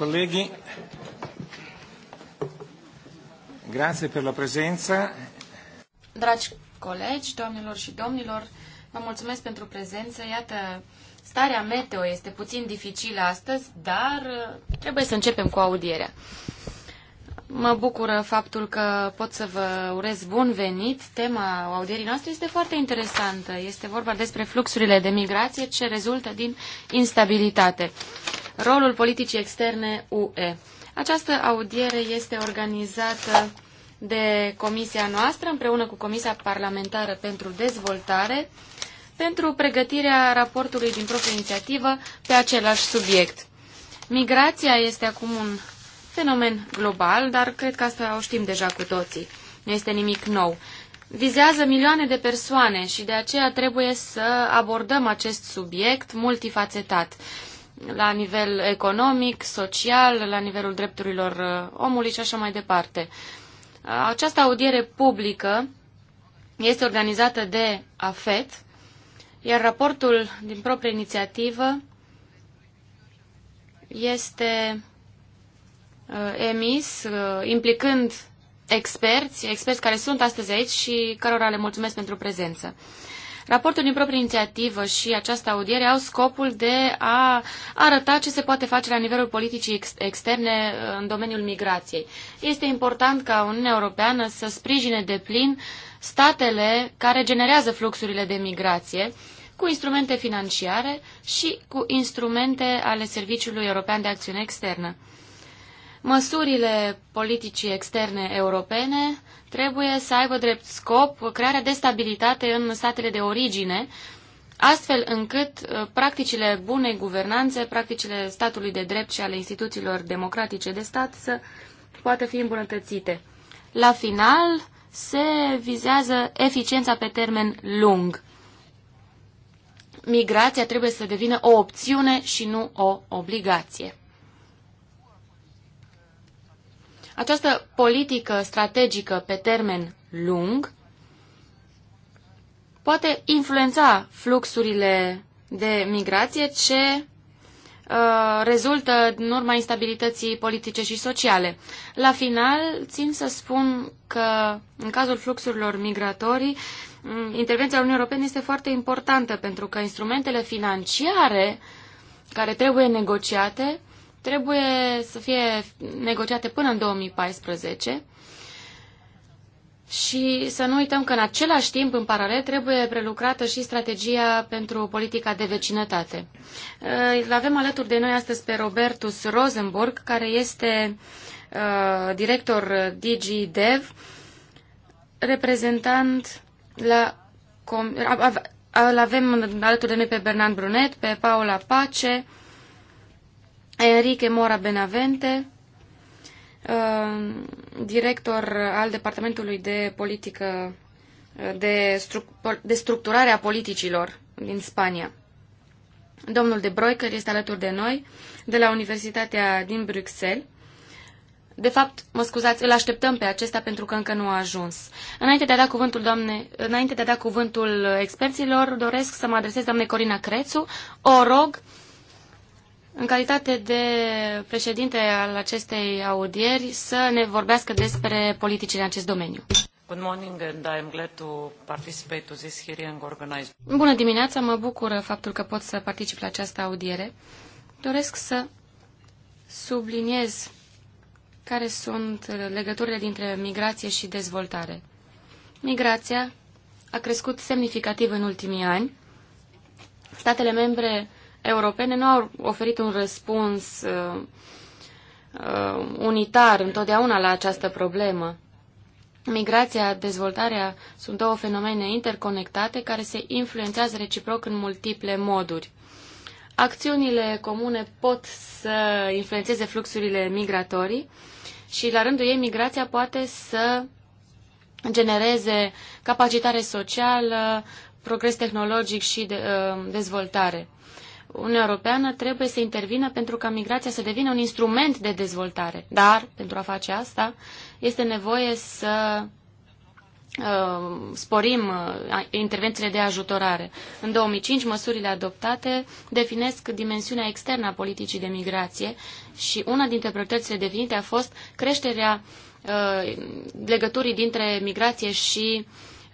colleghi, grazie per la presenza. Dragi colegi, doamnelor și domnilor, vă mulțumesc pentru prezență. Iată, starea meteo este puțin dificilă astăzi, dar uh, trebuie să începem cu audierea. Mă bucură faptul că pot să vă urez bun venit. Tema audierii noastre este foarte interesantă. Este vorba despre fluxurile de migrație ce rezultă din instabilitate. Rolul politicii externe UE. Această audiere este organizată de comisia noastră împreună cu Comisia Parlamentară pentru Dezvoltare pentru pregătirea raportului din proprie inițiativă pe același subiect. Migrația este acum un fenomen global, dar cred că asta o știm deja cu toții. Nu este nimic nou. Vizează milioane de persoane și de aceea trebuie să abordăm acest subiect multifacetat la nivel economic, social, la nivelul drepturilor uh, omului și așa mai departe. Uh, această audiere publică este organizată de AFET, iar raportul din proprie inițiativă este uh, emis implicând experți, experți care sunt astăzi aici și cărora le mulțumesc pentru prezență. Raportul din proprie inițiativă și această audiere au scopul de a arăta ce se poate face la nivelul politicii ex externe uh, în domeniul migrației. Este important ca Uniunea Europeană să sprijine de plin statele care generează fluxurile de migrație cu instrumente financiare și cu instrumente ale Serviciului European de Acțiune Externă. Măsurile politicii externe europene trebuie să aibă drept scop crearea de stabilitate în statele de origine, astfel încât uh, practicile bunei guvernanțe, practicile statului de drept și ale instituțiilor democratice de stat să poată fi îmbunătățite. La final, se vizează eficiența pe termen lung. Migrația trebuie să devină o opțiune și nu o obligație. Această politică strategică pe termen lung poate influența fluxurile de migrație ce uh, rezultă în urma instabilității politice și sociale. La final, țin să spun că în cazul fluxurilor migratorii, mm, intervenția Uniunii Europene este foarte importantă pentru că instrumentele financiare care trebuie negociate trebuie să fie negociate până în 2014 și să nu uităm că în același timp, în paralel, trebuie prelucrată și strategia pentru politica de vecinătate. Îl avem alături de noi astăzi pe Robertus Rosenborg, care este uh, director DigiDev, reprezentant la... Îl avem alături de noi pe Bernard Brunet, pe Paula Pace, Enrique Mora Benavente, uh, director al Departamentului de Politică uh, de, stru de Structurare a Politicilor din Spania. Domnul de Broecker este alături de noi, de la Universitatea din Bruxelles. De fapt, mă scuzați, îl așteptăm pe acesta pentru că încă nu a ajuns. Înainte de a da cuvântul, doamne, înainte de a da cuvântul experților, doresc să mă adresez doamne Corina Crețu. O rog în calitate de președinte al acestei audieri, să ne vorbească despre politicile în acest domeniu. Good morning and I'm glad to participate to this hearing organized. Bună dimineața, mă bucur faptul că pot să particip la această audiere. Doresc să subliniez care sunt legăturile dintre migrație și dezvoltare. Migrația a crescut semnificativ în ultimii ani. Statele membre europene nu au oferit un răspuns uh, uh, unitar întotdeauna la această problemă. Migrația, dezvoltarea sunt două fenomene interconectate care se influențează reciproc în multiple moduri. Acțiunile comune pot să influențeze fluxurile migratorii și, la rândul ei, migrația poate să genereze capacitare socială, progres tehnologic și de, uh, dezvoltare. Uniunea Europeană trebuie să intervină pentru ca migrația să devină un instrument de dezvoltare. Dar, pentru a face asta, este nevoie să uh, sporim uh, intervențiile de ajutorare. În 2005, măsurile adoptate definesc dimensiunea externă a politicii de migrație și una dintre prioritățile definite a fost creșterea uh, legăturii dintre migrație și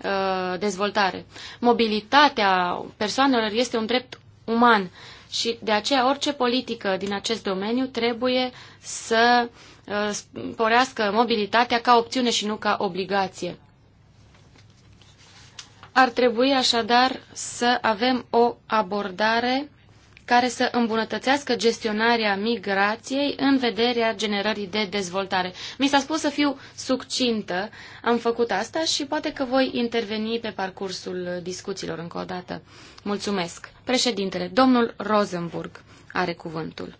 uh, dezvoltare. Mobilitatea persoanelor este un drept uman și de aceea orice politică din acest domeniu trebuie să uh, sporească mobilitatea ca opțiune și nu ca obligație. Ar trebui așadar să avem o abordare care să îmbunătățească gestionarea migrației în vederea generării de dezvoltare. Mi s-a spus să fiu succintă, am făcut asta și poate că voi interveni pe parcursul discuțiilor încă o dată. Mulțumesc. Președintele, domnul Rosenburg are cuvântul.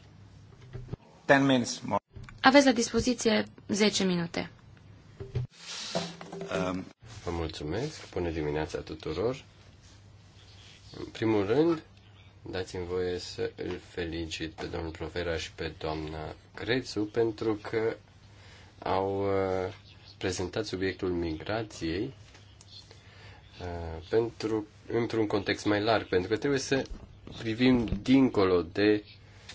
Aveți la dispoziție 10 minute. Um, vă mulțumesc. Bună dimineața tuturor. În primul rând, Dați-mi voie să îl felicit pe domnul Provera și pe doamna Crețu pentru că au uh, prezentat subiectul migrației uh, pentru, într-un context mai larg, pentru că trebuie să privim dincolo de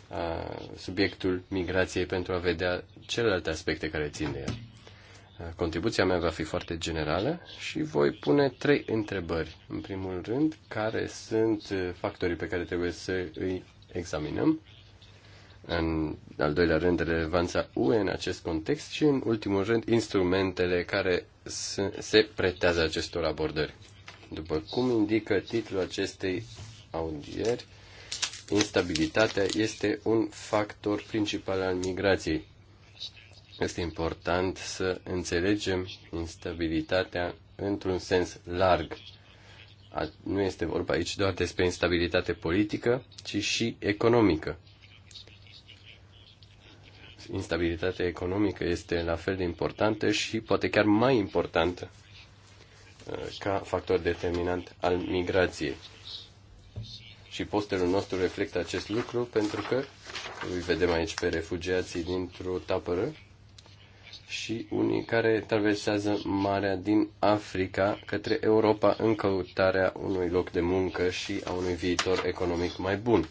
a, uh, subiectul migrației pentru a vedea celelalte aspecte care țin de ea. Contribuția mea va fi foarte generală și voi pune trei întrebări. În primul rând, care sunt factorii pe care trebuie să îi examinăm? În al doilea rând, relevanța UE în acest context și, în ultimul rând, instrumentele care se pretează acestor abordări. După cum indică titlul acestei audieri, instabilitatea este un factor principal al migrației este important să înțelegem instabilitatea într-un sens larg. Nu este vorba aici doar despre instabilitate politică, ci și economică. Instabilitatea economică este la fel de importantă și poate chiar mai importantă uh, ca factor determinant al migrației. Și postelul nostru reflectă acest lucru pentru că îi vedem aici pe refugiații dintr-o tapără și unii care traversează marea din Africa către Europa în căutarea unui loc de muncă și a unui viitor economic mai bun.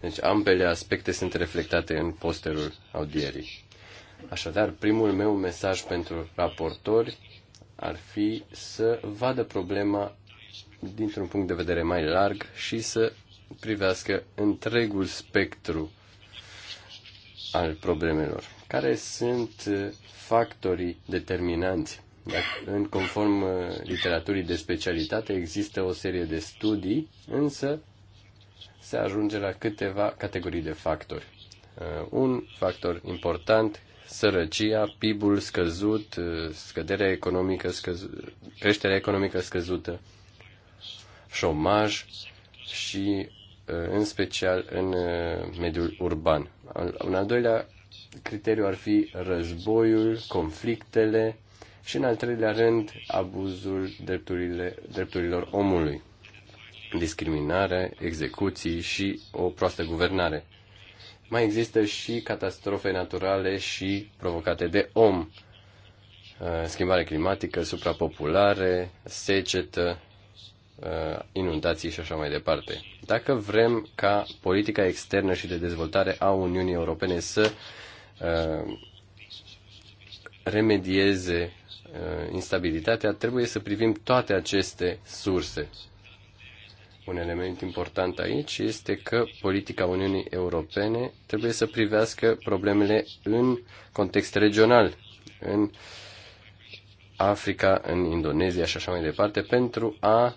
Deci ambele aspecte sunt reflectate în posterul audierii. Așadar, primul meu mesaj pentru raportori ar fi să vadă problema dintr-un punct de vedere mai larg și să privească întregul spectru al problemelor. Care sunt uh, factorii determinanți? În conform uh, literaturii de specialitate există o serie de studii, însă se ajunge la câteva categorii de factori. Uh, un factor important, sărăcia, PIB-ul scăzut, scăderea economică scăzută, creșterea economică scăzută, șomaj și în special în mediul urban. Un al doilea criteriu ar fi războiul, conflictele și, în al treilea rând, abuzul drepturilor omului, discriminare, execuții și o proastă guvernare. Mai există și catastrofe naturale și provocate de om, uh, schimbare climatică, suprapopulare, secetă, uh, inundații și așa mai departe. Dacă vrem ca politica externă și de dezvoltare a Uniunii Europene să Uh, remedieze uh, instabilitatea, trebuie să privim toate aceste surse. Un element important aici este că politica Uniunii Europene trebuie să privească problemele în context regional, în Africa, în Indonezia și așa mai departe, pentru a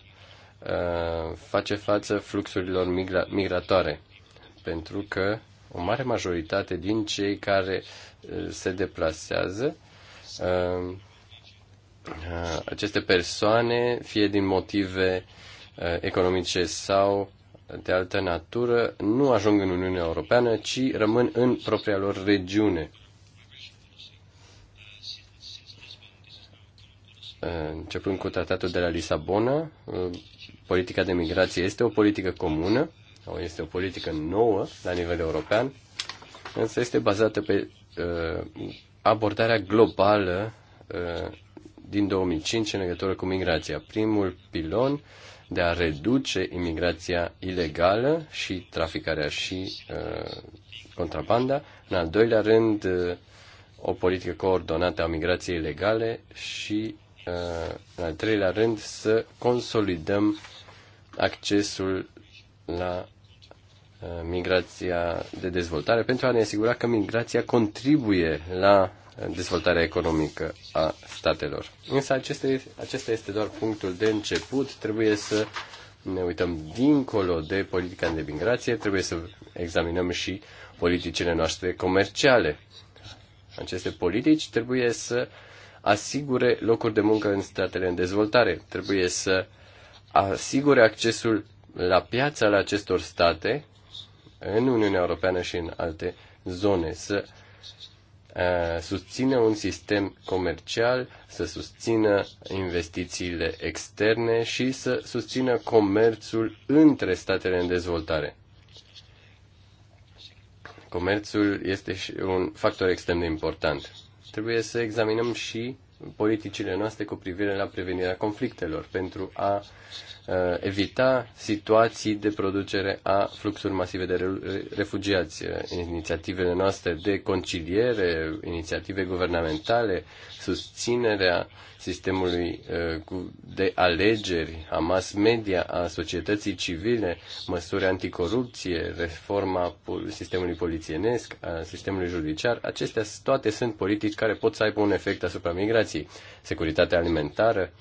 uh, face față fluxurilor migra- migratoare. Pentru că o mare majoritate din cei care uh, se deplasează, uh, uh, aceste persoane, fie din motive economice sau de altă natură, nu ajung în Uniunea Europeană, ci rămân în propria lor regiune. Începând cu tratatul de la Lisabona, politica de migrație este o politică comună sau este o politică nouă la nivel european, însă este bazată pe uh, abordarea globală uh, din 2005 în legătură cu migrația. Primul pilon de a reduce imigrația ilegală și traficarea și uh, contrabanda. În al doilea rând, uh, o politică coordonată a migrației ilegale și, uh, în al treilea rând, să consolidăm accesul la uh, migrația de dezvoltare pentru a ne asigura că migrația contribuie la uh, dezvoltarea economică a statelor. Însă acesta este, acesta este doar punctul de început. Trebuie să ne uităm dincolo de politica de migrație, trebuie să examinăm și politicile noastre comerciale. Aceste politici trebuie să asigure locuri de muncă în statele în dezvoltare, trebuie să asigure accesul la piața la acestor state în Uniunea Europeană și în alte zone, să uh, susțină un sistem comercial, să susțină investițiile externe și să susțină comerțul între statele în dezvoltare. Comerțul este și un factor extrem de important. Trebuie să examinăm și politicile noastre cu privire la prevenirea conflictelor pentru a uh, evita situații de producere a fluxuri masive de refugiați. Inițiativele noastre de conciliere, inițiative guvernamentale, susținerea sistemului uh, de alegeri, a mass media, a societății civile, măsuri anticorupție, reforma sistemului polițienesc, a sistemului judiciar, acestea toate sunt politici care pot să aibă un efect asupra migrației alimentației, securitatea alimentară,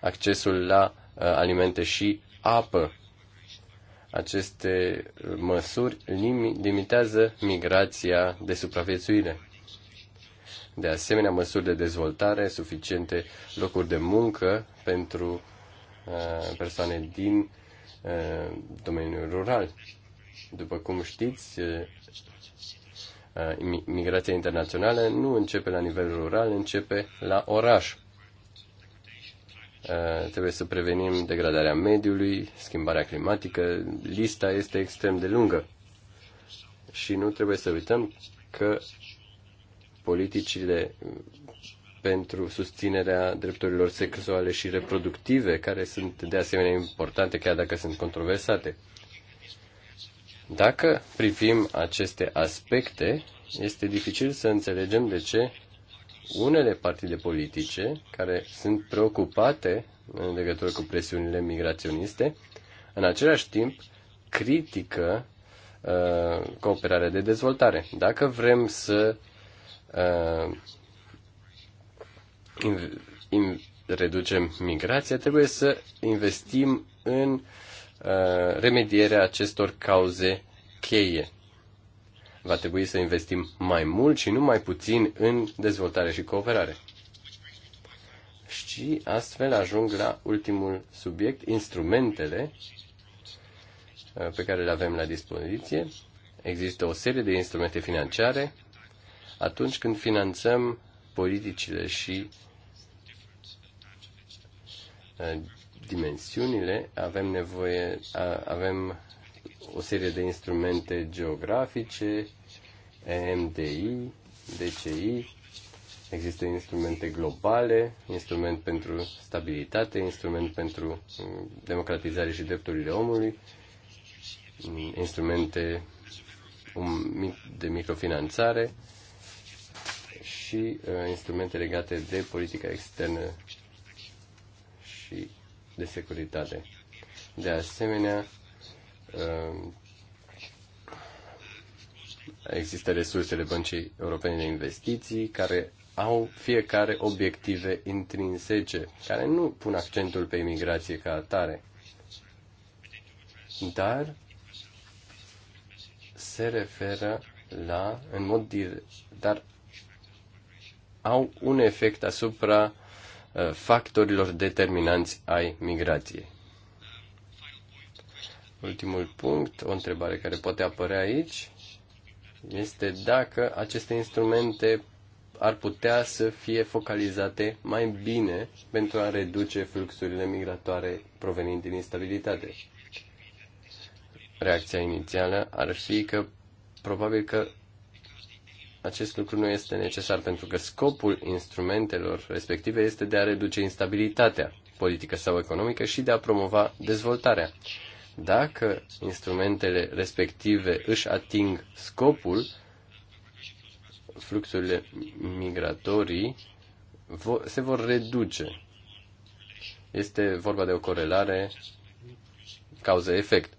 accesul la uh, alimente și apă. Aceste uh, măsuri limitează migrația de supraviețuire. De asemenea, măsuri de dezvoltare, suficiente locuri de muncă pentru uh, persoane din domeniul rural. După cum știți, migrația internațională nu începe la nivel rural, începe la oraș. Trebuie să prevenim degradarea mediului, schimbarea climatică. Lista este extrem de lungă. Și nu trebuie să uităm că politicile pentru susținerea drepturilor sexuale și reproductive, care sunt de asemenea importante, chiar dacă sunt controversate. Dacă privim aceste aspecte, este dificil să înțelegem de ce unele partide politice care sunt preocupate în legătură cu presiunile migraționiste, în același timp critică uh, cooperarea de dezvoltare. Dacă vrem să uh, reducem migrația, trebuie să investim în uh, Uh, remedierea acestor cauze cheie. Va trebui să investim mai mult și nu mai puțin în dezvoltare și cooperare. Și astfel ajung la ultimul subiect, instrumentele uh, pe care le avem la dispoziție. Există o serie de instrumente financiare. Atunci când finanțăm politicile și uh, dimensiunile, avem nevoie, avem o serie de instrumente geografice, EMDI, DCI, există instrumente globale, instrument pentru stabilitate, instrument pentru mm, democratizare și drepturile omului, mm, instrumente de microfinanțare și uh, instrumente legate de politica externă și de securitate. De asemenea, um, există resursele Băncii Europene de Investiții care au fiecare obiective intrinsece, care nu pun accentul pe imigrație ca atare, dar se referă la, în mod direct, dar au un efect asupra factorilor determinanți ai migrației. Ultimul punct, o întrebare care poate apărea aici, este dacă aceste instrumente ar putea să fie focalizate mai bine pentru a reduce fluxurile migratoare provenind din instabilitate. Reacția inițială ar fi că probabil că acest lucru nu este necesar pentru că scopul instrumentelor respective este de a reduce instabilitatea politică sau economică și de a promova dezvoltarea. Dacă instrumentele respective își ating scopul, fluxurile migratorii se vor reduce. Este vorba de o corelare cauză-efect.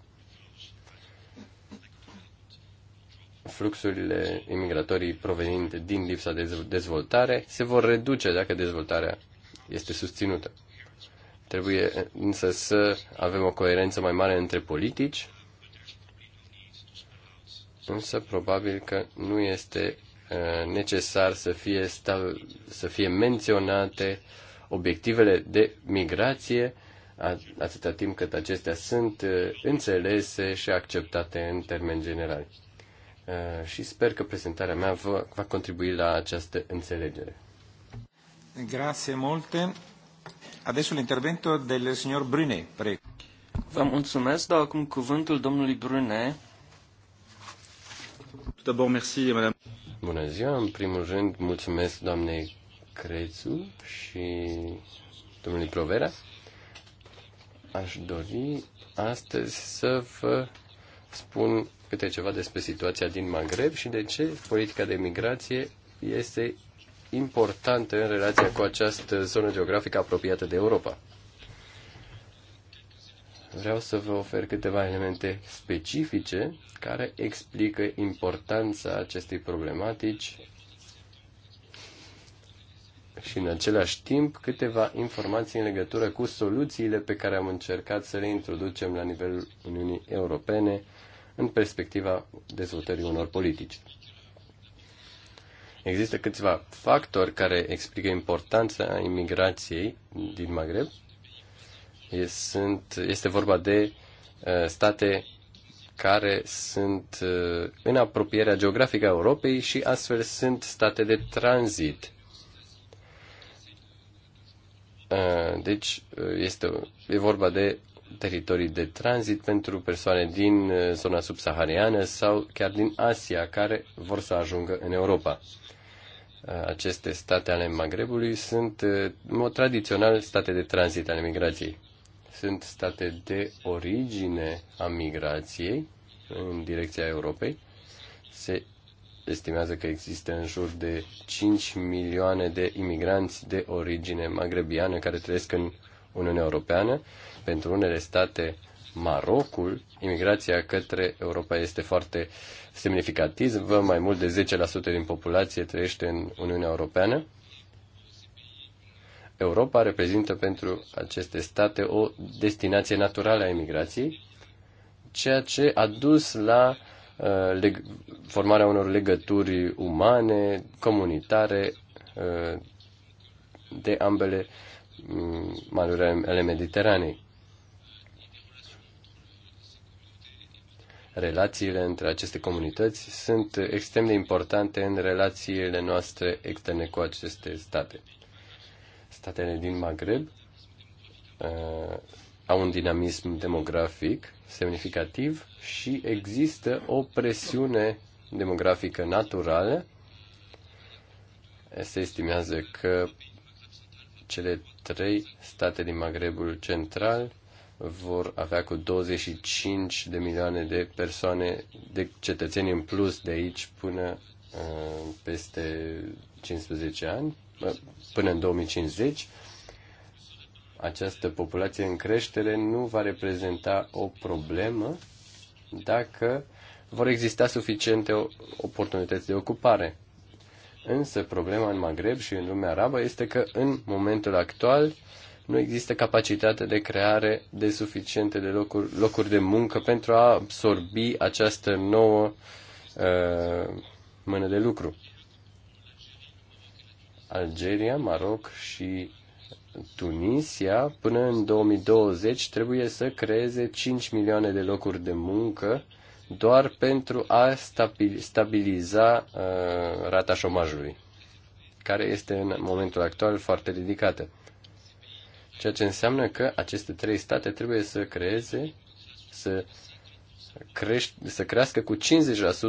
fluxurile imigratorii provenind din lipsa de dezvoltare se vor reduce dacă dezvoltarea este susținută. Trebuie însă să avem o coerență mai mare între politici, însă probabil că nu este uh, necesar să fie, stav, să fie menționate obiectivele de migrație atâta timp cât acestea sunt uh, înțelese și acceptate în termeni generali. Eh, și sper că prezentarea mea vă, va contribui la această înțelegere. Grazie multe. Adesso l'intervento del signor Brunet, prego. Vă mulțumesc, dau acum cuvântul domnului Brunet. Tout d'abord, merci, madame. Bună ziua, în primul rând mulțumesc doamnei Crețu și domnului Provera. Aș dori astăzi să vă spun câte ceva despre situația din Maghreb și de ce politica de migrație este importantă în relația cu această zonă geografică apropiată de Europa. Vreau să vă ofer câteva elemente specifice care explică importanța acestei problematici și în același timp câteva informații în legătură cu soluțiile pe care am încercat să le introducem la nivelul Uniunii Europene în perspectiva dezvoltării unor politici. Există câțiva factori care explică importanța imigrației din Maghreb. Este vorba de uh, state care sunt uh, în apropierea geografică a Europei și astfel sunt state de tranzit. Uh, deci este e vorba de teritorii de tranzit pentru persoane din uh, zona subsahariană sau chiar din Asia care vor să ajungă în Europa. Uh, aceste state ale Magrebului sunt, uh, în mod tradițional, state de tranzit ale migrației. Sunt state de origine a migrației în direcția Europei. Se estimează că există în jur de 5 milioane de imigranți de origine magrebiană care trăiesc în Uniunea Europeană pentru unele state, Marocul, imigrația către Europa este foarte semnificativă. Mai mult de 10% din populație trăiește în Uniunea Europeană. Europa reprezintă pentru aceste state o destinație naturală a imigrației, ceea ce a dus la uh, formarea unor legături umane, comunitare, uh, de ambele um, maluri ale Mediteranei. Relațiile între aceste comunități sunt extrem de importante în relațiile noastre externe cu aceste state. Statele din Maghreb uh, au un dinamism demografic semnificativ și există o presiune demografică naturală. Se estimează că cele trei state din Maghrebul central vor avea cu 25 de milioane de persoane, de cetățeni în plus de aici până uh, peste 15 ani, până în 2050, această populație în creștere nu va reprezenta o problemă dacă vor exista suficiente oportunități de ocupare. Însă problema în Maghreb și în lumea arabă este că în momentul actual nu există capacitate de creare de suficiente de locuri, locuri de muncă pentru a absorbi această nouă uh, mână de lucru. Algeria, Maroc și Tunisia, până în 2020, trebuie să creeze 5 milioane de locuri de muncă doar pentru a stabiliza uh, rata șomajului, care este în momentul actual foarte ridicată. Ceea ce înseamnă că aceste trei state trebuie să creeze, să, creș- să crească cu 50%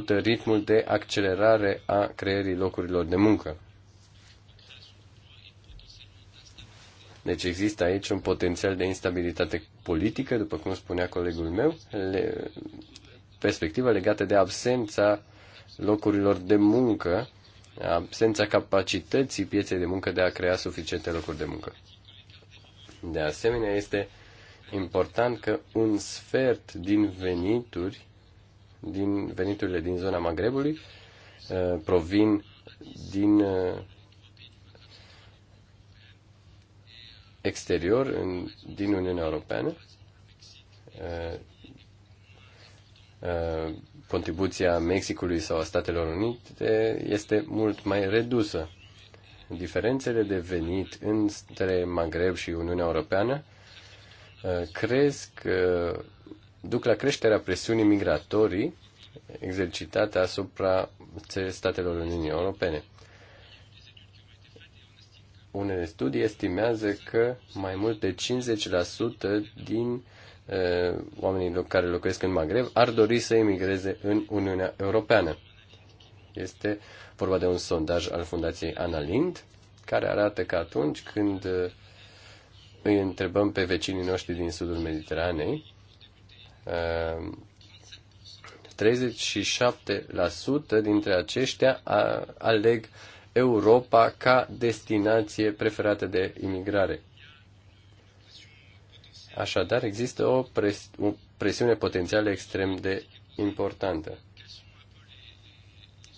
ritmul de accelerare a creierii locurilor de muncă. Deci există aici un potențial de instabilitate politică, după cum spunea colegul meu, le, perspectiva legată de absența locurilor de muncă, absența capacității pieței de muncă de a crea suficiente locuri de muncă. De asemenea, este important că un sfert din venituri, din veniturile din zona Magrebului, uh, provin din uh, exterior, din Uniunea Europeană. Uh, contribuția Mexicului sau a Statelor Unite este mult mai redusă diferențele de venit între Maghreb și Uniunea Europeană uh, cresc, uh, duc la creșterea presiunii migratorii exercitate asupra statelor Uniunii Europene. Unele studii estimează că mai mult de 50% din uh, oamenii care locuiesc în Maghreb ar dori să emigreze în Uniunea Europeană. Este uh, vorba de un sondaj al Fundației Analind, care arată că atunci când uh, îi întrebăm pe vecinii noștri din sudul Mediteranei, 37% uh, dintre aceștia aleg Europa ca destinație preferată de imigrare. Așadar, există o, pres- o presiune potențială extrem de importantă.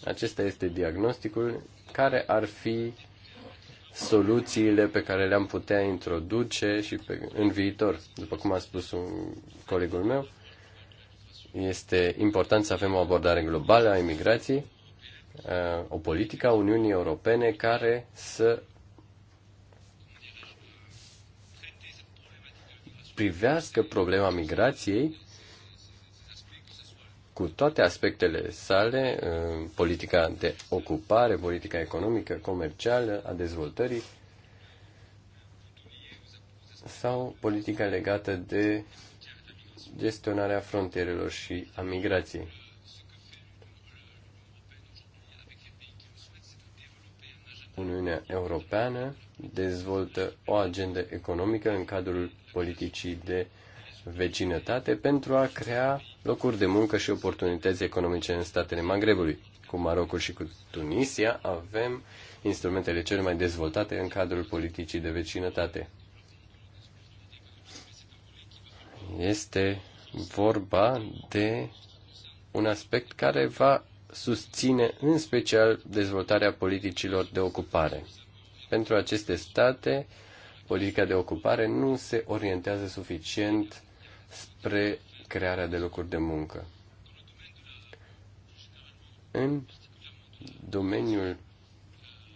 Acesta este diagnosticul. Care ar fi soluțiile pe care le-am putea introduce și pe, în viitor? După cum a spus un colegul meu, este important să avem o abordare globală a imigrației, uh, o politică a Uniunii Europene care să privească problema migrației cu toate aspectele sale, uh, politica de ocupare, politica economică, comercială, a dezvoltării sau politica legată de gestionarea frontierelor și a migrației. Uniunea Europeană dezvoltă o agendă economică în cadrul politicii de uh, vecinătate pentru a crea locuri de muncă și oportunități economice în statele Magrebului. Cu Marocul și cu Tunisia avem instrumentele cele mai dezvoltate în cadrul politicii de vecinătate. Este vorba de un aspect care va susține în special dezvoltarea politicilor de ocupare. Pentru aceste state, politica de ocupare nu se orientează suficient spre crearea de locuri de muncă. În domeniul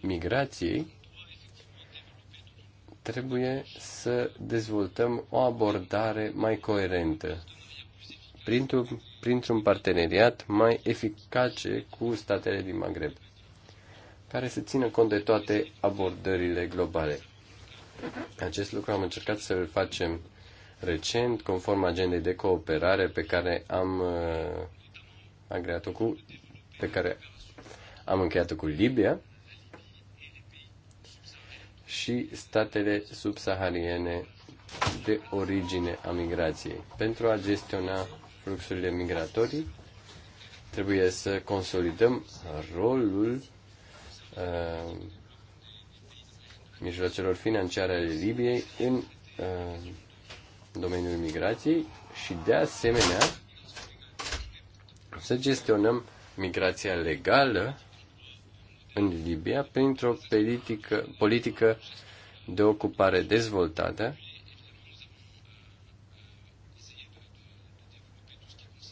migrației, trebuie să dezvoltăm o abordare mai coerentă printr-un, printr-un parteneriat mai eficace cu statele din Maghreb, care să țină cont de toate abordările globale. Acest lucru am încercat să-l facem recent, conform agendei de cooperare pe care am uh, agreat-o cu, pe care am încheiat-o cu Libia și statele subsahariene de origine a migrației. Pentru a gestiona fluxurile migratorii, trebuie să consolidăm rolul uh, mijloacelor financiare ale Libiei în uh, domeniul migrației și, de asemenea, să gestionăm migrația legală în Libia printr-o politică, politică de ocupare dezvoltată.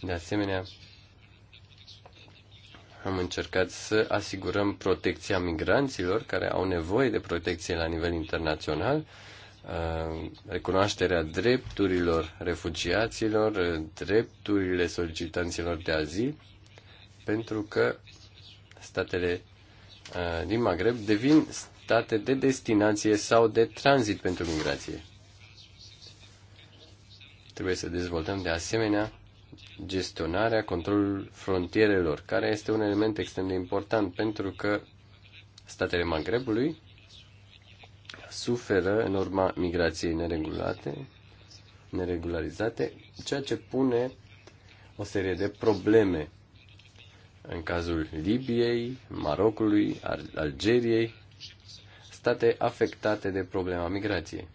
De asemenea, am încercat să asigurăm protecția migranților care au nevoie de protecție la nivel internațional Uh, recunoașterea drepturilor refugiaților, uh, drepturile solicitanților de azil, pentru că statele uh, din Maghreb devin state de destinație sau de tranzit pentru migrație. Trebuie să dezvoltăm de asemenea gestionarea, controlul frontierelor, care este un element extrem de important pentru că statele Maghrebului suferă în urma migrației neregulate, neregularizate, ceea ce pune o serie de probleme în cazul Libiei, Marocului, Algeriei, state afectate de problema migrației.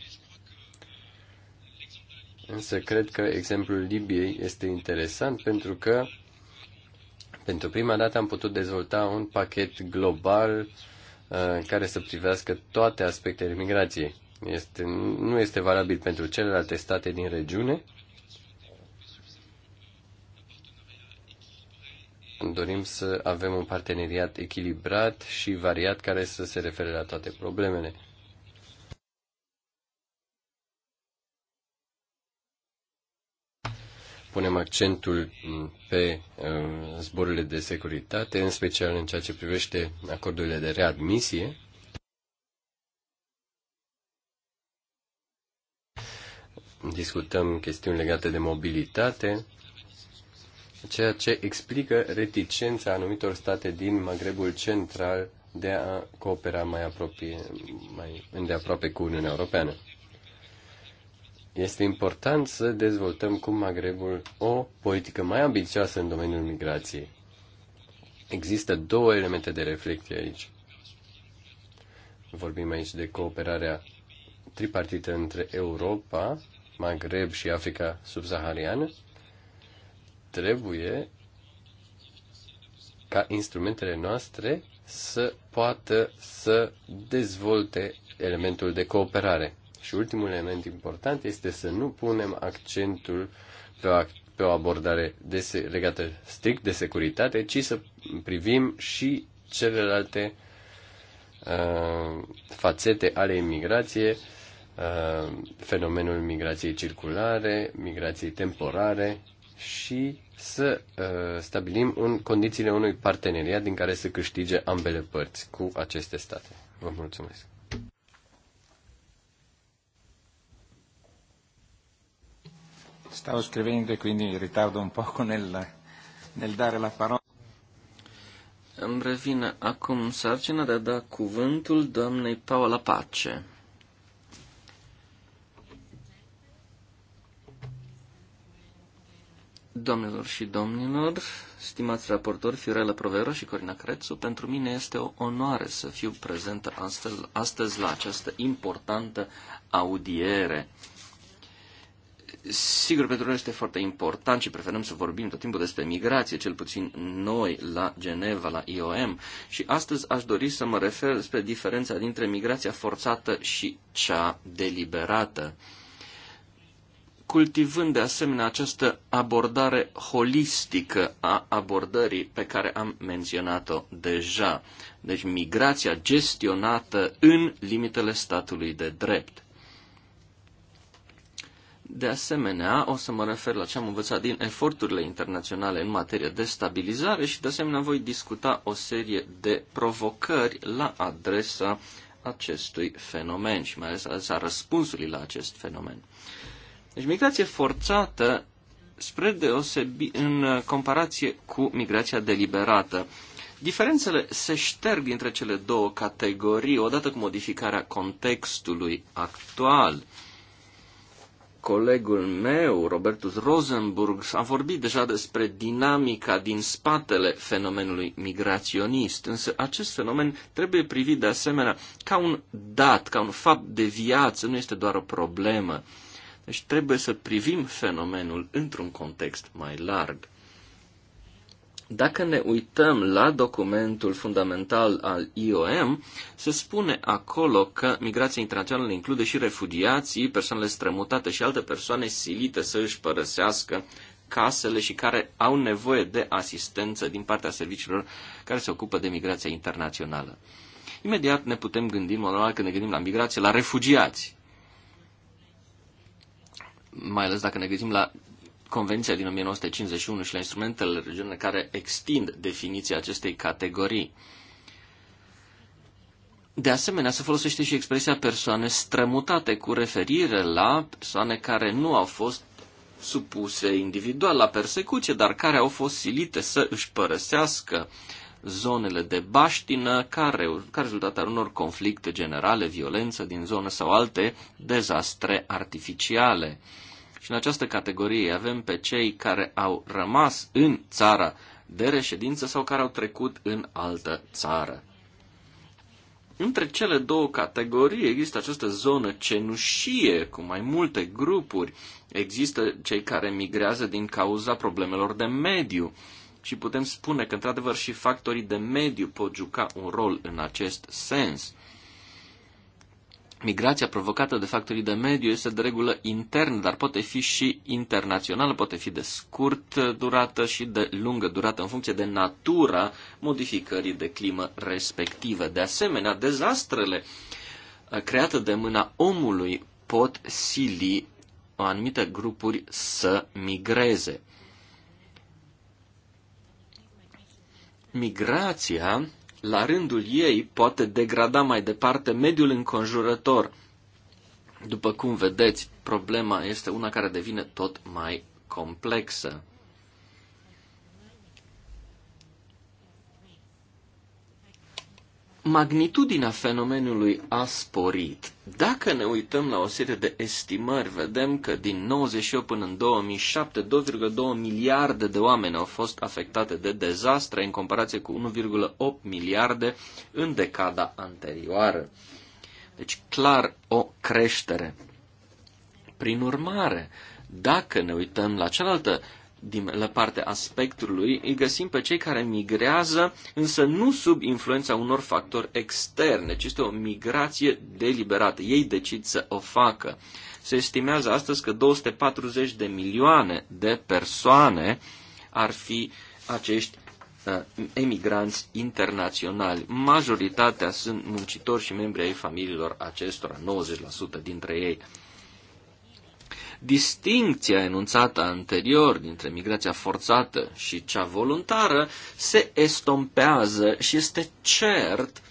Însă cred că exemplul Libiei este interesant pentru că pentru prima dată am putut dezvolta un pachet global care să privească toate aspectele migrației. Este, nu este valabil pentru celelalte state din regiune. Dorim să avem un parteneriat echilibrat și variat care să se refere la toate problemele. punem accentul pe uh, zborurile de securitate, în special în ceea ce privește acordurile de readmisie. Discutăm chestiuni legate de mobilitate, ceea ce explică reticența anumitor state din Magrebul Central de a coopera mai, apropie, mai îndeaproape cu Uniunea Europeană. Este important să dezvoltăm cu Magrebul o politică mai ambițioasă în domeniul migrației. Există două elemente de reflecție aici. Vorbim aici de cooperarea tripartită între Europa, Maghreb și Africa subsahariană. Trebuie ca instrumentele noastre să poată să dezvolte elementul de cooperare. Și ultimul element important este să nu punem accentul pe o, pe o abordare de, legată strict de securitate, ci să privim și celelalte uh, fațete ale imigrației, uh, fenomenul migrației circulare, migrației temporare și să uh, stabilim un, condițiile unui parteneriat din care să câștige ambele părți cu aceste state. Vă mulțumesc! Stavo scrivendo e quindi ritardo un poco nel, nel dare la parola. Îmi revine acum sarcina de a da cuvântul doamnei Paola Pace. Domnilor și domnilor, stimați raportori Fiorella Provera și Corina Crețu, pentru mine este o onoare să fiu prezentă astăzi, astăzi la această importantă audiere. Sigur, pentru noi este foarte important și preferăm să vorbim tot timpul despre migrație, cel puțin noi la Geneva, la IOM. Și astăzi aș dori să mă refer spre diferența dintre migrația forțată și cea deliberată. Cultivând de asemenea această abordare holistică a abordării pe care am menționat-o deja. Deci migrația gestionată în limitele statului de drept. De asemenea, o să mă refer la ce am învățat din eforturile internaționale în materie de stabilizare și, de asemenea, voi discuta o serie de provocări la adresa acestui fenomen și mai ales adresa răspunsului la acest fenomen. Deci, migrație forțată spre deosebi în comparație cu migrația deliberată. Diferențele se șterg dintre cele două categorii odată cu modificarea contextului actual colegul meu, Robertus Rosenburg, a vorbit deja despre dinamica din spatele fenomenului migraționist, însă acest fenomen trebuie privit de asemenea ca un dat, ca un fapt de viață, nu este doar o problemă. Deci trebuie să privim fenomenul într-un context mai larg. Dacă ne uităm la documentul fundamental al IOM, se spune acolo că migrația internațională include și refugiații, persoanele strămutate și alte persoane silite să își părăsească casele și care au nevoie de asistență din partea serviciilor care se ocupă de migrația internațională. Imediat ne putem gândi, mă normal, când ne gândim la migrație, la refugiați. Mai ales dacă ne gândim la Convenția din 1951 și la instrumentele regiunilor care extind definiția acestei categorii. De asemenea, se folosește și expresia persoane strămutate cu referire la persoane care nu au fost supuse individual la persecuție, dar care au fost silite să își părăsească zonele de baștină care, ca rezultat al unor conflicte generale, violență din zonă sau alte dezastre artificiale. Și în această categorie avem pe cei care au rămas în țara de reședință sau care au trecut în altă țară. Între cele două categorii există această zonă cenușie cu mai multe grupuri. Există cei care migrează din cauza problemelor de mediu și putem spune că, într-adevăr, și factorii de mediu pot juca un rol în acest sens. Migrația provocată de factorii de mediu este de regulă internă, dar poate fi și internațională, poate fi de scurt durată și de lungă durată, în funcție de natura modificării de climă respectivă. De asemenea, dezastrele uh, create de mâna omului pot sili anumite grupuri să migreze. Migrația la rândul ei poate degrada mai departe mediul înconjurător. După cum vedeți, problema este una care devine tot mai complexă. magnitudinea fenomenului a sporit. Dacă ne uităm la o serie de estimări, vedem că din 98 până în 2007, 2,2 miliarde de oameni au fost afectate de dezastre în comparație cu 1,8 miliarde în decada anterioară. Deci, clar, o creștere. Prin urmare, dacă ne uităm la cealaltă la partea aspectului, îi găsim pe cei care migrează, însă nu sub influența unor factori externe, ci este o migrație deliberată. Ei decid să o facă. Se estimează astăzi că 240 de milioane de persoane ar fi acești uh, emigranți internaționali. Majoritatea sunt muncitori și membri ai familiilor acestora, 90% dintre ei. Uh, Distincția enunțată anterior dintre migrația forțată și cea voluntară se estompează și este cert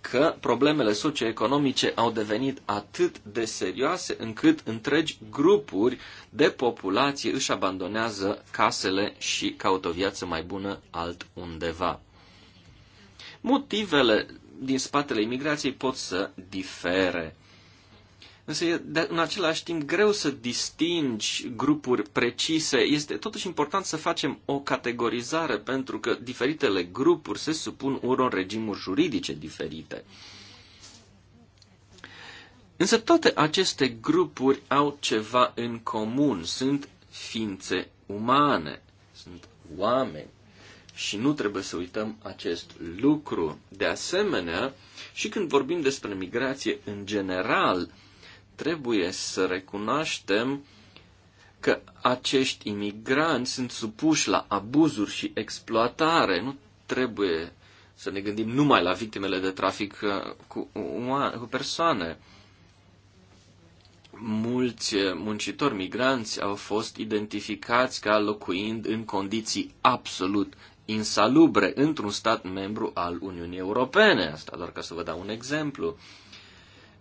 că problemele socioeconomice au devenit atât de serioase încât întregi grupuri de populație își abandonează casele și caută o viață mai bună altundeva. Motivele din spatele imigrației pot să difere. Însă e de, în același timp greu să distingi grupuri precise. Este totuși important să facem o categorizare pentru că diferitele grupuri se supun unor regimuri juridice diferite. Însă toate aceste grupuri au ceva în comun. Sunt ființe umane, sunt oameni. Și nu trebuie să uităm acest lucru. De asemenea, și când vorbim despre migrație în general, trebuie să recunoaștem că acești imigranți sunt supuși la abuzuri și exploatare. Nu trebuie să ne gândim numai la victimele de trafic uh, cu, cu persoane. Mulți uh, muncitori migranți au fost identificați ca locuind în condiții absolut insalubre într-un stat membru al Uniunii Europene. Asta doar ca să vă dau un exemplu. Uh,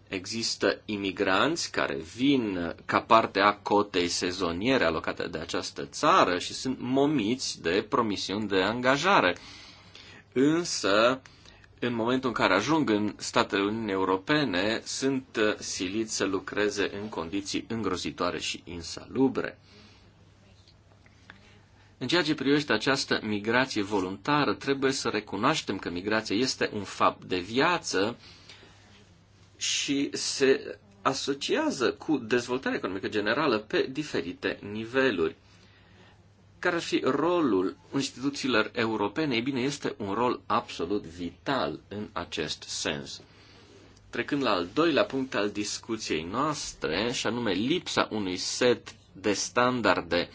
Există imigranți care vin ca parte a cotei sezoniere alocate de această țară și sunt momiți de promisiuni de angajare. Însă, în momentul în care ajung în statele Uniunii Europene, sunt uh, siliți să lucreze în condiții îngrozitoare și insalubre. În ceea ce privește această migrație voluntară, trebuie să recunoaștem că migrația este un fapt de viață și se asociază cu dezvoltarea economică generală pe diferite niveluri. Care ar fi rolul instituțiilor europene? Ei bine, este un rol absolut vital în acest sens. Trecând la al doilea punct al discuției noastre, și anume lipsa unui set de standarde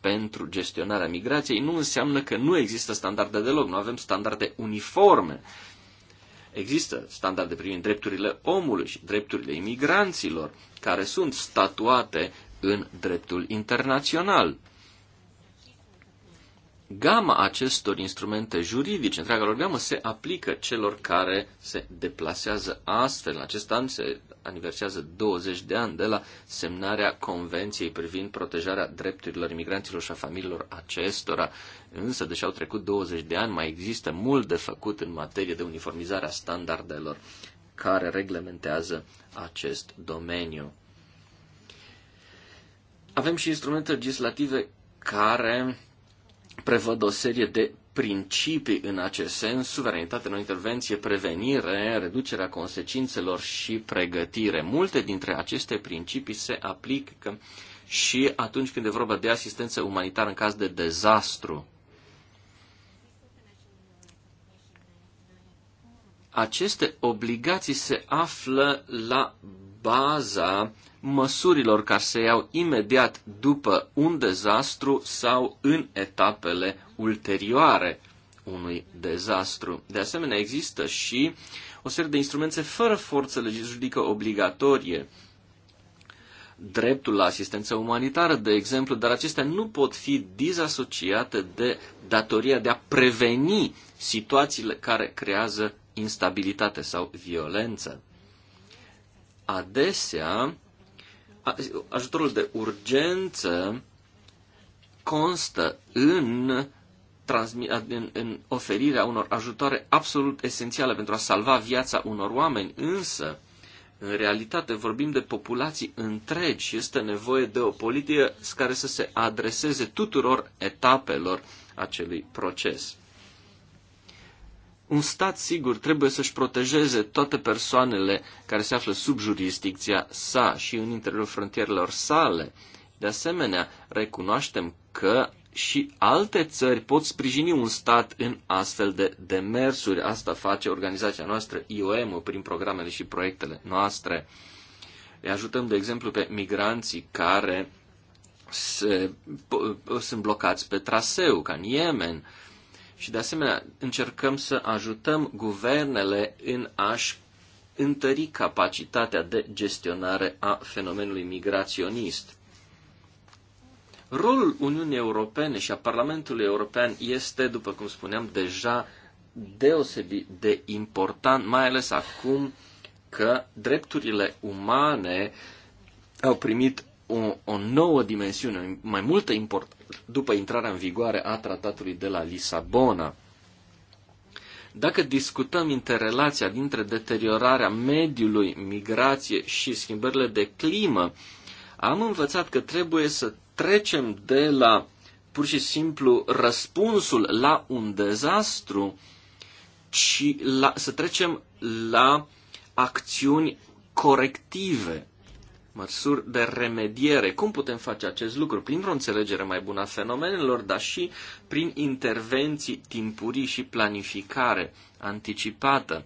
pentru gestionarea migrației, nu înseamnă că nu există standarde deloc, nu avem standarde uniforme Există standarde privind drepturile omului și drepturile imigranților, care sunt statuate în dreptul internațional gama acestor instrumente juridice, întreaga lor gamă, se aplică celor care se deplasează astfel. În acest an se aniversează 20 de ani de la semnarea Convenției privind protejarea drepturilor imigranților și a familiilor acestora. Însă, deși au trecut 20 de ani, mai există mult de făcut în materie de uniformizarea standardelor care reglementează acest domeniu. Avem și instrumente legislative care prevăd o serie de principii în acest sens, suveranitate, în intervenție prevenire, reducerea consecințelor și pregătire. Multe dintre aceste principii se aplică și atunci când e vorba de asistență umanitară în caz de dezastru. Aceste obligații se află la baza măsurilor care se iau imediat după un dezastru sau în etapele ulterioare unui dezastru. De asemenea, există și o serie de instrumente fără forță legislativă obligatorie, dreptul la asistență umanitară, de exemplu, dar acestea nu pot fi dizasociate de datoria de a preveni situațiile care creează instabilitate sau violență. Adesea, ajutorul de urgență constă în, în, în oferirea unor ajutoare absolut esențiale pentru a salva viața unor oameni, însă, în realitate, vorbim de populații întregi și este nevoie de o politică care să se adreseze tuturor etapelor acelui proces un stat, sigur, trebuie să-și protejeze toate persoanele care se află sub jurisdicția sa și în interiorul frontierelor sale. De asemenea, recunoaștem că și alte țări pot sprijini un stat în astfel de demersuri. Asta face organizația noastră IOM prin programele și proiectele noastre. Îi ajutăm, de exemplu, pe migranții care se, sunt blocați pe traseu, ca în Yemen, și de asemenea, încercăm să ajutăm guvernele în a-și întări capacitatea de gestionare a fenomenului migraționist. Rolul Uniunii Europene și a Parlamentului European este, după cum spuneam, deja deosebit de important, mai ales acum că drepturile umane au primit o, o nouă dimensiune, mai multă import, după intrarea în vigoare a tratatului de la Lisabona. Dacă discutăm interrelația dintre deteriorarea mediului, migrație și schimbările de climă, am învățat că trebuie să trecem de la pur și simplu răspunsul la un dezastru, ci la, să trecem la acțiuni corective măsuri de remediere. Cum putem face acest lucru? Prin o înțelegere mai bună a fenomenelor, dar și prin intervenții timpurii și planificare anticipată.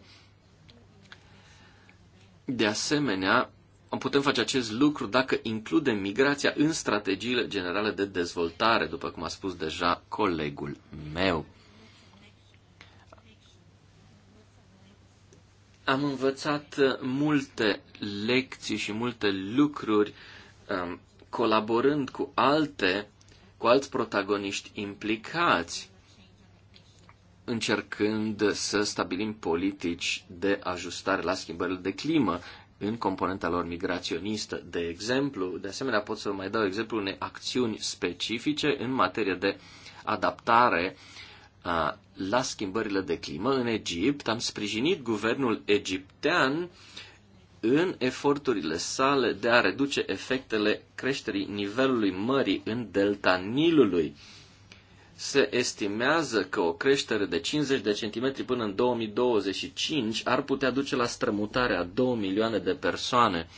De asemenea, putem face acest lucru dacă includem migrația în strategiile generale de dezvoltare, după cum a spus deja colegul meu. Am învățat multe lecții și multe lucruri um, colaborând cu alte, cu alți protagoniști implicați, încercând să stabilim politici de ajustare la schimbările de climă în componenta lor migraționistă, de exemplu. De asemenea, pot să vă mai dau exemplu unei acțiuni specifice în materie de adaptare la schimbările de climă în Egipt, am sprijinit guvernul egiptean în eforturile sale de a reduce efectele creșterii nivelului mării în delta Nilului. Se estimează că o creștere de 50 de centimetri până în 2025 ar putea duce la strămutarea 2 milioane de persoane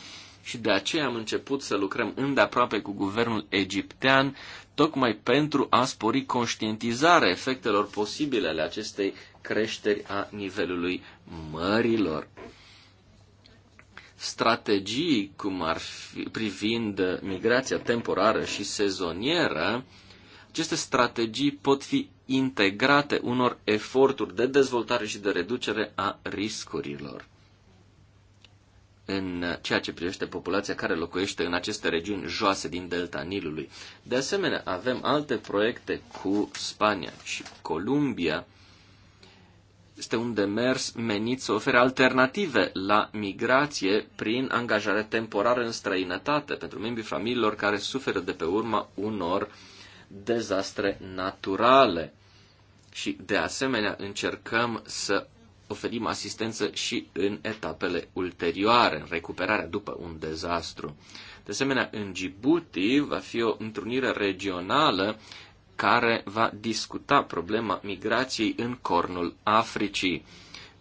și de aceea am început să lucrăm îndeaproape cu guvernul egiptean, tocmai pentru a spori conștientizarea efectelor posibile ale acestei creșteri a nivelului mărilor. Strategii cum ar fi privind migrația temporară și sezonieră, aceste strategii pot fi integrate unor eforturi de dezvoltare și de reducere a riscurilor în ceea ce privește populația care locuiește în aceste regiuni joase din delta Nilului. De asemenea, avem alte proiecte cu Spania și Columbia. Este un demers menit să ofere alternative la migrație prin angajare temporară în străinătate pentru membrii familiilor care suferă de pe urma unor dezastre naturale. Și, de asemenea, încercăm să oferim asistență și în etapele ulterioare, în recuperarea după un dezastru. De asemenea, în Djibouti va fi o întrunire regională care va discuta problema migrației în cornul Africii,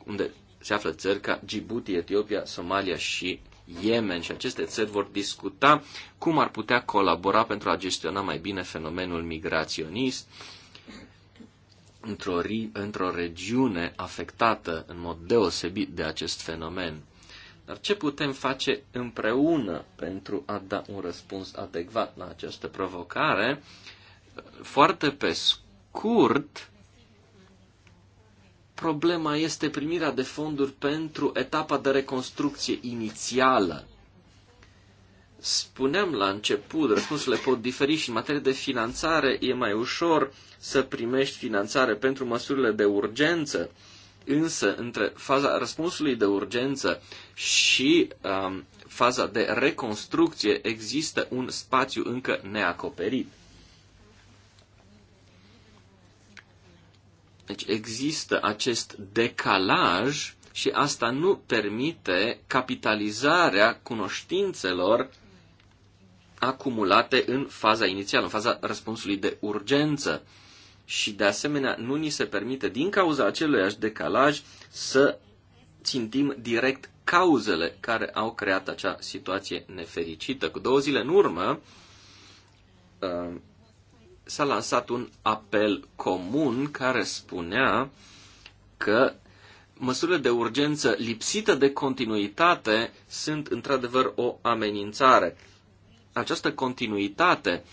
unde se află țări ca Djibouti, Etiopia, Somalia și Yemen și aceste țări vor discuta cum ar putea colabora pentru a gestiona mai bine fenomenul migraționist, într-o, într-o regiune afectată în mod deosebit de acest fenomen. Dar ce putem face împreună pentru a da un răspuns adecvat la această provocare? Foarte pe scurt, problema este primirea de fonduri pentru etapa de reconstrucție inițială. Spuneam la început, răspunsurile pot diferi și în materie de finanțare e mai ușor să primești finanțare pentru măsurile de urgență, însă între faza răspunsului de urgență și um, faza de reconstrucție există un spațiu încă neacoperit. Deci există acest decalaj și asta nu permite capitalizarea cunoștințelor acumulate în faza inițială, în faza răspunsului de urgență. Și de asemenea, nu ni se permite, din cauza aceluiași decalaj, să țintim direct cauzele care au creat acea situație nefericită. Cu două zile în urmă uh, s-a lansat un apel comun care spunea că măsurile de urgență lipsită de continuitate sunt într-adevăr o amenințare. Această continuitate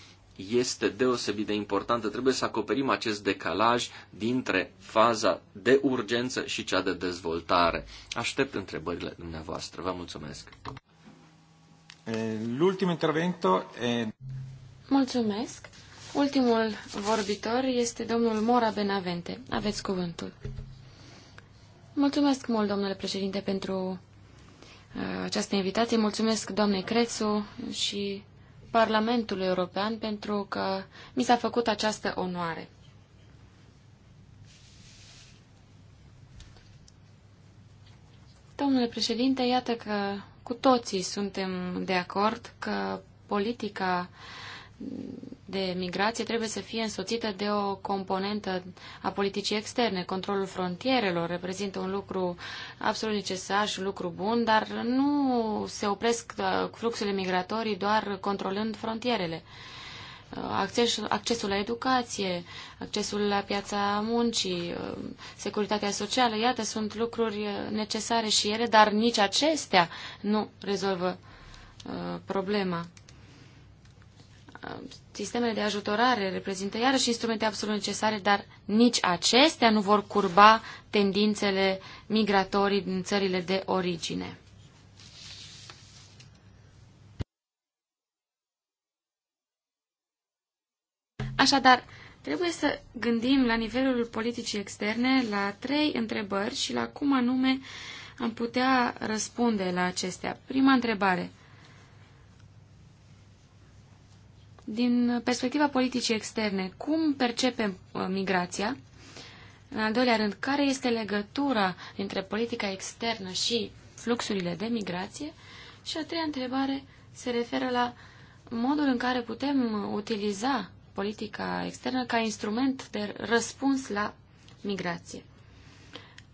este deosebit de importantă. Trebuie să acoperim acest decalaj dintre faza de urgență și cea de dezvoltare. Aștept întrebările dumneavoastră. Vă mulțumesc. Eh, l'ultimo intervento è. Mulțumesc. Ultimul vorbitor este domnul Mora Benavente. Aveți cuvântul. Mulțumesc mult, domnule președinte, pentru această invitație. Mulțumesc doamnei Crețu și Parlamentului European pentru că mi s-a făcut această onoare. Domnule președinte, iată că cu toții suntem de acord că politica de migrație trebuie să fie însoțită de o componentă a politicii externe. Controlul frontierelor reprezintă un lucru absolut necesar și un lucru bun, dar nu se opresc uh, fluxurile migratorii doar controlând frontierele. Uh, acces, accesul la educație, accesul la piața muncii, uh, securitatea socială, iată, sunt lucruri necesare și ele, dar nici acestea nu rezolvă uh, problema. Um, sistemele de ajutorare reprezintă iarăși instrumente absolut necesare, dar nici acestea nu vor curba tendințele migratorii din țările de origine. Așadar, trebuie să gândim la nivelul politicii externe la trei întrebări și la cum anume am putea răspunde la acestea. Prima întrebare – Din perspectiva politicii externe, cum percepem uh, migrația? În al doilea rând, care este legătura între politica externă și fluxurile de migrație? Și a treia întrebare se referă la modul în care putem utiliza politica externă ca instrument de răspuns la migrație.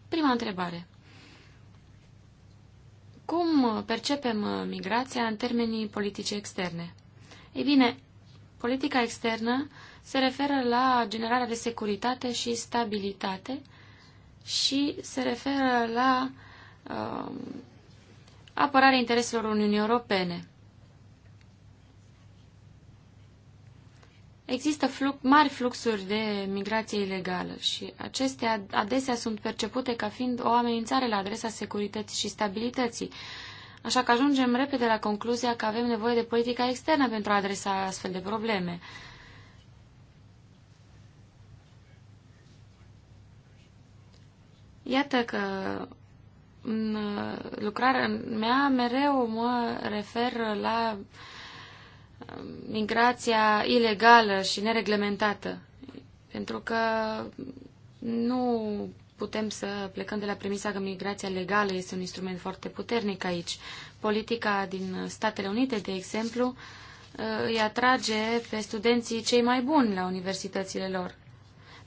Prima întrebare. Cum percepem migrația în termenii politice externe? Ei bine, Politica externă se referă la generarea de securitate și stabilitate și se referă la uh, apărarea intereselor Uniunii Europene. Există flux, mari fluxuri de migrație ilegală și acestea adesea sunt percepute ca fiind o amenințare la adresa securității și stabilității. Așa că ajungem repede la concluzia că avem nevoie de politica externă pentru a adresa astfel de probleme. Iată că în uh, lucrarea mea mereu mă refer la um, migrația ilegală și nereglementată, pentru că nu putem să plecăm de la premisa că migrația legală este un instrument foarte puternic aici. Politica din Statele Unite, de exemplu, uh, îi atrage pe studenții cei mai buni la universitățile lor.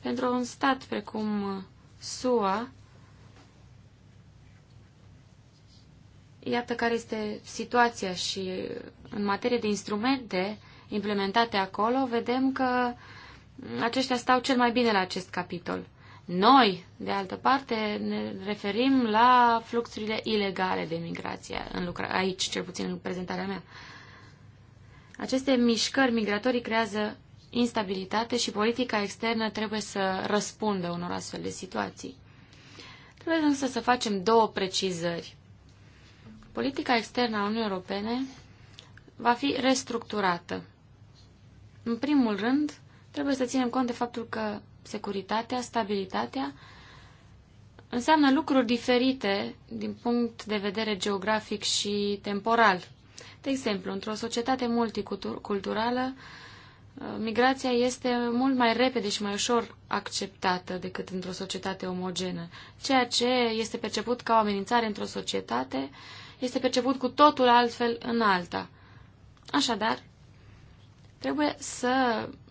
Pentru un stat precum SUA, iată care este situația și în materie de instrumente implementate acolo, vedem că aceștia stau cel mai bine la acest capitol. Noi, de altă parte, ne referim la fluxurile ilegale de migrație, în lucra- aici, cel puțin în prezentarea mea. Aceste mișcări migratorii creează instabilitate și politica externă trebuie să răspundă unor astfel de situații. Trebuie însă să facem două precizări. Politica externă a Uniunii Europene va fi restructurată. În primul rând, trebuie să ținem cont de faptul că securitatea, stabilitatea, înseamnă lucruri diferite din punct de vedere geografic și temporal. De exemplu, într-o societate multiculturală, uh, migrația este mult mai repede și mai ușor acceptată decât într-o societate omogenă. Ceea ce este perceput ca o amenințare într-o societate este perceput cu totul altfel în alta. Așadar, trebuie să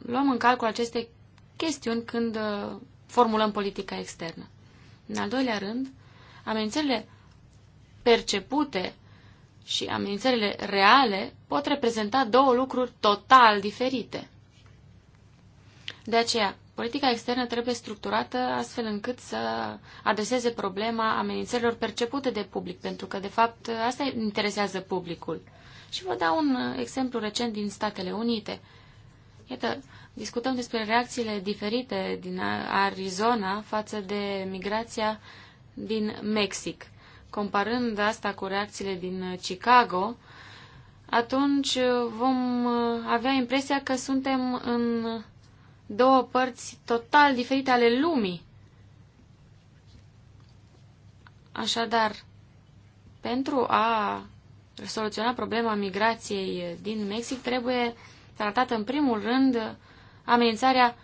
luăm în calcul aceste chestiuni când uh, formulăm politica externă. În al doilea rând, amenințările percepute și amenințările reale pot reprezenta două lucruri total diferite. De aceea, politica externă trebuie structurată astfel încât să adreseze problema amenințărilor percepute de public, pentru că, de fapt, asta interesează publicul. Și vă dau un uh, exemplu recent din Statele Unite. Iată, discutăm despre reacțiile diferite din Arizona față de migrația din Mexic. Comparând asta cu reacțiile din uh, Chicago, atunci uh, vom uh, avea impresia că suntem în două părți total diferite ale lumii. Așadar, pentru a soluționa problema migrației din Mexic, trebuie tratată în primul rând amenințarea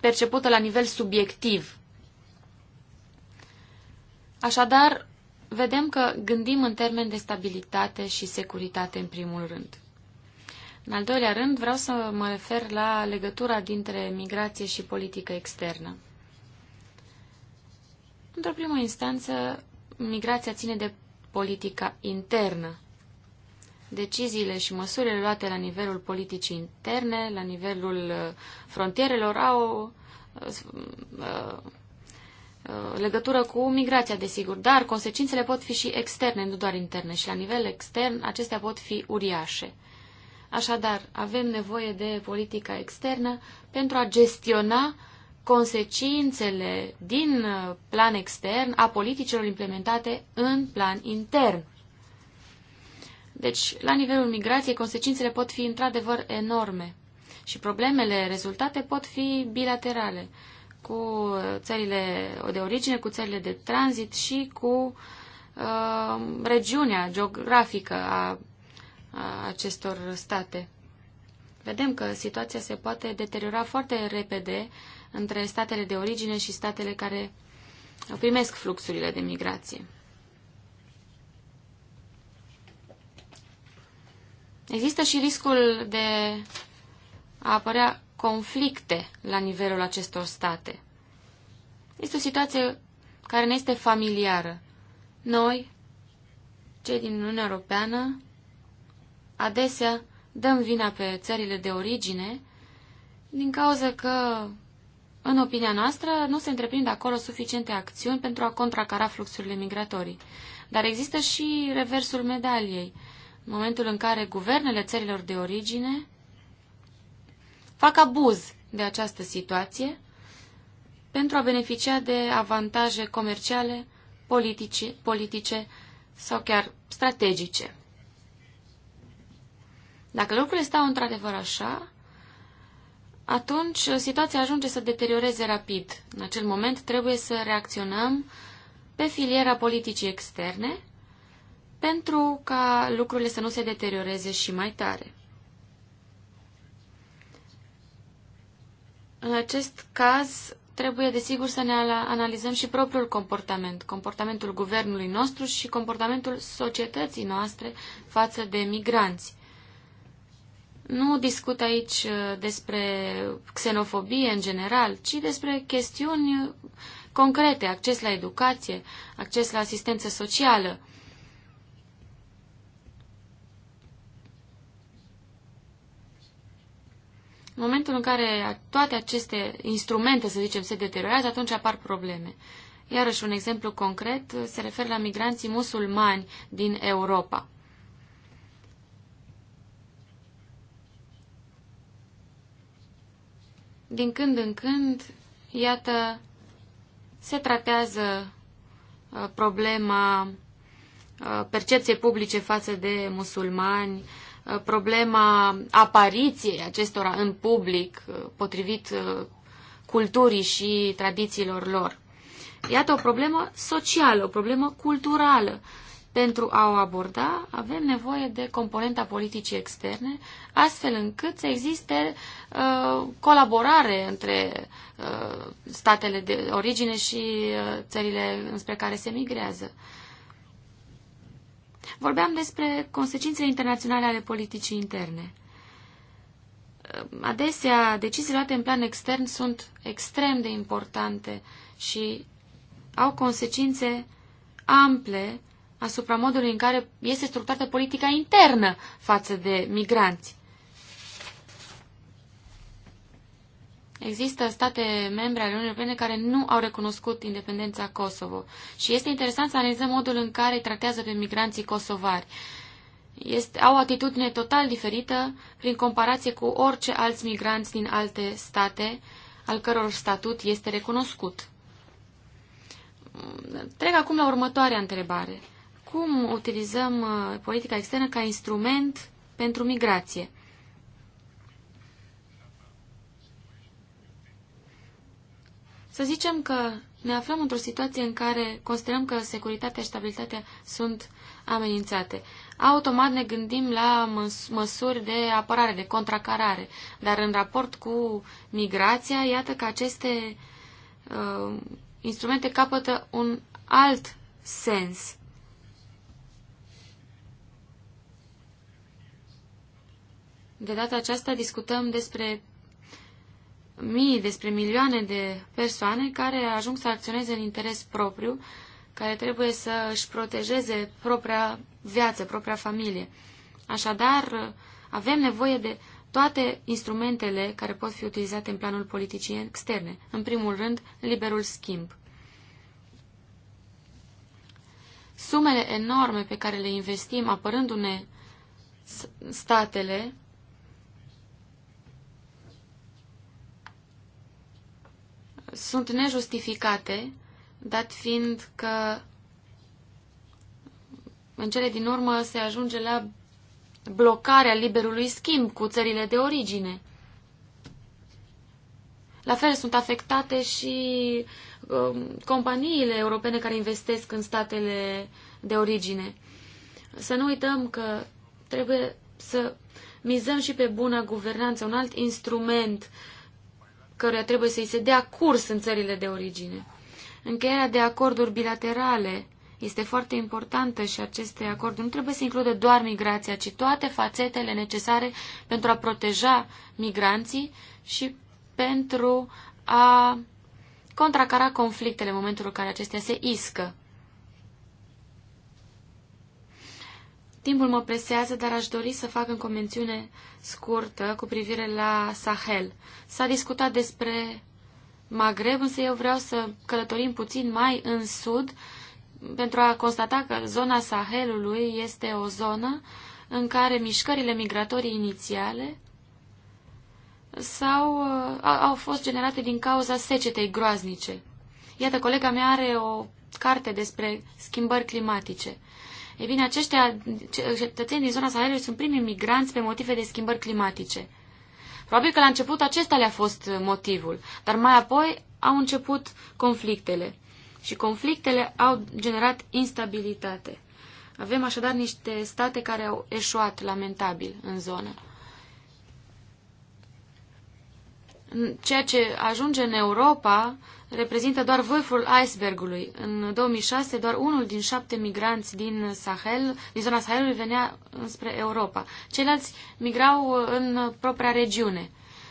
percepută la nivel subiectiv. Așadar, vedem că gândim în termen de stabilitate și securitate în primul rând. În al doilea rând, vreau să mă refer la legătura dintre migrație și politică externă. Într-o primă instanță, migrația ține de politica internă deciziile și măsurile luate la nivelul politicii interne, la nivelul uh, frontierelor, au uh, uh, legătură cu migrația, desigur, dar consecințele pot fi și externe, nu doar interne. Și la nivel extern, acestea pot fi uriașe. Așadar, avem nevoie de politica externă pentru a gestiona consecințele din plan extern a politicilor implementate în plan intern. Deci, la nivelul migrației, consecințele pot fi într-adevăr enorme și problemele rezultate pot fi bilaterale cu țările de origine, cu țările de tranzit și cu uh, regiunea geografică a, a acestor state. Vedem că situația se poate deteriora foarte repede între statele de origine și statele care primesc fluxurile de migrație. Există și riscul de a apărea conflicte la nivelul acestor state. Este o situație care ne este familiară. Noi, cei din Uniunea Europeană, adesea dăm vina pe țările de origine din cauza că, în opinia noastră, nu se întreprind acolo suficiente acțiuni pentru a contracara fluxurile migratorii. Dar există și reversul medaliei – în momentul în care guvernele țărilor de origine fac abuz de această situație pentru a beneficia de avantaje comerciale, politice, politice sau chiar strategice. Dacă lucrurile stau într-adevăr așa, atunci situația ajunge să deterioreze rapid. În acel moment trebuie să reacționăm pe filiera politicii externe pentru ca lucrurile să nu se deterioreze și mai tare. În acest caz, trebuie desigur să ne analizăm și propriul comportament, comportamentul guvernului nostru și comportamentul societății noastre față de migranți. Nu discut aici uh, despre xenofobie în general, ci despre chestiuni concrete, acces la educație, acces la asistență socială. În momentul în care toate aceste instrumente, să zicem, se deteriorează, atunci apar probleme. Iarăși, un exemplu concret se referă la migranții musulmani din Europa. Din când în când, iată, se tratează uh, problema uh, percepției publice față de musulmani, Uh, problema apariției acestora în public, uh, potrivit uh, culturii și tradițiilor lor. Iată o problemă socială, o problemă culturală. Pentru a o aborda, avem nevoie de componenta politicii externe, astfel încât să existe uh, colaborare între uh, statele de origine și uh, țările înspre care se migrează. Uh, Vorbeam despre consecințele internaționale ale politicii interne. Adesea, deciziile luate în plan extern sunt extrem de importante și au consecințe ample asupra modului în care este structurată politica internă față de migranți. Există state membre ale Uniunii Europene care nu au recunoscut independența Kosovo. Și este interesant să analizăm modul în care îi tratează pe migranții kosovari. Este, au o atitudine total diferită prin comparație cu orice alți migranți din alte state, al căror statut este recunoscut. Trec acum la următoarea întrebare. Cum utilizăm uh, politica externă ca instrument pentru migrație? Să zicem că ne aflăm într-o situație în care considerăm că securitatea și stabilitatea sunt amenințate. Automat ne gândim la măs măsuri de apărare, de contracarare, dar în raport cu migrația, iată că aceste uh, instrumente capătă un alt sens. De data aceasta discutăm despre mii, despre milioane de persoane care ajung să acționeze în interes propriu, care trebuie să își protejeze propria viață, propria familie. Așadar, avem nevoie de toate instrumentele care pot fi utilizate în planul politicii externe. În primul rând, liberul schimb. Sumele enorme pe care le investim apărându-ne statele sunt nejustificate, dat fiind că în cele din urmă se ajunge la blocarea liberului schimb cu țările de origine. La fel sunt afectate și um, companiile europene care investesc în statele de origine. Să nu uităm că trebuie să mizăm și pe bună guvernanță, un alt instrument uh, căruia trebuie să-i se dea curs în țările de origine. Încheierea de acorduri bilaterale este foarte importantă și aceste acorduri nu trebuie să includă doar migrația, ci toate fațetele necesare pentru a proteja migranții și pentru a contracara conflictele în momentul în care acestea se iscă. Timpul mă presează, dar aș dori să fac în convențiune scurtă cu privire la Sahel. S-a discutat despre Maghreb, însă eu vreau să călătorim puțin mai în sud pentru a constata că zona Sahelului este o zonă în care mișcările migratorii inițiale sau uh, au fost generate din cauza secetei groaznice. Iată, colega mea are o carte despre schimbări climatice. E bine, aceștia, cetățenii din zona Sahelului sunt primii migranți pe motive de schimbări climatice. Probabil că la început acesta le-a fost motivul, dar mai apoi au început conflictele. Și conflictele au generat instabilitate. Avem așadar niște state care au eșuat lamentabil în zonă. ceea ce ajunge în Europa reprezintă doar vârful icebergului. În 2006, doar unul din șapte migranți din, Sahel, din zona Sahelului venea înspre Europa. Ceilalți migrau în propria regiune.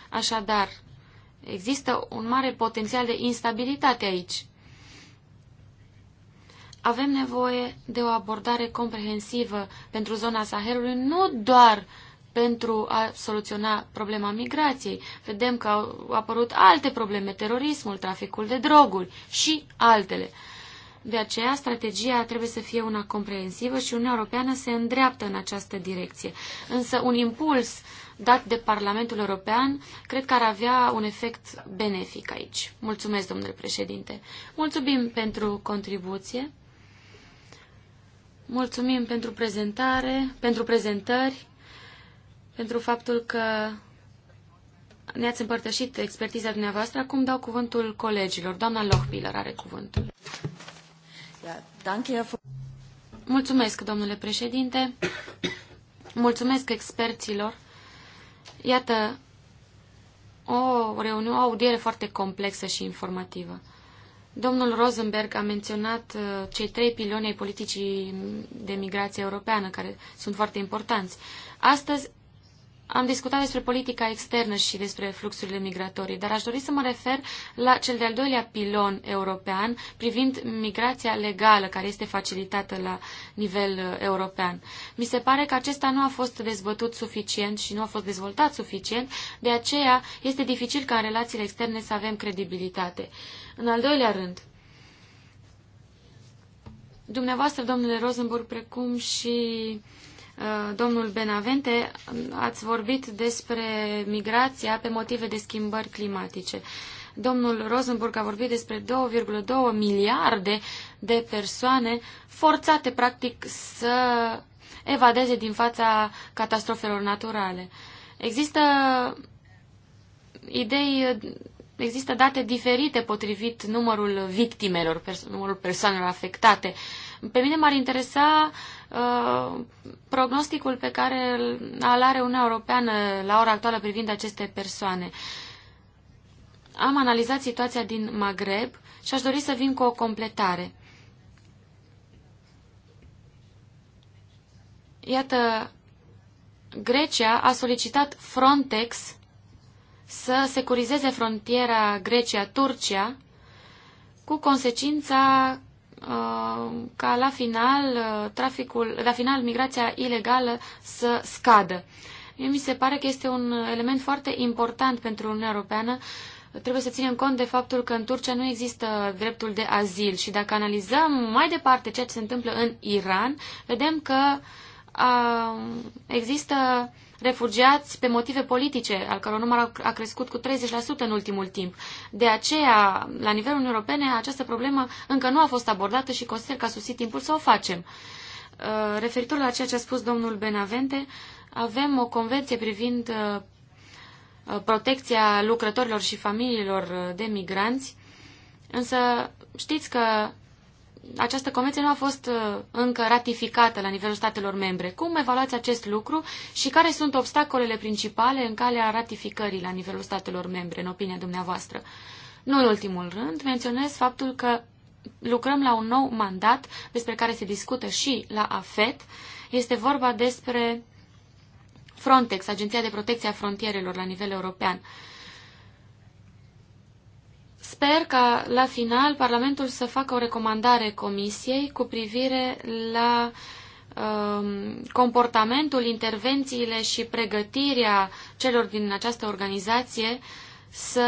Așadar, există un mare potențial de instabilitate aici. Avem nevoie de o abordare comprehensivă pentru zona Sahelului, nu doar uh, pentru a soluționa problema migrației. Vedem că au apărut alte probleme, terorismul, traficul de droguri și altele. De aceea, strategia trebuie să fie una comprehensivă și Uniunea Europeană se îndreaptă în această direcție. Însă, un impuls dat de Parlamentul European cred că ar avea un efect benefic aici. Mulțumesc, domnule președinte. Mulțumim pentru contribuție. Mulțumim pentru prezentare, pentru prezentări pentru faptul că ne-ați împărtășit expertiza dumneavoastră. Acum dau cuvântul colegilor. Doamna Lochbiller are cuvântul. Mulțumesc, domnule președinte. Mulțumesc experților. Iată, o reuniune, o audiere foarte complexă și informativă. Domnul Rosenberg a menționat uh, cei trei piloni ai politicii de migrație europeană, care sunt foarte importanți. Astăzi am discutat despre politica externă și despre fluxurile migratorii, dar aș dori să mă refer la cel de-al doilea pilon european privind migrația legală care este facilitată la nivel uh, european. Mi se pare că acesta nu a fost dezbătut suficient și nu a fost dezvoltat suficient, de aceea este dificil ca în relațiile externe să avem credibilitate. În al doilea rând, dumneavoastră, domnule Rosenburg, precum și Uh, domnul Benavente, ați vorbit despre migrația pe motive de schimbări climatice. Domnul Rosenburg a vorbit despre 2,2 miliarde de persoane forțate, practic, să evadeze din fața catastrofelor naturale. Există idei, există date diferite potrivit numărul victimelor, numărul persoanelor afectate. Pe mine m-ar interesa uh, Uh, prognosticul pe care îl are Uniunea Europeană la ora actuală privind aceste persoane. Am analizat situația din Maghreb și aș dori să vin cu o completare. Iată, Grecia a solicitat Frontex să securizeze frontiera Grecia-Turcia cu consecința Uh, ca la final uh, traficul, la final migrația ilegală să scadă. Mie mi se pare că este un element foarte important pentru Uniunea Europeană. Trebuie să ținem cont de faptul că în Turcia nu există dreptul de azil și dacă analizăm mai departe ceea ce se întâmplă în Iran, vedem că a, uh, există refugiați pe motive politice, al căror număr a crescut cu 30% în ultimul timp. De aceea, la nivelul Uniunii Europene, această problemă încă nu a fost abordată și consider că a susit timpul să o facem. Uh, referitor la ceea ce a spus domnul Benavente, avem o convenție privind uh, uh, protecția lucrătorilor și familiilor de migranți, însă știți că această convenție nu a fost uh, încă ratificată la nivelul statelor membre. Cum evaluați acest lucru și care sunt obstacolele principale în calea ratificării la nivelul statelor membre, în opinia dumneavoastră? Nu în ultimul rând, menționez faptul că lucrăm la un nou mandat despre care se discută și la AFET. Este vorba despre Frontex, Agenția de Protecție a Frontierelor la nivel european. Uh, Sper ca la final Parlamentul să facă o recomandare Comisiei cu privire la um, comportamentul, intervențiile și pregătirea celor din această organizație să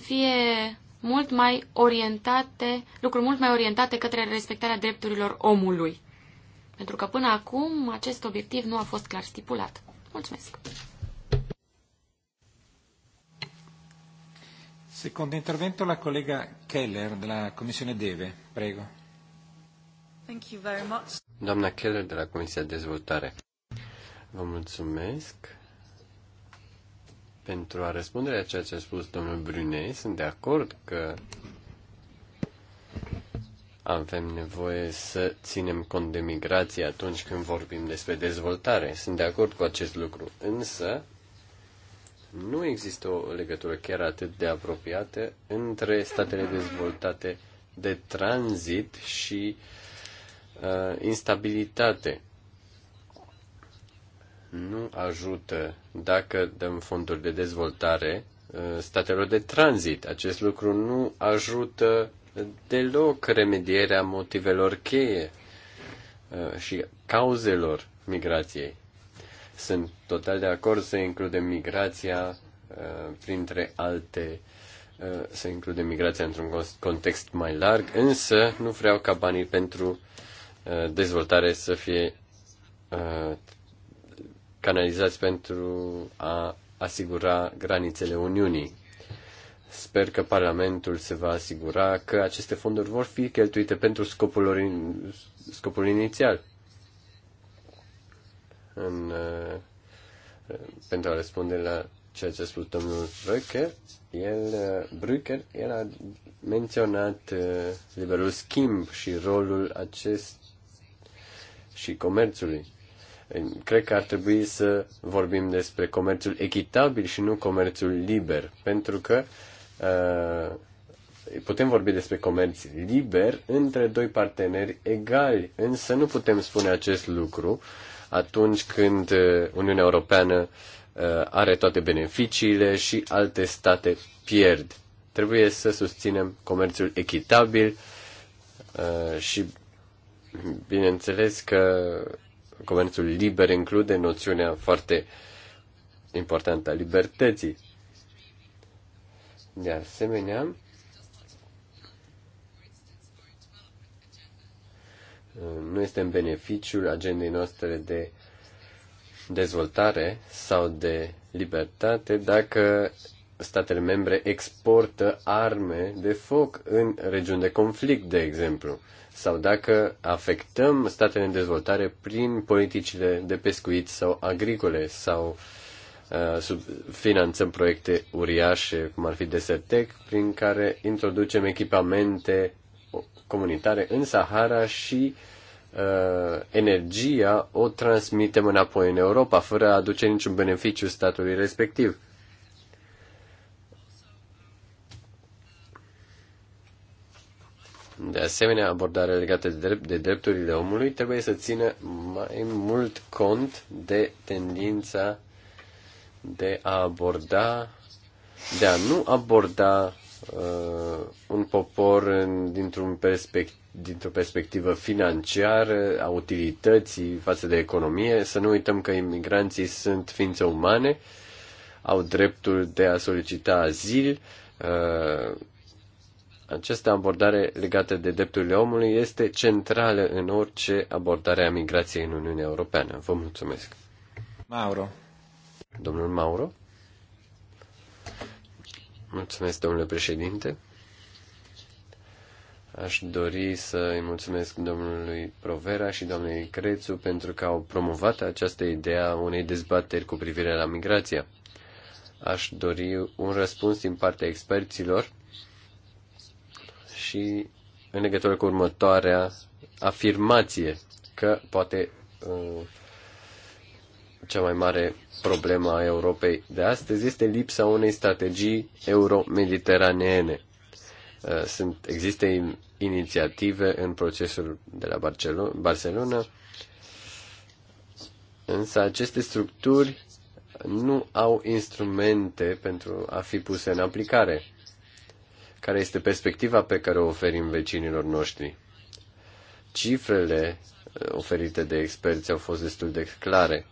fie mult mai orientate, lucruri mult mai orientate către respectarea drepturilor omului. Pentru că până acum acest obiectiv nu a fost clar stipulat. Mulțumesc! Secondo intervento la collega Keller della Commissione DEVE. Prego. Thank you very much. Doamna Keller de la Comisia Dezvoltare. Vă mulțumesc pentru a răspunde la ceea ce a spus domnul Brunei. Sunt de acord că avem nevoie să ținem cont de migrație atunci când vorbim despre dezvoltare. Sunt de acord cu acest lucru. Însă, nu există o legătură chiar atât de apropiată între statele dezvoltate de tranzit și uh, instabilitate. Nu ajută dacă dăm fonduri de dezvoltare uh, statelor de tranzit. Acest lucru nu ajută deloc remedierea motivelor cheie uh, și cauzelor migrației. Sunt total de acord să includem migrația uh, printre alte uh, să include migrația într-un context mai larg, însă nu vreau ca banii pentru uh, dezvoltare să fie canalizați pentru a asigura granițele Uniunii. Sper că Parlamentul se va asigura că aceste fonduri vor fi cheltuite pentru scopul, ori, scopul inițial în, uh, pentru a răspunde la ceea ce a spus domnul Brücker, el, uh, Brücker, el a menționat uh, liberul schimb și rolul acest și comerțului. Cred că ar trebui să vorbim despre comerțul echitabil și nu comerțul liber, pentru că uh, putem vorbi despre comerț liber între doi parteneri egali, însă nu putem spune acest lucru uh, atunci când uh, Uniunea Europeană uh, are toate beneficiile și alte state pierd. Trebuie să susținem comerțul echitabil uh, și bineînțeles că comerțul liber include noțiunea foarte importantă a libertății. De asemenea, nu este în beneficiul agendei noastre de dezvoltare sau de libertate dacă statele membre exportă arme de foc în regiuni de conflict, de exemplu, sau dacă afectăm statele în dezvoltare prin politicile de pescuit sau agricole sau uh, finanțăm proiecte uriașe, cum ar fi Desertec, prin care introducem echipamente comunitare în Sahara și uh, energia o transmitem înapoi în Europa, fără a aduce niciun beneficiu statului respectiv. De asemenea, abordarea legată de, drept, de drepturile omului trebuie să țină mai mult cont de tendința de a aborda, de a nu aborda uh, un popor dintr-un perspect, dintr-o perspectivă financiară, a utilității față de economie. Să nu uităm că imigranții sunt ființe umane, au dreptul de a solicita azil. Uh, această abordare legată de drepturile omului este centrală în orice abordare a migrației în Uniunea Europeană. Vă mulțumesc. Mauro. Domnul Mauro. Mulțumesc, domnule președinte. Aș dori să îi mulțumesc domnului Provera și domnului Crețu pentru că au promovat această idee a unei dezbateri cu privire la migrația. Aș dori un răspuns din partea experților și în legătură cu următoarea afirmație că poate uh, cea mai mare problemă a Europei de astăzi este lipsa unei strategii euro-mediteraneene. Uh, sunt, există inițiative în procesul de la Barcelona, Barcelona, însă aceste structuri nu au instrumente pentru a fi puse în aplicare. Care este perspectiva pe care o oferim vecinilor noștri? Cifrele uh, oferite de experți au fost destul de clare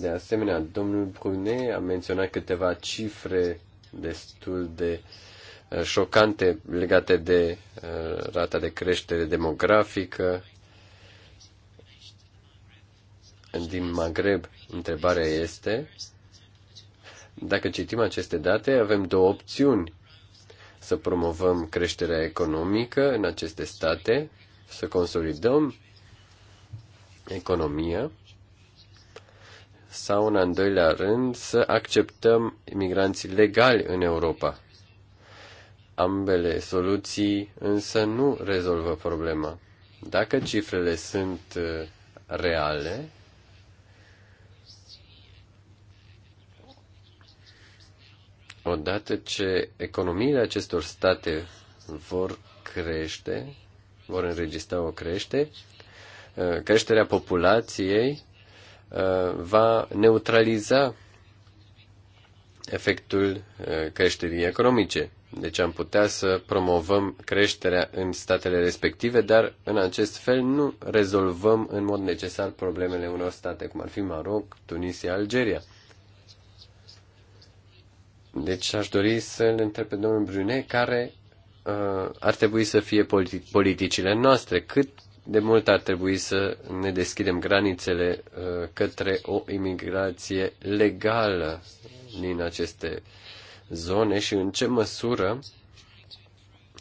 de asemenea, domnul Brune a menționat câteva cifre destul de uh, șocante legate de uh, rata de creștere demografică din Maghreb. Întrebarea este, dacă citim aceste date, avem două opțiuni. Să promovăm creșterea economică în aceste state, să consolidăm economia sau, în al doilea rând, să acceptăm imigranții legali în Europa. Ambele soluții însă nu rezolvă problema. Dacă cifrele sunt uh, reale, odată ce economiile acestor state vor crește, vor înregistra o crește, uh, creșterea populației Uh, va neutraliza efectul uh, creșterii economice. Deci am putea să promovăm creșterea în statele respective, dar în acest fel nu rezolvăm în mod necesar problemele unor state, cum ar fi Maroc, Tunisia, Algeria. Deci aș dori să le întreb pe domnul Brune care uh, ar trebui să fie politi- politicile noastre, cât de mult ar trebui să ne deschidem granițele uh, către o imigrație legală din aceste zone și în ce măsură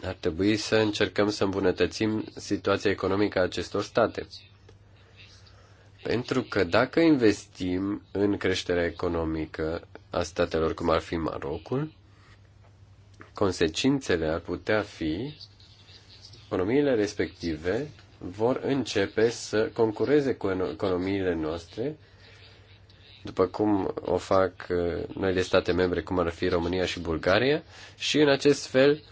ar trebui să încercăm să îmbunătățim situația economică a acestor state. Pentru că dacă investim în creșterea economică a statelor cum ar fi Marocul, consecințele ar putea fi economiile respective vor începe să concureze cu economiile noastre, după cum o fac uh, noile state membre, cum ar fi România și Bulgaria, și în acest fel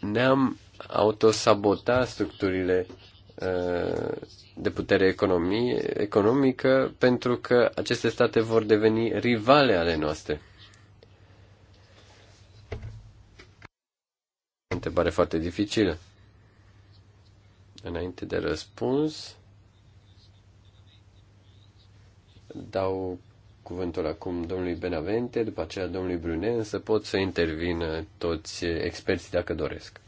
ne-am autosabota structurile uh, de putere economie, economică pentru că aceste state vor deveni rivale ale noastre. întrebare foarte dificilă. Înainte de răspuns, dau cuvântul acum domnului Benavente, după aceea domnului Brune, însă pot să intervină toți experții dacă doresc.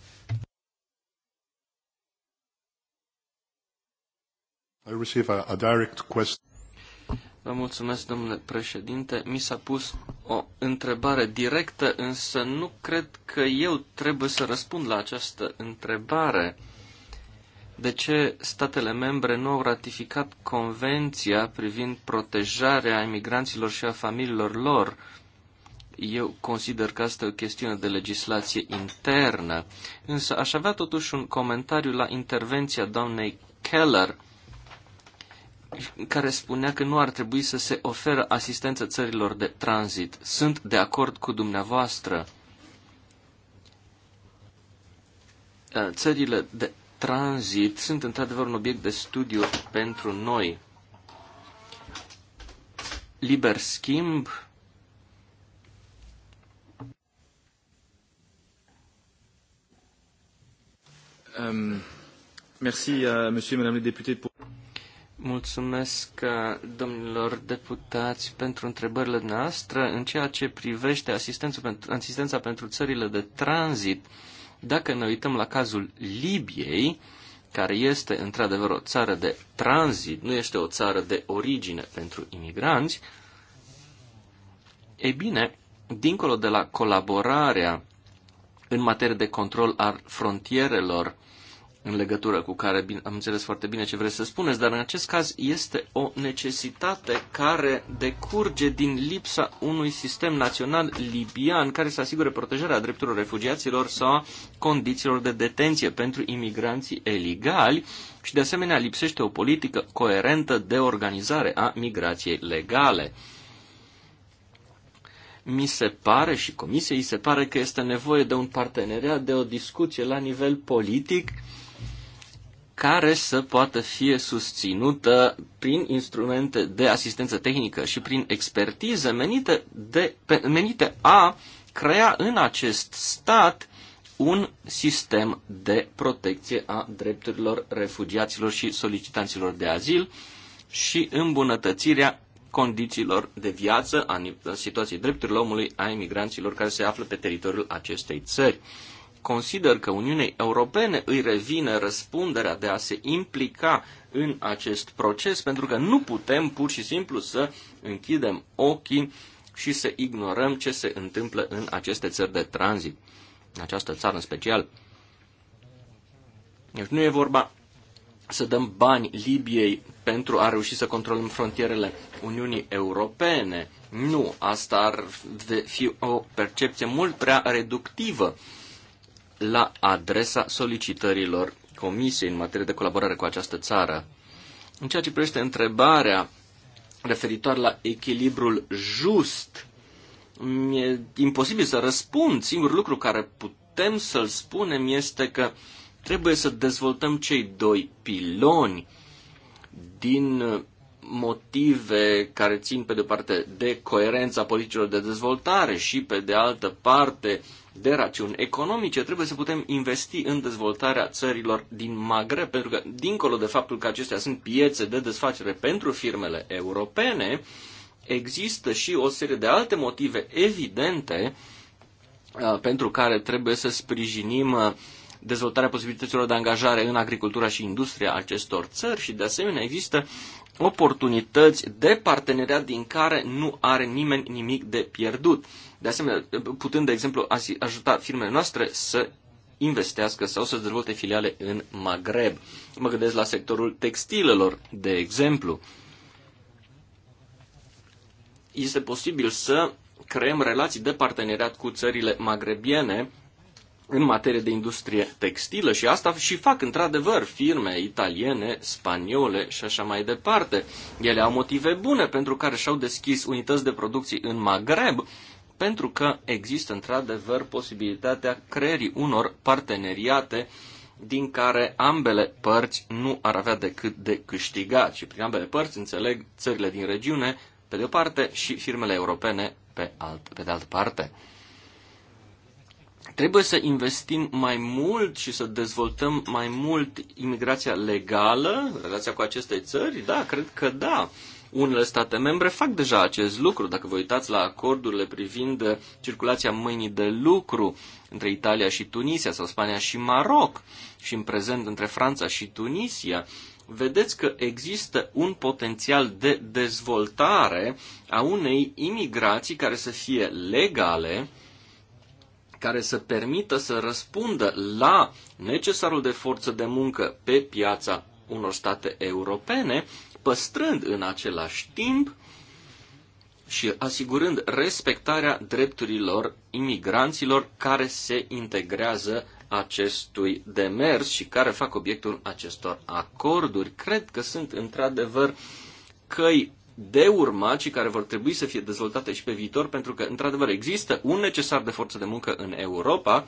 I receive a, a direct question. Vă mulțumesc, domnule președinte. Mi s-a pus o întrebare directă, însă nu cred că eu trebuie să răspund la această întrebare. De ce statele membre nu au ratificat convenția privind protejarea imigranților și a familiilor lor? Eu consider că asta e o chestiune de legislație internă, însă aș avea totuși un comentariu la intervenția doamnei Keller care spunea că nu ar trebui să se oferă asistență țărilor de tranzit. Sunt de acord cu dumneavoastră. Uh, țările de tranzit sunt într-adevăr un obiect de studiu pentru noi. Liber schimb, Um, merci uh, monsieur et madame les députés pour Mulțumesc uh, domnilor deputați pentru întrebările noastre în ceea ce privește asistența pentru, asistența pentru țările de tranzit. Dacă ne uităm la cazul Libiei, care este într-adevăr o țară de tranzit, nu este o țară de origine pentru imigranți, ei bine, dincolo de la colaborarea în materie de control al frontierelor în legătură cu care am înțeles foarte bine ce vreți să spuneți, dar în acest caz este o necesitate care decurge din lipsa unui sistem național libian care să asigure protejarea drepturilor refugiaților sau condițiilor de detenție pentru imigranții eligali și de asemenea lipsește o politică coerentă de organizare a migrației legale mi se pare și comisiei se pare că este nevoie de un parteneriat, de o discuție la nivel politic care să poată fi susținută prin instrumente de asistență tehnică și prin expertiză menite, de, menite a crea în acest stat un sistem de protecție a drepturilor refugiaților și solicitanților de azil și îmbunătățirea condițiilor de viață, a situației drepturilor omului a imigranților care se află pe teritoriul acestei țări consider că Uniunii Europene îi revine răspunderea de a se implica în acest proces, pentru că nu putem pur și simplu să închidem ochii și să ignorăm ce se întâmplă în aceste țări de tranzit, în această țară în special. Deci nu e vorba să dăm bani Libiei pentru a reuși să controlăm frontierele Uniunii Europene. Nu, asta ar fi o percepție mult prea reductivă la adresa solicitărilor Comisiei în materie de colaborare cu această țară. În ceea ce privește întrebarea referitor la echilibrul just, e imposibil să răspund. Singurul lucru care putem să-l spunem este că trebuie să dezvoltăm cei doi piloni din motive care țin pe de o parte de coerența politicilor de dezvoltare și pe de altă parte de rațiuni economice. Trebuie să putem investi în dezvoltarea țărilor din magre, pentru că, dincolo de faptul că acestea sunt piețe de desfacere pentru firmele europene, există și o serie de alte motive evidente uh, pentru care trebuie să sprijinim uh, dezvoltarea posibilităților de angajare în agricultura și industria acestor țări și, de asemenea, există oportunități de parteneriat din care nu are nimeni nimic de pierdut. De asemenea, putând, de exemplu, ajuta firmele noastre să investească sau să dezvolte filiale în Maghreb. Mă gândesc la sectorul textilelor, de exemplu. Este posibil să creăm relații de parteneriat cu țările magrebiene în materie de industrie textilă și asta și fac într-adevăr firme italiene, spaniole și așa mai departe. Ele au motive bune pentru care și-au deschis unități de producție în Maghreb, pentru că există într-adevăr posibilitatea creierii unor parteneriate din care ambele părți nu ar avea decât de câștigat. Și prin ambele părți înțeleg țările din regiune, pe de o parte, și firmele europene, pe, alt, pe de altă parte. Trebuie să investim mai mult și să dezvoltăm mai mult imigrația legală, relația cu aceste țări? Da, cred că da. Unele state membre fac deja acest lucru. Dacă vă uitați la acordurile privind circulația mâinii de lucru între Italia și Tunisia sau Spania și Maroc și în prezent între Franța și Tunisia, vedeți că există un potențial de dezvoltare a unei imigrații care să fie legale, care să permită să răspundă la necesarul de forță de muncă pe piața unor state europene, păstrând în același timp și asigurând respectarea drepturilor imigranților care se integrează acestui demers și care fac obiectul acestor acorduri. Cred că sunt într-adevăr căi de urmat și care vor trebui să fie dezvoltate și pe viitor, pentru că, într-adevăr, există un necesar de forță de muncă în Europa.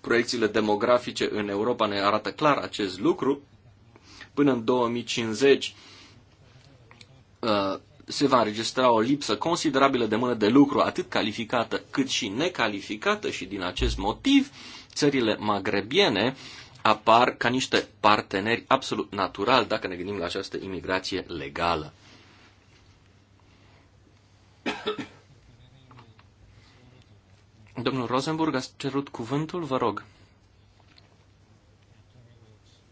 Proiecțiile demografice în Europa ne arată clar acest lucru. Până în 2050 uh, se va înregistra o lipsă considerabilă de mână de lucru, atât calificată cât și necalificată și din acest motiv țările magrebiene apar ca niște parteneri absolut naturali dacă ne gândim la această imigrație legală. Domnul Rosenburg, ați cerut cuvântul? Vă rog.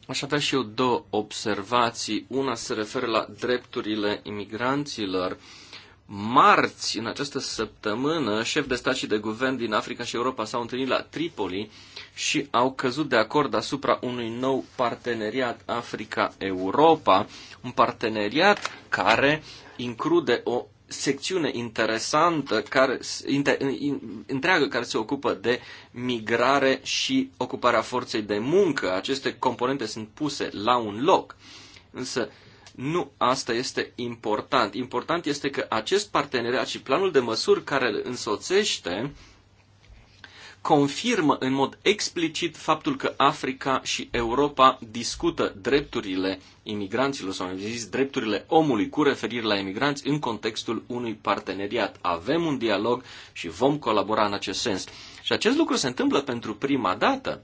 Aș avea și eu două observații. Una se referă la drepturile imigranților. Marți, în această săptămână, șef de stat și de guvern din Africa și Europa s-au întâlnit la Tripoli și au căzut de acord asupra unui nou parteneriat Africa-Europa, un parteneriat care include o secțiune interesantă, care, inter, întreagă, care se ocupă de migrare și ocuparea forței de muncă. Aceste componente sunt puse la un loc. Însă, nu asta este important. Important este că acest parteneriat și planul de măsuri care îl însoțește uh, confirmă în mod explicit faptul că Africa și Europa discută drepturile imigranților, sau am zis drepturile omului cu referire la imigranți în contextul unui parteneriat. Avem un dialog și vom colabora în acest sens. Și acest lucru se întâmplă pentru prima dată.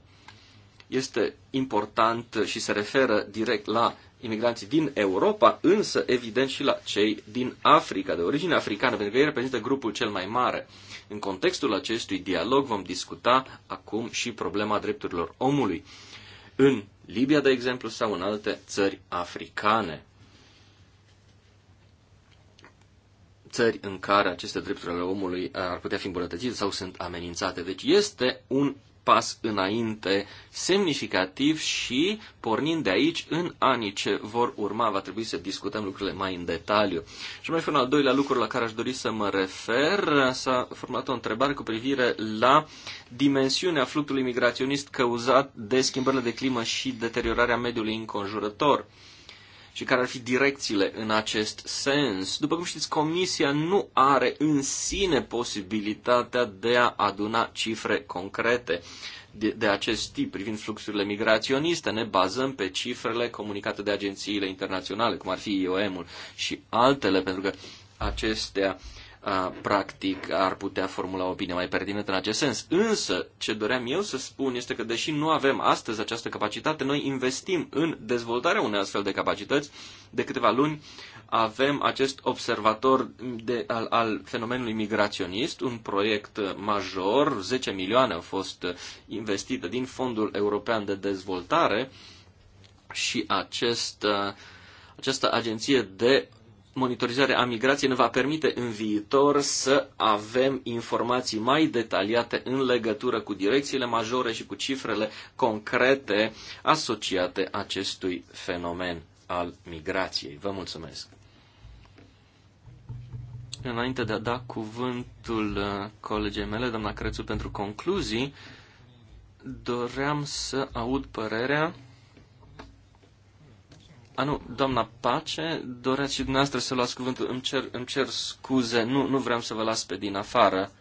Este important și se referă direct la imigranții din Europa, însă evident și la cei din Africa, de origine africană, pentru că ei reprezintă grupul cel mai mare. În contextul acestui dialog vom discuta acum și problema drepturilor omului în Libia, de exemplu, sau în alte țări africane. Țări în care aceste drepturi ale omului ar putea fi îmbunătățite sau sunt amenințate. Deci este un pas înainte semnificativ și, pornind de aici, în anii ce vor urma, va trebui să discutăm lucrurile mai în detaliu. Și mai fi un al doilea lucru la care aș dori să mă refer. S-a format o întrebare cu privire la dimensiunea fluctului migraționist cauzat de schimbările de climă și deteriorarea mediului înconjurător. Uh, și care ar fi direcțiile în acest sens. După cum știți, Comisia nu are în sine posibilitatea de a aduna cifre concrete de, de acest tip privind fluxurile migraționiste. Ne bazăm pe cifrele comunicate de agențiile internaționale, cum ar fi IOM-ul și altele, pentru că acestea uh, practic ar putea formula o opinie mai pertinentă în acest sens. Însă, ce doream eu să spun este că, deși nu avem astăzi această capacitate, noi investim în dezvoltarea unei astfel de capacități. De câteva luni avem acest observator de, al, al fenomenului migraționist, un proiect major, 10 milioane au fost investite din Fondul European de Dezvoltare și acest, această agenție de monitorizare a migrației ne va permite în viitor să avem informații mai detaliate în legătură cu direcțiile majore și cu cifrele concrete asociate acestui fenomen al migrației. Vă mulțumesc! Înainte de a da cuvântul uh, colegei mele, doamna Crețu, pentru concluzii, doream să aud părerea Anu, doamna Pace, doreați și dumneavoastră să luați cuvântul. Îmi cer, îmi cer scuze, nu, nu vreau să vă las pe din afară.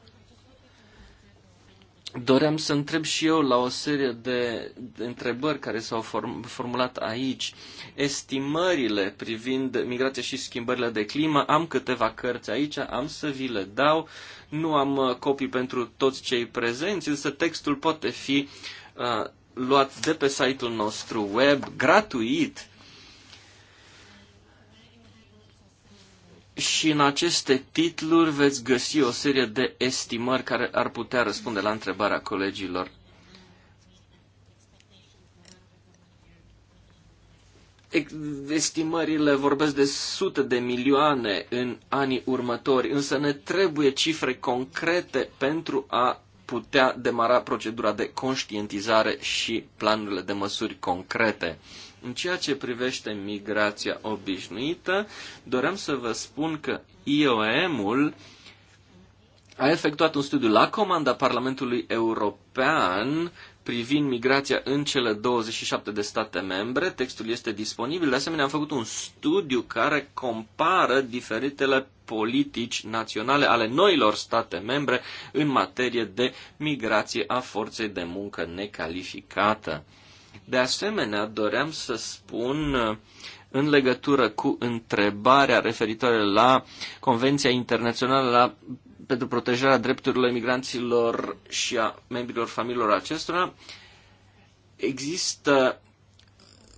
Doream să întreb și eu la o serie de, de întrebări care s-au form, formulat aici. Estimările privind migrația și schimbările de climă, am câteva cărți aici, am să vi le dau. Nu am uh, copii pentru toți cei prezenți, însă textul poate fi uh, luat de pe site-ul nostru web gratuit și în aceste titluri veți găsi o serie de estimări care ar putea răspunde la întrebarea colegilor. Estimările vorbesc de sute de milioane în anii următori, însă ne trebuie cifre concrete pentru a putea demara procedura de conștientizare și planurile de măsuri concrete. În ceea ce privește migrația obișnuită, doream să vă spun că IOM-ul a efectuat un studiu la comanda Parlamentului European privind migrația în cele 27 de state membre. Textul este disponibil. De asemenea, am făcut un studiu care compară diferitele politici naționale ale noilor state membre în materie de migrație a forței de muncă necalificată. De asemenea, doream să spun uh, în legătură cu întrebarea referitoare la Convenția Internațională la, pentru protejarea drepturilor emigranților și a membrilor familiilor acestora, există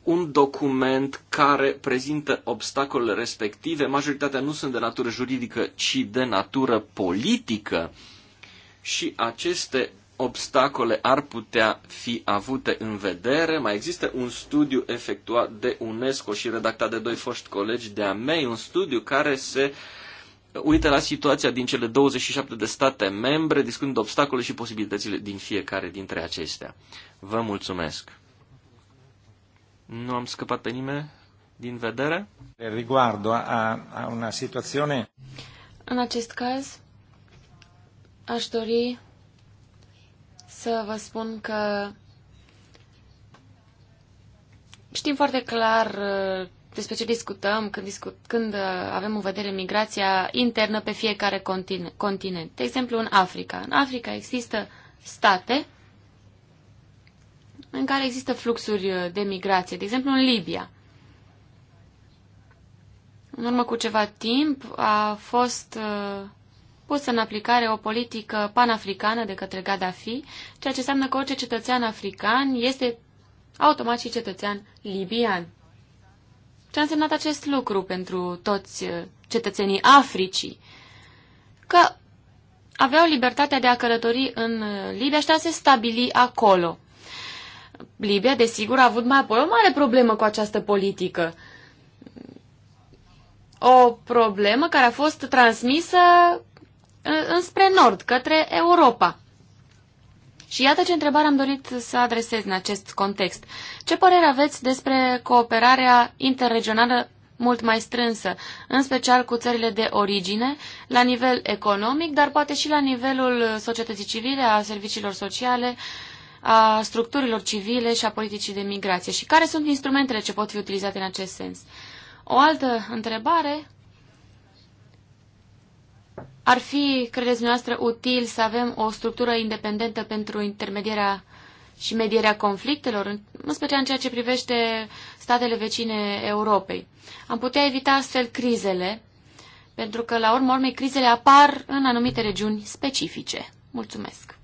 un document care prezintă obstacolele respective. Majoritatea nu sunt de natură juridică, ci de natură politică. Și aceste obstacole ar putea fi avute în vedere. Mai există un studiu efectuat de UNESCO și redactat de doi foști colegi de-a mei, un studiu care se uită la situația din cele 27 de state membre, discutând obstacole și posibilitățile din fiecare dintre acestea. Vă mulțumesc! Nu am scăpat pe nimeni din vedere? Riguardo a, a una situație... În acest caz, aș dori să vă spun că știm foarte clar uh, despre ce discutăm când, discut, când uh, avem în vedere migrația internă pe fiecare continent. continent. De exemplu, în Africa. În Africa există state în care există fluxuri uh, de migrație. De exemplu, în Libia. În urmă cu ceva timp a fost uh, pusă în aplicare o politică panafricană de către Gaddafi, ceea ce înseamnă că orice cetățean african este automat și cetățean libian. Ce a însemnat acest lucru pentru toți uh, cetățenii Africii? Că aveau libertatea de a călători în uh, Libia și a se stabili acolo. Libia, desigur, a avut mai apoi o mare problemă cu această politică. O problemă care a fost transmisă înspre nord, către Europa. Și iată ce întrebare am dorit să adresez în acest context. Ce părere aveți despre cooperarea interregională mult mai strânsă, în special cu țările de origine, la nivel economic, dar poate și la nivelul societății civile, a serviciilor sociale, a structurilor civile și a politicii de migrație? Și care sunt instrumentele ce pot fi utilizate în acest sens? O altă întrebare ar fi, credeți dumneavoastră, util să avem o structură independentă pentru intermedierea și medierea conflictelor, în special în ceea ce privește statele vecine Europei. Am putea evita astfel crizele, pentru că, la urmă urmei, crizele apar în anumite regiuni specifice. Mulțumesc!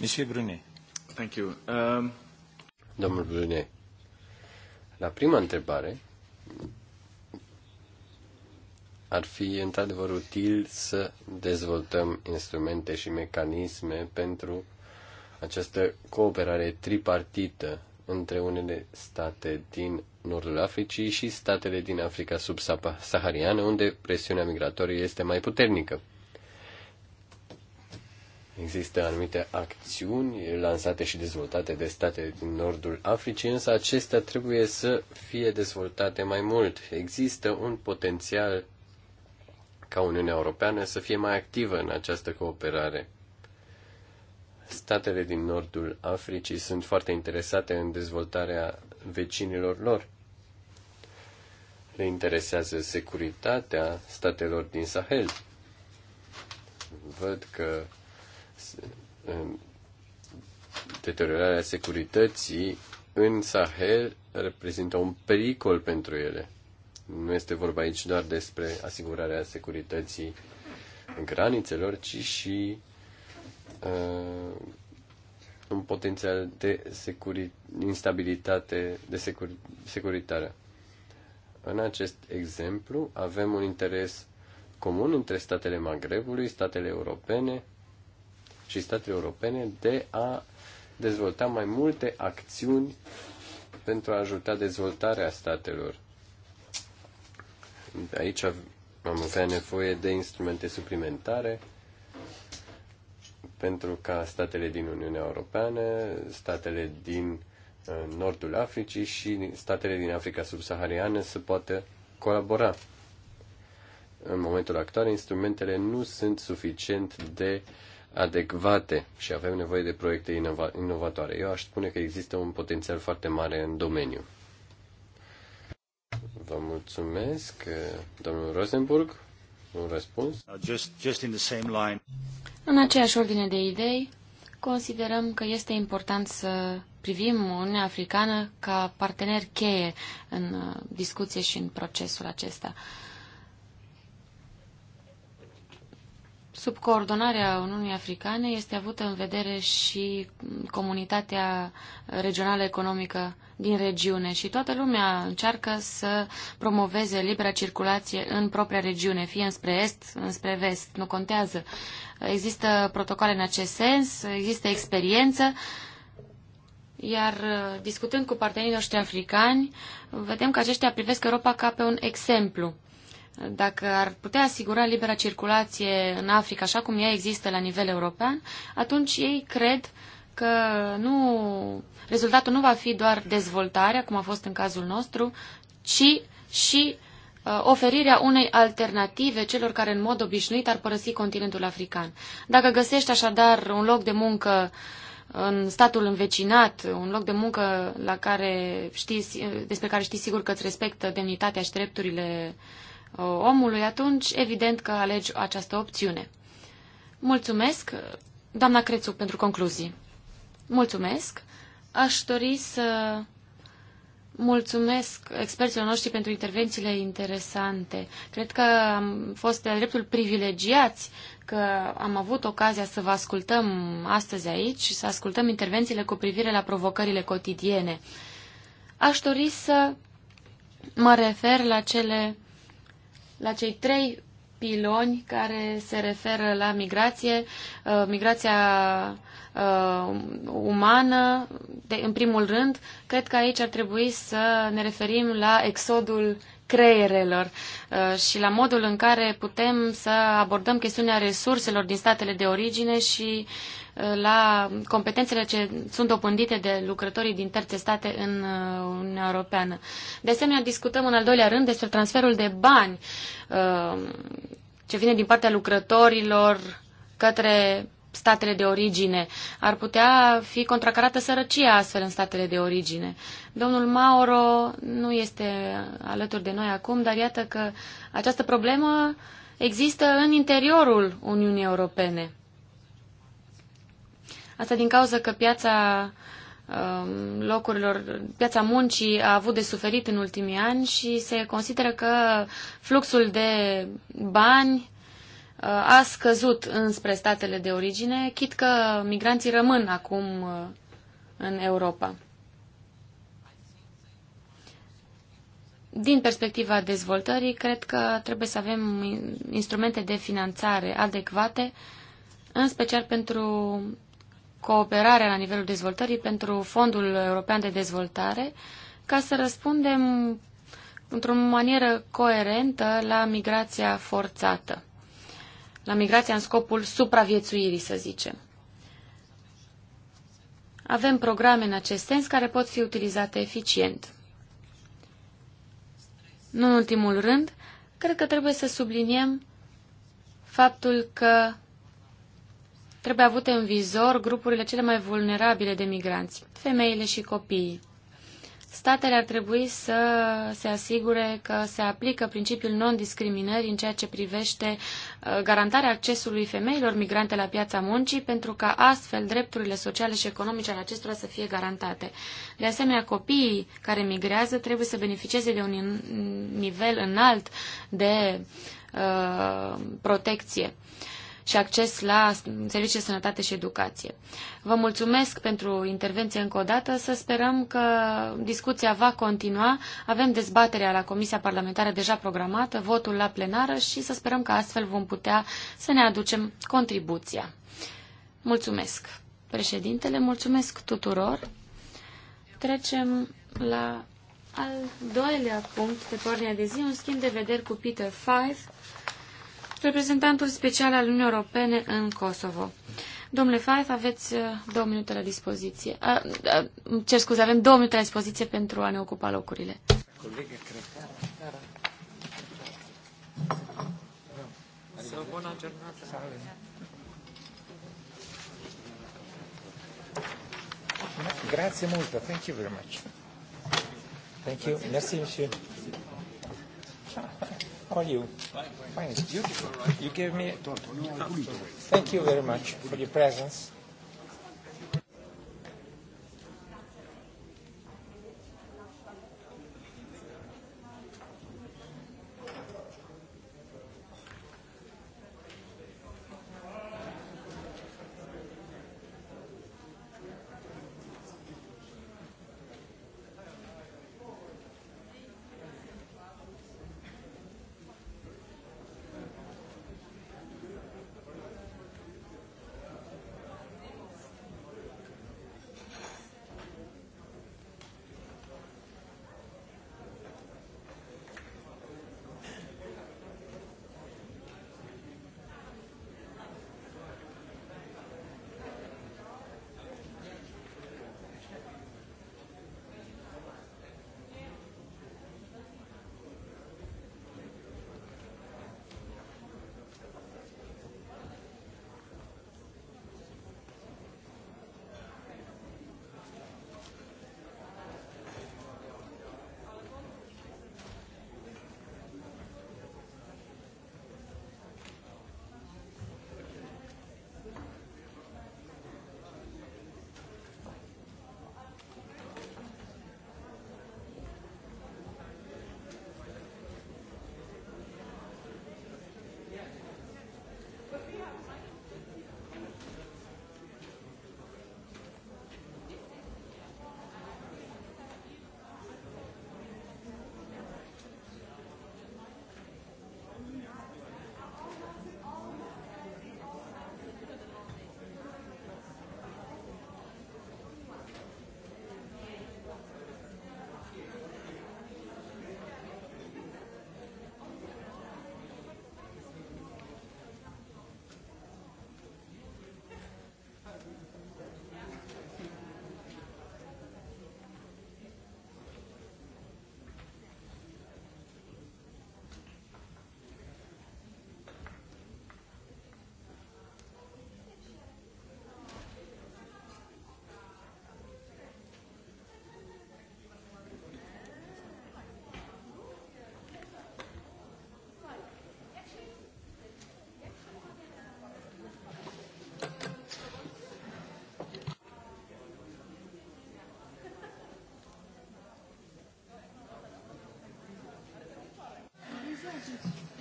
Monsieur Brunet. Thank you. Um... Domnul Brunet, la prima întrebare ar fi într-adevăr util să dezvoltăm instrumente și mecanisme pentru această cooperare tripartită între unele state din Nordul Africii și statele din Africa subsahariană, unde presiunea migratorie este mai puternică. Există anumite acțiuni lansate și dezvoltate de state din nordul Africii, însă acestea trebuie să fie dezvoltate mai mult. Există un potențial ca Uniunea Europeană să fie mai activă în această cooperare. Statele din nordul Africii sunt foarte interesate în dezvoltarea vecinilor lor. Le interesează securitatea statelor din Sahel. Văd că Um, deteriorarea securității în Sahel reprezintă un pericol pentru ele. Nu este vorba aici doar despre asigurarea securității granițelor, ci și uh, un potențial de securi, instabilitate de securi, securitară. În acest exemplu avem un interes comun între statele Magrebului, statele europene, și statele europene de a dezvolta mai multe acțiuni pentru a ajuta dezvoltarea statelor. Aici am avea nevoie de instrumente suplimentare pentru ca statele din Uniunea Europeană, statele din uh, Nordul Africii și statele din Africa subsahariană să poată colabora. În momentul actual, instrumentele nu sunt suficient de uh, adecvate și avem nevoie de proiecte inova- inovatoare. Eu aș spune că există un potențial foarte mare în domeniu. Vă mulțumesc, domnul Rosenburg. Un răspuns? Uh, just, just in the same line. În aceeași ordine de idei, considerăm că este important să privim Uniunea Africană ca partener cheie în uh, discuție și în procesul acesta. Uh, Sub coordonarea Uniunii Africane este avută în vedere și comunitatea regională economică din regiune și toată lumea încearcă să promoveze libera circulație în propria regiune, fie înspre est, înspre vest, nu contează. Există protocoale în acest sens, există experiență, iar uh, discutând cu partenerii noștri africani, vedem că aceștia privesc Europa ca pe un exemplu dacă ar putea asigura libera circulație în Africa așa cum ea există la nivel european, atunci ei cred că nu, rezultatul nu va fi doar dezvoltarea, cum a fost în cazul nostru, ci și uh, oferirea unei alternative celor care în mod obișnuit ar părăsi continentul african. Dacă găsești așadar un loc de muncă în statul învecinat, un loc de muncă la care știi, uh, despre care știi sigur că îți respectă demnitatea și drepturile uh, Uh, omului, atunci evident că alegi această opțiune. Mulțumesc, doamna Crețu, pentru concluzii. Mulțumesc. Aș dori să mulțumesc experților noștri pentru intervențiile interesante. Cred că am fost de dreptul privilegiați că am avut ocazia să vă ascultăm astăzi aici, să ascultăm intervențiile cu privire la provocările cotidiene. Aș dori să mă refer la cele la cei trei piloni care se referă la migrație, uh, migrația uh, umană, de, în primul rând, cred că aici ar trebui să ne referim la exodul creierelor uh, și la modul în care putem să abordăm chestiunea resurselor din statele de origine și uh, la competențele ce sunt opândite de lucrătorii din terțe state în uh, Uniunea Europeană. De asemenea, discutăm în al doilea rând despre transferul de bani ce vine din partea lucrătorilor către statele de origine. Ar putea fi contracarată sărăcia astfel în statele de origine. Domnul Mauro nu este alături de noi acum, dar iată că această problemă există în interiorul Uniunii Europene. Asta din cauza că piața um, locurilor, piața muncii a avut de suferit în ultimii ani și se consideră că fluxul de bani a scăzut înspre statele de origine, chit că migranții rămân acum uh, în Europa. Din perspectiva dezvoltării, cred că trebuie să avem instrumente de finanțare adecvate, în special pentru cooperarea la nivelul dezvoltării, pentru Fondul European de Dezvoltare, ca să răspundem într-o manieră coerentă la migrația forțată la migrația în scopul supraviețuirii, să zicem. Avem programe în acest sens care pot fi utilizate eficient. Nu în ultimul rând, cred că trebuie să subliniem faptul că trebuie avute în vizor grupurile cele mai vulnerabile de migranți, femeile și copiii statele ar trebui să se asigure că se aplică principiul non-discriminării în ceea ce privește uh, garantarea accesului femeilor migrante la piața muncii, pentru ca astfel drepturile sociale și economice ale acestora să fie garantate. De asemenea, copiii care migrează trebuie să beneficieze de un nivel înalt de uh, protecție și acces la servicii de sănătate și educație. Vă mulțumesc pentru intervenție încă o dată. Să sperăm că discuția va continua. Avem dezbaterea la Comisia Parlamentară deja programată, votul la plenară și să sperăm că astfel vom putea să ne aducem contribuția. Mulțumesc, președintele, mulțumesc tuturor. Trecem la al doilea punct de pornirea de zi, un schimb de vederi cu Peter Five, reprezentantul special al Uniunii Europene în Kosovo. Domnule Faif, aveți uh, două minute la dispoziție. A, a, cer scuze, avem două minute la dispoziție pentru a ne ocupa locurile. Grazie molto, thank you very much. Thank you, merci monsieur call you? Fine. Fine. Fine. You gave me... Thank you very much for your presence.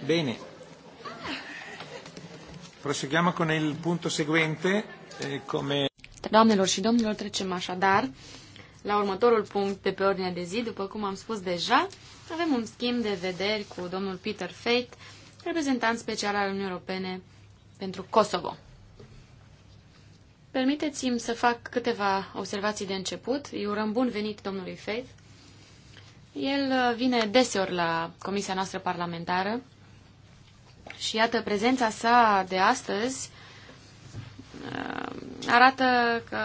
Bene. Proseguiamo con il punto seguente. Eh, come... Doamnelor și domnilor, trecem așadar la următorul punct de pe ordinea de zi. După cum am spus deja, avem un schimb de vederi cu domnul Peter Fate, reprezentant special al Uniunii Europene pentru Kosovo. Permiteți-mi să fac câteva observații de început. Eu urăm bun venit domnului Faith el uh, vine deseori la comisia noastră parlamentară și iată prezența sa de astăzi uh, arată că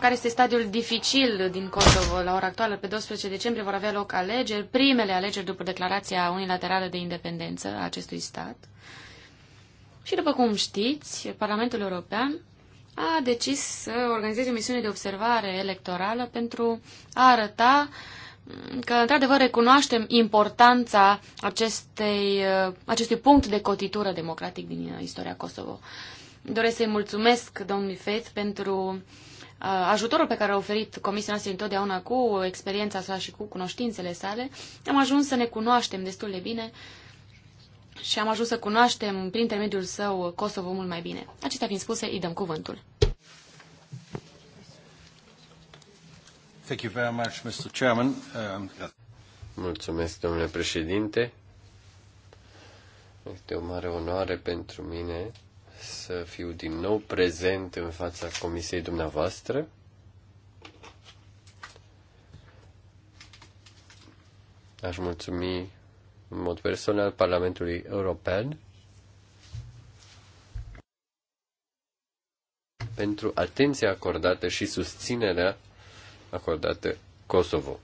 care este stadiul dificil din Kosovo la ora actuală. Pe 12 decembrie vor avea loc alegeri, primele alegeri după declarația unilaterală de independență a acestui stat. Și după cum știți, Parlamentul European a decis să organizeze o misiune de observare electorală pentru a arăta mm, că, într-adevăr, recunoaștem importanța acestei, uh, acestui punct de cotitură democratic din uh, istoria Kosovo. Doresc să-i mulțumesc domnului Fet pentru uh, ajutorul pe care a oferit Comisia noastră întotdeauna cu experiența sa și cu cunoștințele sale. Am ajuns să ne cunoaștem destul de bine și am ajuns să cunoaștem prin intermediul său Kosovo mult mai bine. Acestea fiind spuse, îi dăm cuvântul. Thank you very much, Mr. Chairman. Um, Mulțumesc, domnule președinte. Este o mare onoare pentru mine să fiu din nou prezent în fața comisiei dumneavoastră. Aș mulțumi în mod personal Parlamentului European pentru atenția acordată și susținerea acordată Kosovo.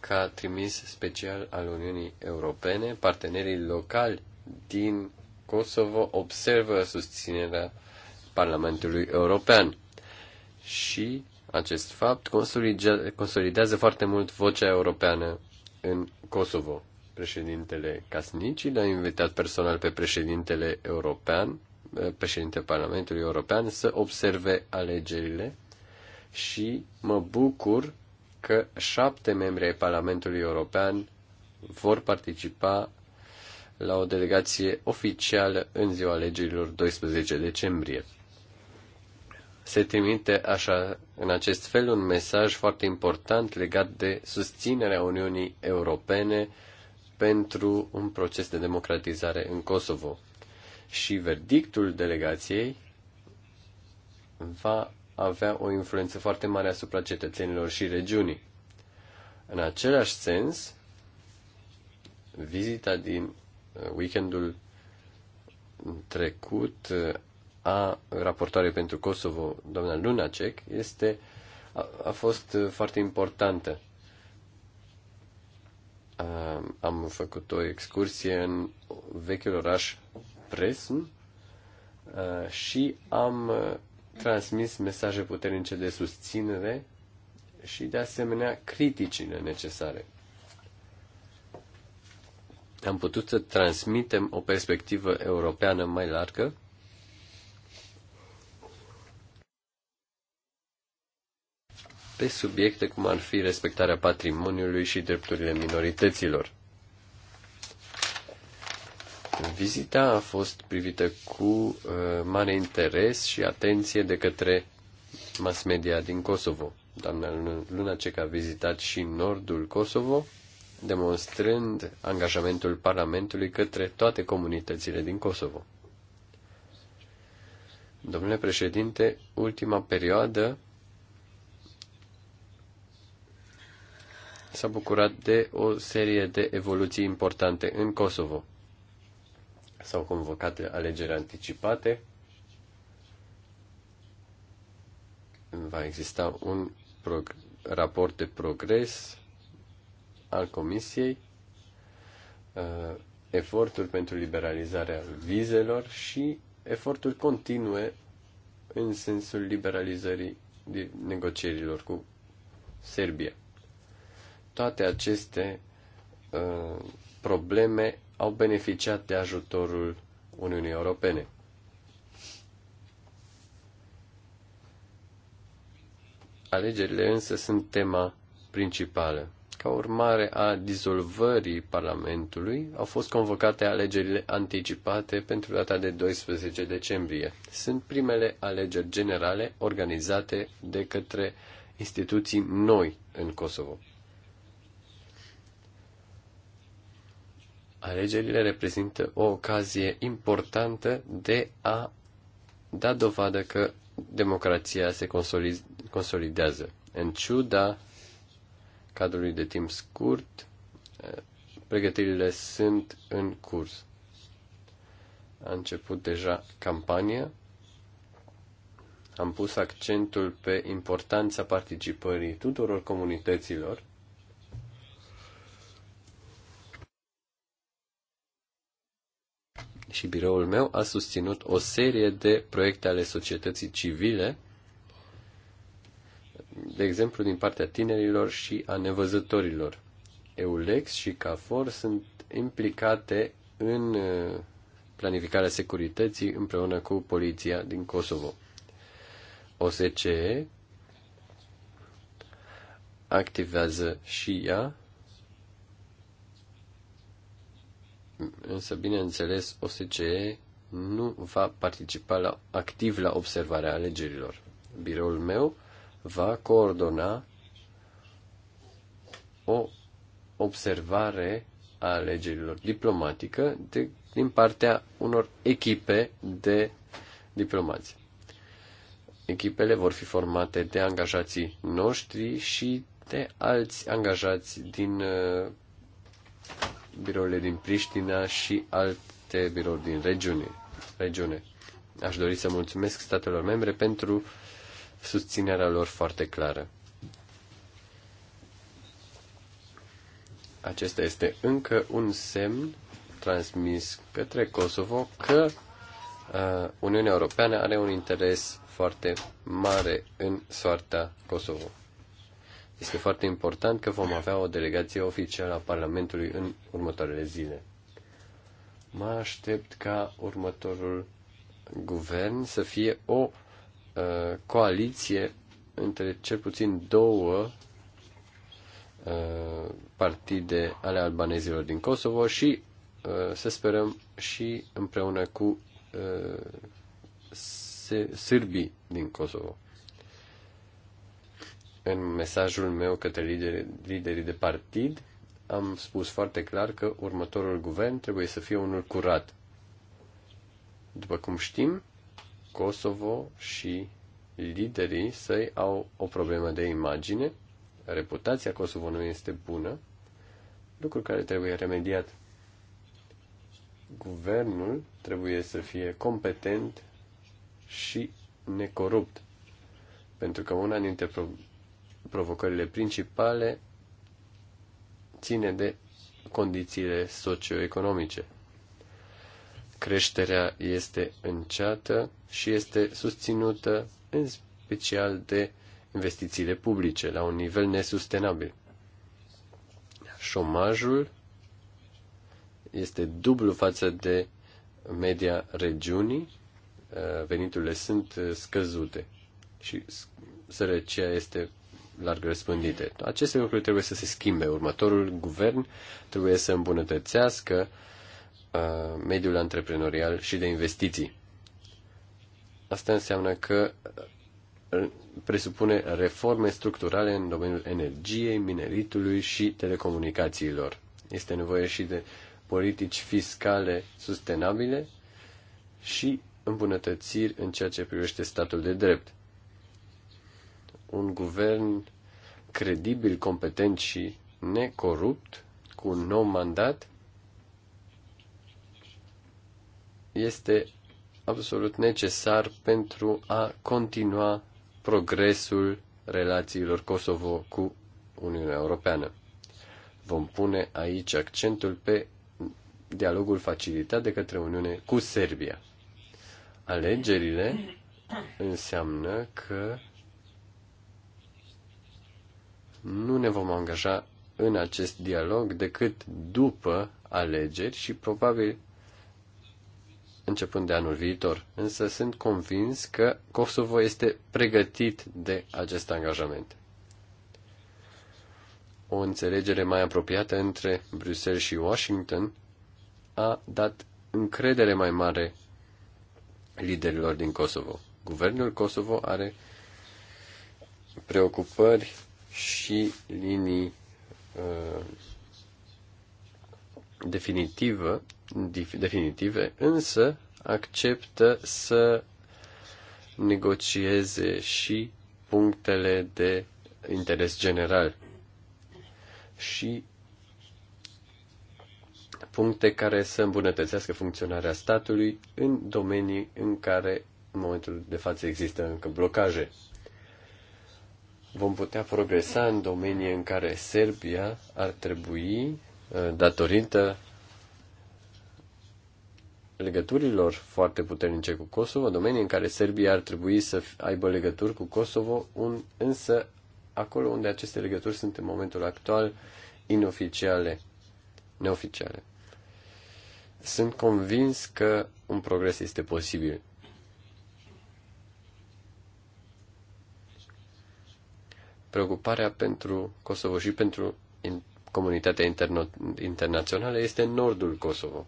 Ca trimis special al Uniunii Europene, partenerii locali din Kosovo observă susținerea Parlamentului European și acest fapt consolidează foarte mult vocea europeană în Kosovo. Președintele Casnici l-a invitat personal pe președintele european, eh, președintele Parlamentului European, să observe alegerile și mă bucur că șapte membri ai Parlamentului European vor participa la o delegație oficială în ziua alegerilor 12 decembrie. Se trimite așa, în acest fel, un mesaj foarte important legat de susținerea Uniunii Europene pentru un proces de democratizare în Kosovo. Și verdictul delegației va avea o influență foarte mare asupra cetățenilor și regiunii. În același sens, vizita din uh, weekendul trecut uh, a raportoarei pentru Kosovo, doamna Lunacek, este, a, a fost foarte importantă. A, am făcut o excursie în vechiul oraș Presn a, și am transmis mesaje puternice de susținere și, de asemenea, criticile necesare. Am putut să transmitem o perspectivă europeană mai largă pe subiecte cum ar fi respectarea patrimoniului și drepturile minorităților. Vizita a fost privită cu uh, mare interes și atenție de către mass media din Kosovo. Doamna Cec a vizitat și nordul Kosovo, demonstrând angajamentul Parlamentului către toate comunitățile din Kosovo. Domnule președinte, ultima perioadă s-a bucurat de o serie de evoluții importante în Kosovo. S-au convocat alegeri anticipate. Va exista un raport de progres al Comisiei, uh, eforturi pentru liberalizarea vizelor și eforturi continue în sensul liberalizării negocierilor cu Serbia toate aceste uh, probleme au beneficiat de ajutorul Uniunii Europene. Alegerile însă sunt tema principală. Ca urmare a dizolvării Parlamentului, au fost convocate alegerile anticipate pentru data de 12 decembrie. Sunt primele alegeri generale organizate de către instituții noi în Kosovo. Alegerile reprezintă o ocazie importantă de a da dovadă că democrația se consolidează. În ciuda cadrului de timp scurt, eh, pregătirile sunt în curs. A început deja campania. Am pus accentul pe importanța participării tuturor comunităților și biroul meu a susținut o serie de proiecte ale societății civile, de exemplu din partea tinerilor și a nevăzătorilor. EULEX și CAFOR sunt implicate în uh, planificarea securității împreună cu poliția din Kosovo. OSCE activează și ea Însă, bineînțeles, OSCE nu va participa la, activ la observarea alegerilor. Biroul meu va coordona o observare a alegerilor diplomatică de, din partea unor echipe de diplomați. Echipele vor fi formate de angajații noștri și de alți angajați din uh, birourile din Priștina și alte birouri din regiune. regiune. Aș dori să mulțumesc statelor membre pentru susținerea lor foarte clară. Acesta este încă un semn transmis către Kosovo că uh, Uniunea Europeană are un interes foarte mare în soarta Kosovo. Este foarte important că vom avea o delegație oficială a Parlamentului în următoarele zile. Mă aștept ca următorul guvern să fie o uh, coaliție între cel puțin două uh, partide ale albanezilor din Kosovo și uh, să sperăm și împreună cu uh, sârbii din Kosovo. În mesajul meu către lideri, liderii de partid am spus foarte clar că următorul guvern trebuie să fie unul curat. După cum știm, Kosovo și liderii săi au o problemă de imagine, reputația Kosovo nu este bună, lucru care trebuie remediat. Guvernul trebuie să fie competent și necorupt, pentru că una dintre provocările principale ține de condițiile socioeconomice. Creșterea este înceată și este susținută în special de investițiile publice la un nivel nesustenabil. Șomajul este dublu față de media regiunii, uh, veniturile sunt uh, scăzute și sărăcia este larg răspândite. Aceste lucruri trebuie să se schimbe. Următorul guvern trebuie să îmbunătățească uh, mediul antreprenorial și de investiții. Asta înseamnă că uh, presupune reforme structurale în domeniul energiei, mineritului și telecomunicațiilor. Este nevoie și de politici fiscale sustenabile și îmbunătățiri în ceea ce privește statul de drept un guvern credibil, competent și necorupt, cu un nou mandat, este absolut necesar pentru a continua progresul relațiilor Kosovo cu Uniunea Europeană. Vom pune aici accentul pe dialogul facilitat de către Uniune cu Serbia. Alegerile înseamnă că nu ne vom angaja în acest dialog decât după alegeri și probabil începând de anul viitor. Însă sunt convins că Kosovo este pregătit de acest angajament. O înțelegere mai apropiată între Bruxelles și Washington a dat încredere mai mare liderilor din Kosovo. Guvernul Kosovo are preocupări și linii uh, definitivă, definitive, însă acceptă să negocieze și punctele de interes general și puncte care să îmbunătățească funcționarea statului în domenii în care în momentul de față există încă blocaje vom putea progresa în domenii în care Serbia ar trebui, uh, datorită legăturilor foarte puternice cu Kosovo, domenii în care Serbia ar trebui să aibă legături cu Kosovo, un, însă acolo unde aceste legături sunt în momentul actual inoficiale, neoficiale. Sunt convins că un progres este posibil. preocuparea pentru Kosovo și pentru in, comunitatea interno- internațională este nordul Kosovo.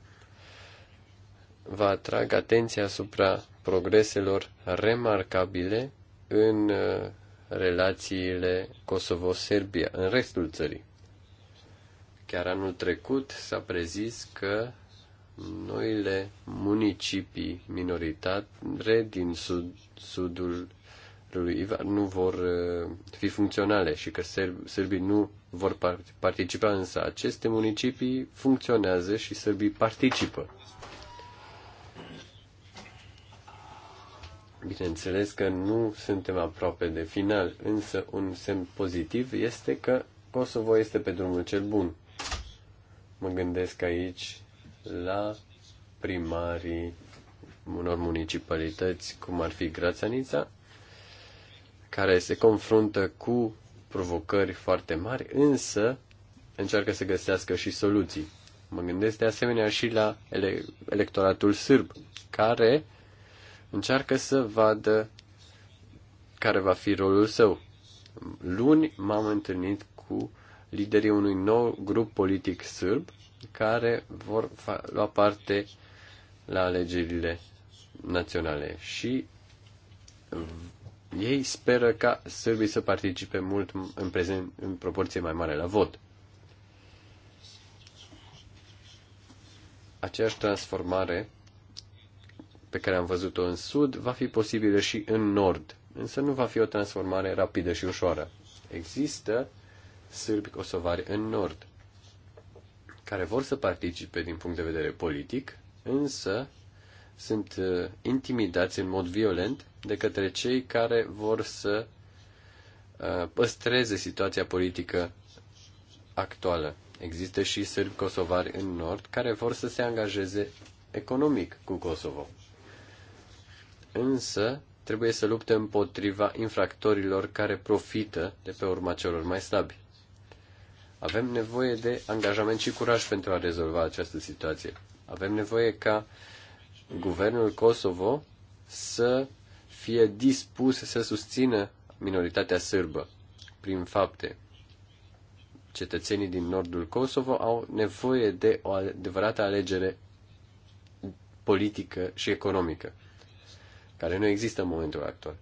Vă atrag atenția asupra progreselor remarcabile în uh, relațiile Kosovo-Serbia, în restul țării. Chiar anul trecut s-a prezis că noile municipii minoritare din sud, sudul lui Iva nu vor uh, fi funcționale și că sârbii nu vor participa, însă aceste municipii funcționează și sârbii participă. Bineînțeles că nu suntem aproape de final, însă un semn pozitiv este că Kosovo este pe drumul cel bun. Mă gândesc aici la primarii unor municipalități, cum ar fi Grațanița, care se confruntă cu provocări foarte mari, însă încearcă să găsească și soluții. Mă gândesc de asemenea și la ele- electoratul sârb, care încearcă să vadă care va fi rolul său. Luni m-am întâlnit cu liderii unui nou grup politic sârb care vor lua parte la alegerile naționale și ei speră ca sârbii să participe mult în, prezent, în proporție mai mare la vot. Aceeași transformare pe care am văzut-o în sud va fi posibilă și în nord, însă nu va fi o transformare rapidă și ușoară. Există sârbi kosovari în nord care vor să participe din punct de vedere politic, însă sunt uh, intimidați în mod violent de către cei care vor să uh, păstreze situația politică actuală. Există și sârbi kosovari în nord care vor să se angajeze economic cu Kosovo. Însă, trebuie să lupte împotriva infractorilor care profită de pe urma celor mai slabi. Avem nevoie de angajament și curaj pentru a rezolva această situație. Avem nevoie ca uh, guvernul Kosovo să fie dispus să susțină minoritatea sârbă prin fapte. Cetățenii din nordul Kosovo au nevoie de o adevărată alegere politică și economică, care nu există în momentul actual.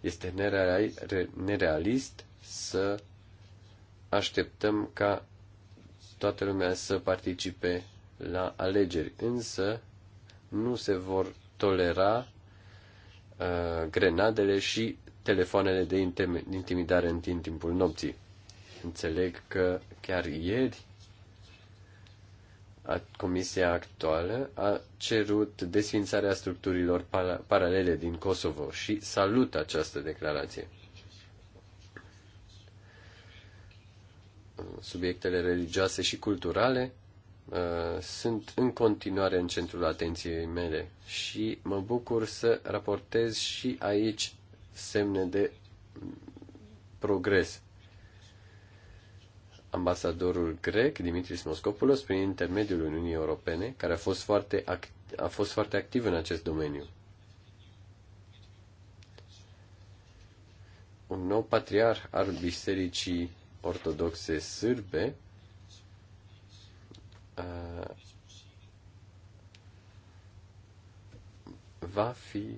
Este nerealist să așteptăm ca toată lumea să participe la alegeri, însă nu se vor tolera uh, grenadele și telefoanele de intimidare în timpul nopții. Înțeleg că chiar ieri a, comisia actuală a cerut desfințarea structurilor para, paralele din Kosovo și salut această declarație. Subiectele religioase și culturale Uh, sunt în continuare în centrul atenției mele și mă bucur să raportez și aici semne de progres. Ambasadorul grec, Dimitris Moscopoulos, prin intermediul Uniunii Europene, care a fost foarte, act- a fost foarte activ în acest domeniu. Un nou patriar al Bisericii Ortodoxe Sârbe, Uh, va fi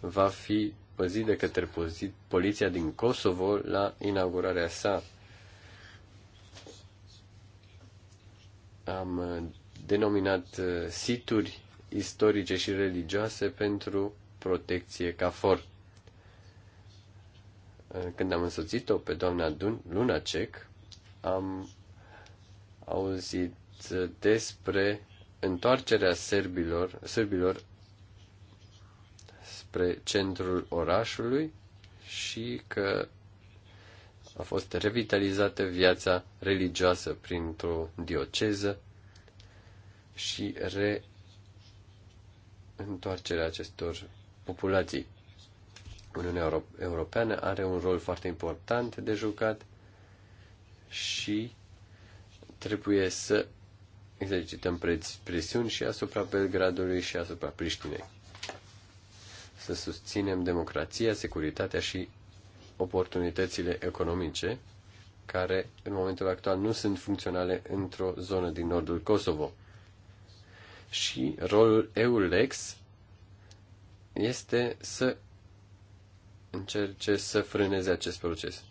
va fi păzit de către poliția din Kosovo la inaugurarea sa. Am uh, denominat uh, situri istorice și religioase pentru protecție ca fort. Eh, când am însoțit-o pe doamna Lunacek, am auzit eh, despre întoarcerea serbilor, serbilor spre centrul orașului și că a fost revitalizată viața religioasă printr-o dioceză și re întoarcerea acestor populații. Uniunea Europeană are un rol foarte important de jucat și trebuie să exercităm presiuni și asupra Belgradului și asupra Priștinei. Să susținem democrația, securitatea și oportunitățile economice care în momentul actual nu sunt funcționale într-o zonă din nordul Kosovo. Și rolul EULEX este să încerce să frâneze acest proces.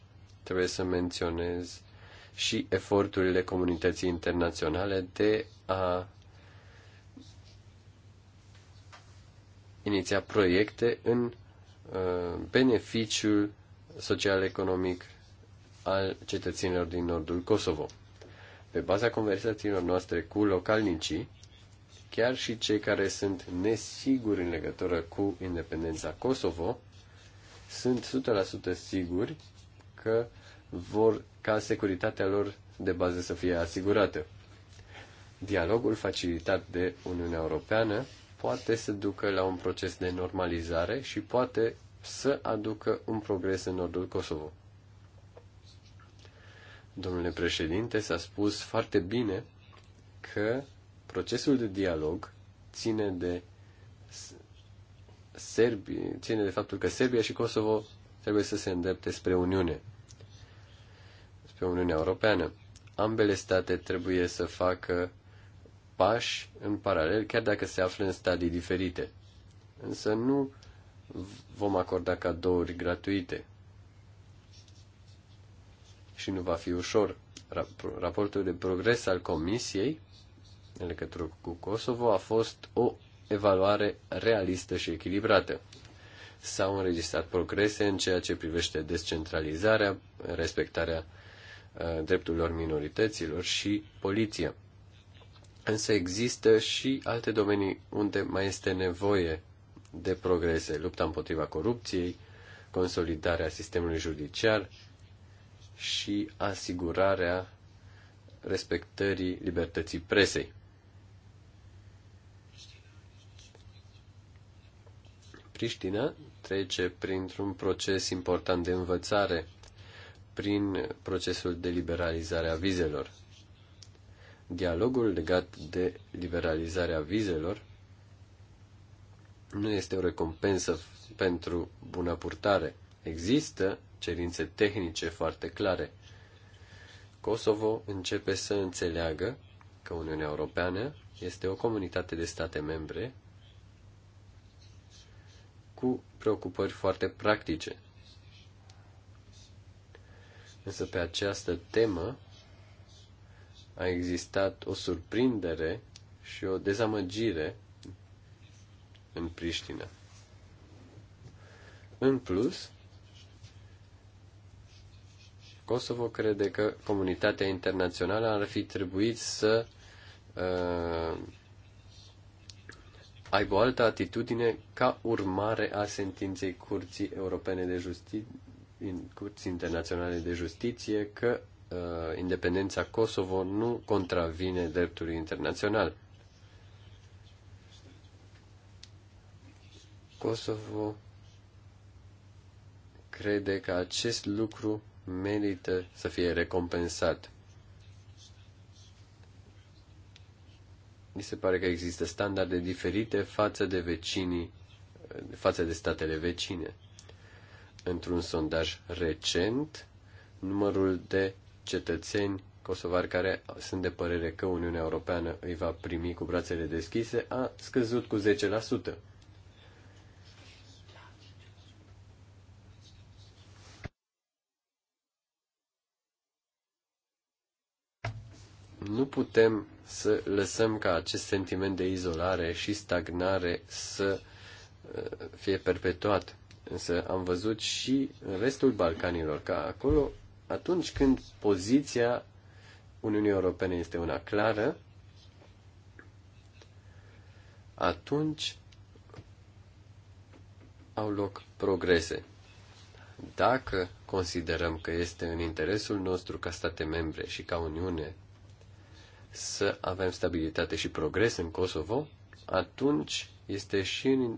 Trebuie să menționez și eforturile comunității internaționale de a iniția proiecte în uh, beneficiul social-economic al cetățenilor din nordul Kosovo. Pe baza conversațiilor noastre cu localnicii, chiar și cei care sunt nesiguri în legătură cu independența Kosovo, sunt 100% siguri că vor ca securitatea lor de bază să fie asigurată. Dialogul facilitat de Uniunea Europeană poate să ducă la un proces de normalizare și poate să aducă un progres în nordul Kosovo. Domnule președinte, s-a spus foarte bine că procesul de dialog ține de Serbii, ține de faptul că Serbia și Kosovo trebuie să se îndrepte spre Uniune, spre Uniunea Europeană. Ambele state trebuie să facă pași în paralel, chiar dacă se află în stadii diferite. Însă nu vom acorda cadouri gratuite. Și nu va fi ușor. Raportul de progres al Comisiei în legătură cu Kosovo a fost o evaluare realistă și echilibrată. S-au înregistrat progrese în ceea ce privește descentralizarea, respectarea uh, drepturilor minorităților și poliția. Însă există și alte domenii unde mai este nevoie de progrese, lupta împotriva corupției, consolidarea sistemului judiciar și asigurarea respectării libertății presei. Priștina trece printr-un proces important de învățare prin procesul de liberalizare a vizelor. Dialogul legat de liberalizarea vizelor nu este o recompensă pentru bună purtare. Există cerințe tehnice foarte clare. Kosovo începe să înțeleagă că Uniunea Europeană este o comunitate de state membre cu preocupări foarte practice. Însă pe această temă a existat o surprindere și o dezamăgire în Priștină. În plus, Kosovo crede că comunitatea internațională ar fi trebuit să uh, aibă o altă atitudine ca urmare a sentinței Curții Europene de Justiție, Curții Internaționale de Justiție, că uh, independența Kosovo nu contravine dreptului internațional. Kosovo crede că acest lucru merită să fie recompensat. Mi se pare că există standarde diferite față de vecinii, față de statele vecine. Într-un sondaj recent, numărul de cetățeni kosovari care sunt de părere că Uniunea Europeană îi va primi cu brațele deschise a scăzut cu 10%. Nu putem să lăsăm ca acest sentiment de izolare și stagnare să uh, fie perpetuat. Însă am văzut și în restul Balcanilor că acolo, atunci când poziția Uniunii Europene este una clară, atunci au loc progrese. Dacă considerăm că este în interesul nostru ca state membre și ca Uniune să avem stabilitate și progres în Kosovo, atunci este și în,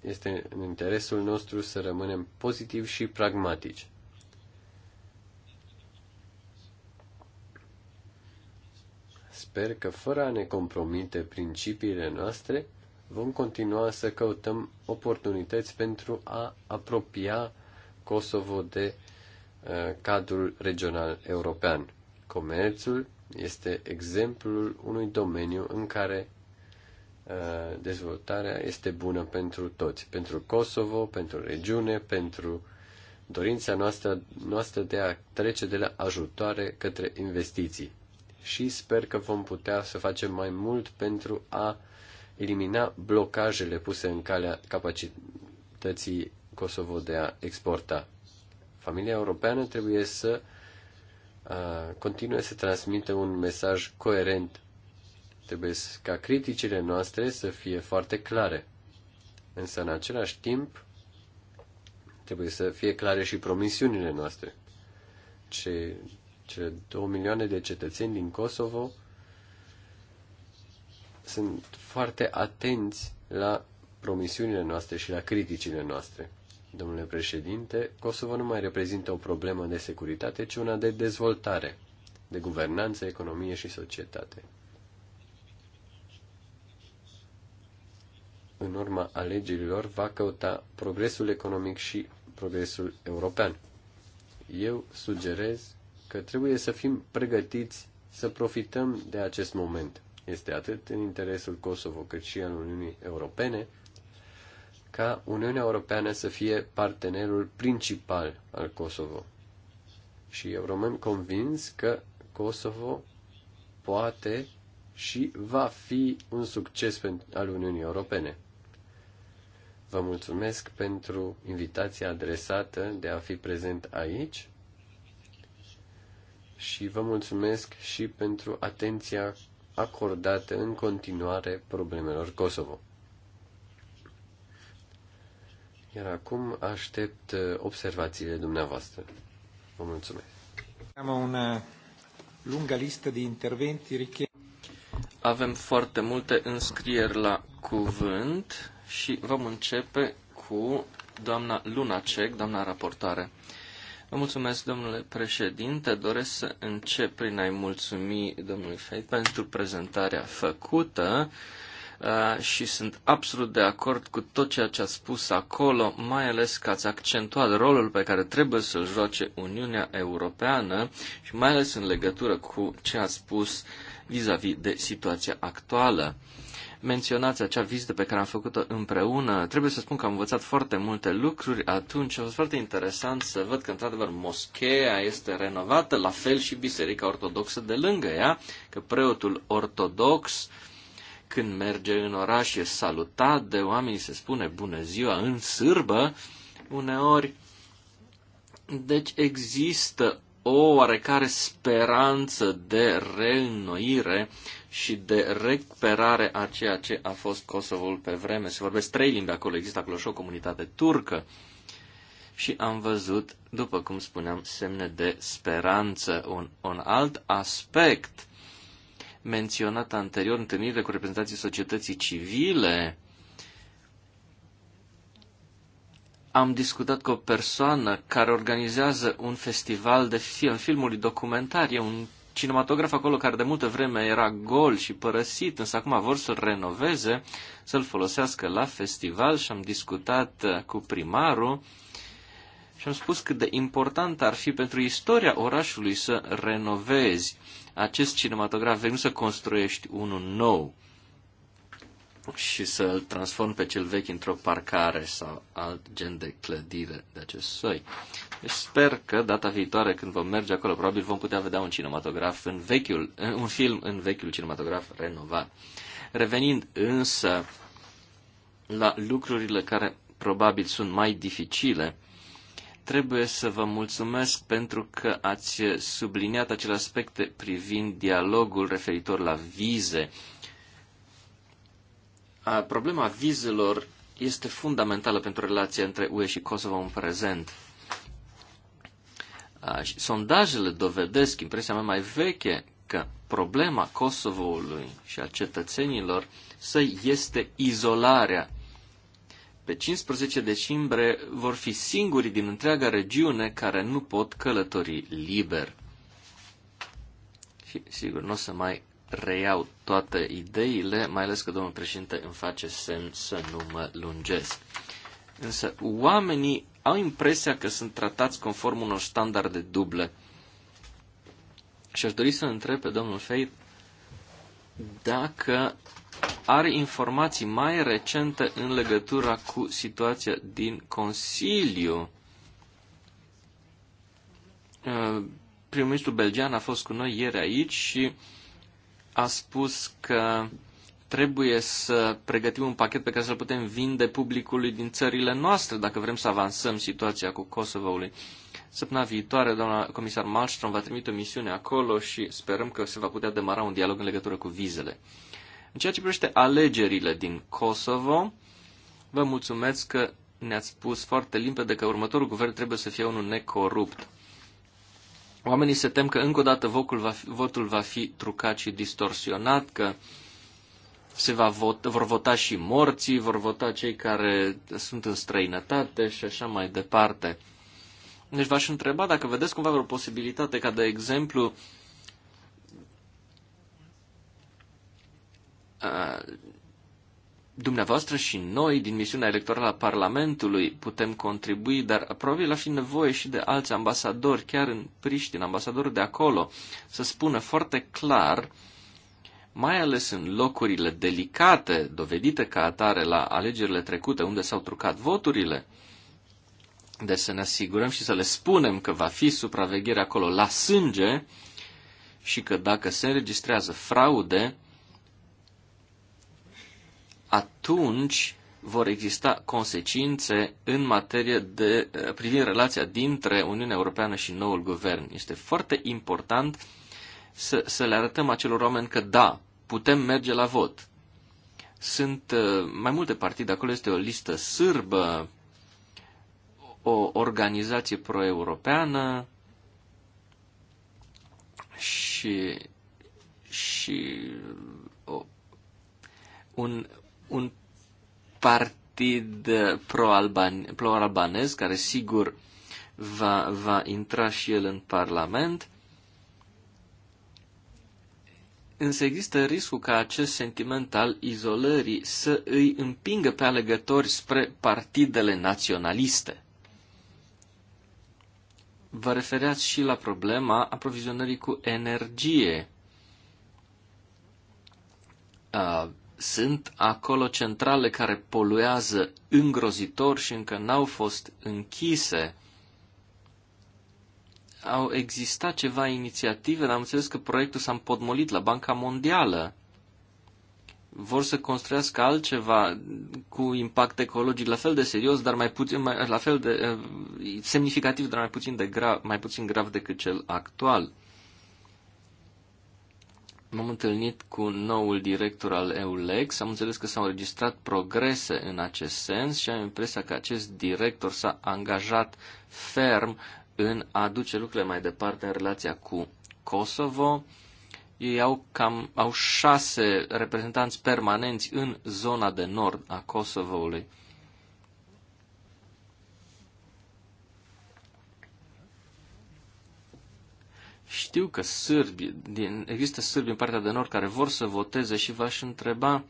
este în interesul nostru să rămânem pozitivi și pragmatici. Sper că fără a ne compromite principiile noastre, vom continua să căutăm oportunități pentru a apropia Kosovo de uh, cadrul regional european. Comerțul, este exemplul unui domeniu în care uh, dezvoltarea este bună pentru toți, pentru Kosovo, pentru regiune, pentru dorința noastră, noastră de a trece de la ajutoare către investiții. Și sper că vom putea să facem mai mult pentru a elimina blocajele puse în calea capacității Kosovo de a exporta. Familia europeană trebuie să continue să transmită un mesaj coerent. Trebuie ca criticile noastre să fie foarte clare. Însă, în același timp, trebuie să fie clare și promisiunile noastre. Ce, ce două milioane de cetățeni din Kosovo sunt foarte atenți la promisiunile noastre și la criticile noastre. Domnule președinte, Kosovo nu mai reprezintă o problemă de securitate, ci una de dezvoltare, de guvernanță, economie și societate. În urma alegerilor va căuta progresul economic și progresul european. Eu sugerez că trebuie să fim pregătiți să profităm de acest moment. Este atât în interesul Kosovo cât și al Uniunii Europene ca Uniunea Europeană să fie partenerul principal al Kosovo. Și eu rămân convins că Kosovo poate și va fi un succes al Uniunii Europene. Vă mulțumesc pentru invitația adresată de a fi prezent aici și vă mulțumesc și pentru atenția acordată în continuare problemelor Kosovo. Iar acum aștept uh, observațiile dumneavoastră. Vă mulțumesc. Am una lungă listă de interventi Avem foarte multe înscrieri la cuvânt și vom începe cu doamna Lunacek, doamna raportoare. Vă mulțumesc, domnule președinte. Doresc să încep prin a-i mulțumi domnului Fei pentru prezentarea făcută. Uh, Uh, și sunt absolut de acord cu tot ceea ce ați spus acolo, mai ales că ați accentuat rolul pe care trebuie să-l joace Uniunea Europeană și mai ales în legătură cu ce ați spus vis-a-vis -vis de situația actuală. Menționați acea vizită pe care am făcut-o împreună. Trebuie să spun că am învățat foarte multe lucruri atunci. A fost foarte interesant să văd că, într-adevăr, moscheea este renovată, la fel și Biserica Ortodoxă de lângă ea, că preotul ortodox uh, când merge în oraș, e salutat de oameni se spune bună ziua în sârbă, uneori. Deci există o oarecare speranță de reînnoire și de recuperare a ceea ce a fost Kosovul pe vreme. Se vorbesc trei limbi acolo, există acolo și o comunitate turcă. Și am văzut, după cum spuneam, semne de speranță. Un, un alt aspect menționat anterior, întâlnirile cu reprezentanții societății civile, am discutat cu o persoană care organizează un festival de film, filmuri documentar. e un cinematograf acolo care de multă vreme era gol și părăsit, însă acum vor să-l renoveze, să-l folosească la festival și am discutat uh, cu primarul și am spus cât de important ar fi pentru istoria orașului să renovezi acest cinematograf vei nu să construiești unul nou și să-l transform pe cel vechi într-o parcare sau alt gen de clădire de acest soi. Deci sper că data viitoare când vom merge acolo, probabil vom putea vedea un cinematograf în vechiul, eh, un film în vechiul cinematograf renovat. Revenind însă la lucrurile care probabil sunt mai dificile, trebuie să vă mulțumesc pentru că ați subliniat acele aspecte privind dialogul referitor la vize. Problema vizelor este fundamentală pentru relația între UE și Kosovo în prezent. Sondajele dovedesc, impresia mea mai veche, că problema Kosovoului și a cetățenilor săi este izolarea pe 15 decembrie vor fi singurii din întreaga regiune care nu pot călători liber. Și sigur, nu o să mai reiau toate ideile, mai ales că domnul președinte îmi face semn să nu mă lungesc. Însă oamenii au impresia că sunt tratați conform unor standarde duble. Și aș dori să întreb pe domnul Feit dacă are informații mai recente în legătură cu situația din Consiliu. Uh, Prim-ministrul belgian a fost cu noi ieri aici și a spus că trebuie să pregătim un pachet pe care să-l putem vinde publicului din țările noastre dacă vrem să avansăm situația cu Kosovo. Kosovo-ului. Săptămâna viitoare, doamna comisar Malmström va trimite o misiune acolo și sperăm că se va putea demara un dialog în legătură cu vizele. În ceea ce privește alegerile din Kosovo, vă mulțumesc că ne-ați spus foarte limpede că următorul guvern trebuie să fie unul necorupt. Oamenii se tem că încă o dată votul va fi, votul va fi trucat și distorsionat, că se va vota, vor vota și morții, vor vota cei care sunt în străinătate și așa mai departe. Deci v-aș întreba dacă vedeți cumva vreo posibilitate ca, de exemplu, dumneavoastră și noi din misiunea electorală a Parlamentului putem contribui, dar probabil ar fi nevoie și de alți ambasadori, chiar în Priștin, ambasadorul de acolo, să spună foarte clar, mai ales în locurile delicate, dovedite ca atare la alegerile trecute, unde s-au trucat voturile, de să ne asigurăm și să le spunem că va fi supraveghere acolo la sânge și că dacă se înregistrează fraude, atunci vor exista consecințe în materie de eh, privind relația dintre Uniunea Europeană și noul guvern. Este foarte important să, să le arătăm acelor oameni că da, putem merge la vot. Sunt eh, mai multe partide, acolo este o listă sârbă, o organizație pro-europeană și, și o, un, un partid pro-albanez, pro care sigur va, va intra și el în Parlament. Însă există riscul ca acest sentiment al izolării să îi împingă pe alegători spre partidele naționaliste. Vă refereați și la problema aprovizionării cu energie sunt acolo centrale care poluează îngrozitor și încă n-au fost închise. Au existat ceva inițiative, dar am înțeles că proiectul s-a împodmolit la Banca Mondială. Vor să construiască altceva cu impact ecologic la fel de serios, dar mai puțin, mai, la fel de eh, semnificativ, dar mai puțin, de grav, mai puțin grav decât cel actual. M-am întâlnit cu noul director al EULEX, am înțeles că s-au înregistrat progrese în acest sens și am impresia că acest director s-a angajat ferm în a duce lucrurile mai departe în relația cu Kosovo. Ei au cam au șase reprezentanți permanenți în zona de nord a Kosovoului. Știu că sârbi, din, există sârbi în partea de nord care vor să voteze și v-aș întreba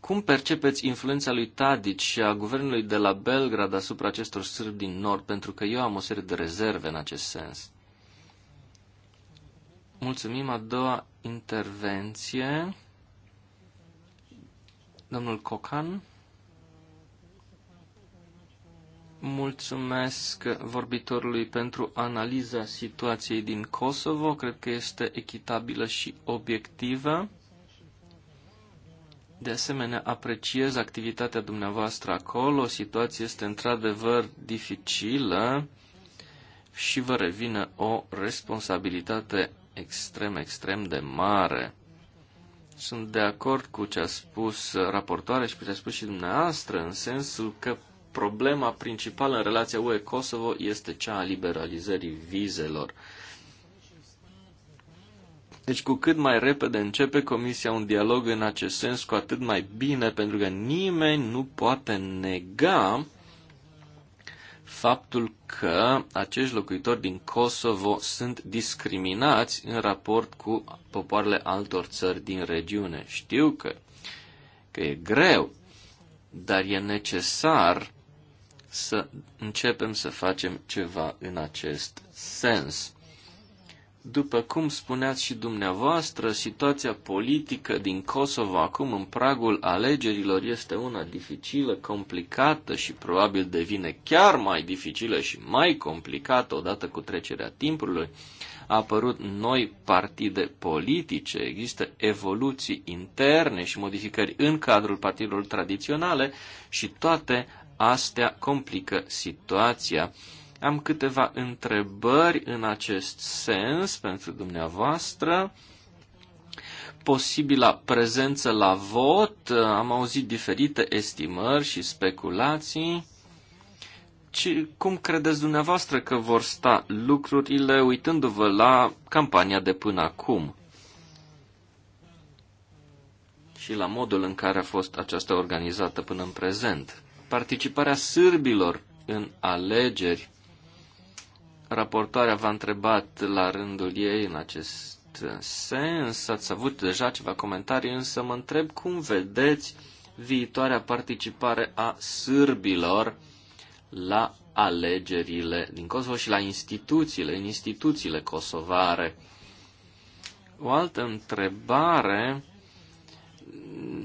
cum percepeți influența lui Tadic și a guvernului de la Belgrad asupra acestor sârbi din nord, pentru că eu am o serie de rezerve în acest sens. Mulțumim. A doua intervenție. Domnul Cocan. Mulțumesc vorbitorului pentru analiza situației din Kosovo. Cred că este echitabilă și obiectivă. De asemenea, apreciez activitatea dumneavoastră acolo. Situația este într-adevăr dificilă și vă revine o responsabilitate extrem, extrem de mare. Sunt de acord cu ce a spus raportoarea și cu ce a spus și dumneavoastră, în sensul că problema principală în relația UE-Kosovo este cea a liberalizării vizelor. Deci cu cât mai repede începe Comisia un dialog în acest sens, cu atât mai bine, pentru că nimeni nu poate nega faptul că acești locuitori din Kosovo sunt discriminați în raport cu popoarele altor țări din regiune. Știu că, că e greu, dar e necesar să începem să facem ceva în acest sens. După cum spuneați și dumneavoastră, situația politică din Kosovo acum în pragul alegerilor este una dificilă, complicată și probabil devine chiar mai dificilă și mai complicată odată cu trecerea timpului. A apărut noi partide politice, există evoluții interne și modificări în cadrul partidelor tradiționale și toate astea complică situația. Am câteva întrebări în acest sens pentru dumneavoastră. Posibila prezență la vot, am auzit diferite estimări și speculații. Ci, cum credeți dumneavoastră că vor sta lucrurile uitându-vă la campania de până acum? și la modul în care a fost aceasta organizată până în prezent participarea sârbilor în alegeri. Raportoarea v-a întrebat la rândul ei în acest sens, ați avut deja ceva comentarii, însă mă întreb cum vedeți viitoarea participare a sârbilor la alegerile din Kosovo și la instituțiile, în instituțiile kosovare. O altă întrebare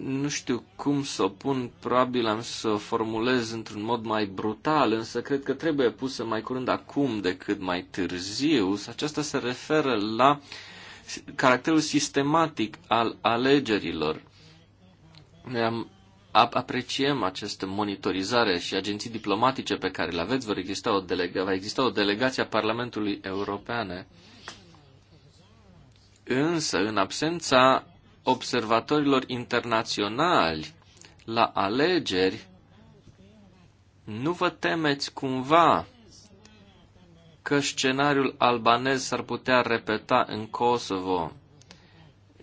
nu știu cum să o pun, probabil am să o formulez într-un mod mai brutal, însă cred că trebuie pusă mai curând acum decât mai târziu. Aceasta se referă la caracterul sistematic al alegerilor. Noi am, apreciem această monitorizare și agenții diplomatice pe care le aveți, vor exista o delega, va exista o delegație a Parlamentului European. Însă, în absența observatorilor internaționali la alegeri, nu vă temeți cumva că scenariul albanez s-ar putea repeta în Kosovo?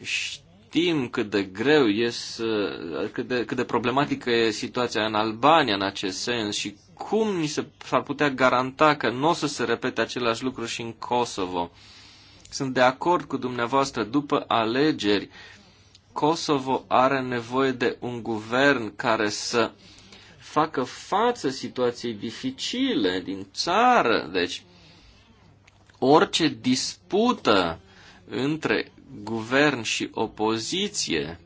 Știm cât de greu este, cât de, cât de problematică e situația în Albania în acest sens și cum ni se, s-ar putea garanta că nu o să se repete același lucru și în Kosovo. Sunt de acord cu dumneavoastră, după alegeri Kosovo are nevoie de un guvern care să facă față situației dificile din țară. Deci, orice dispută între guvern și opoziție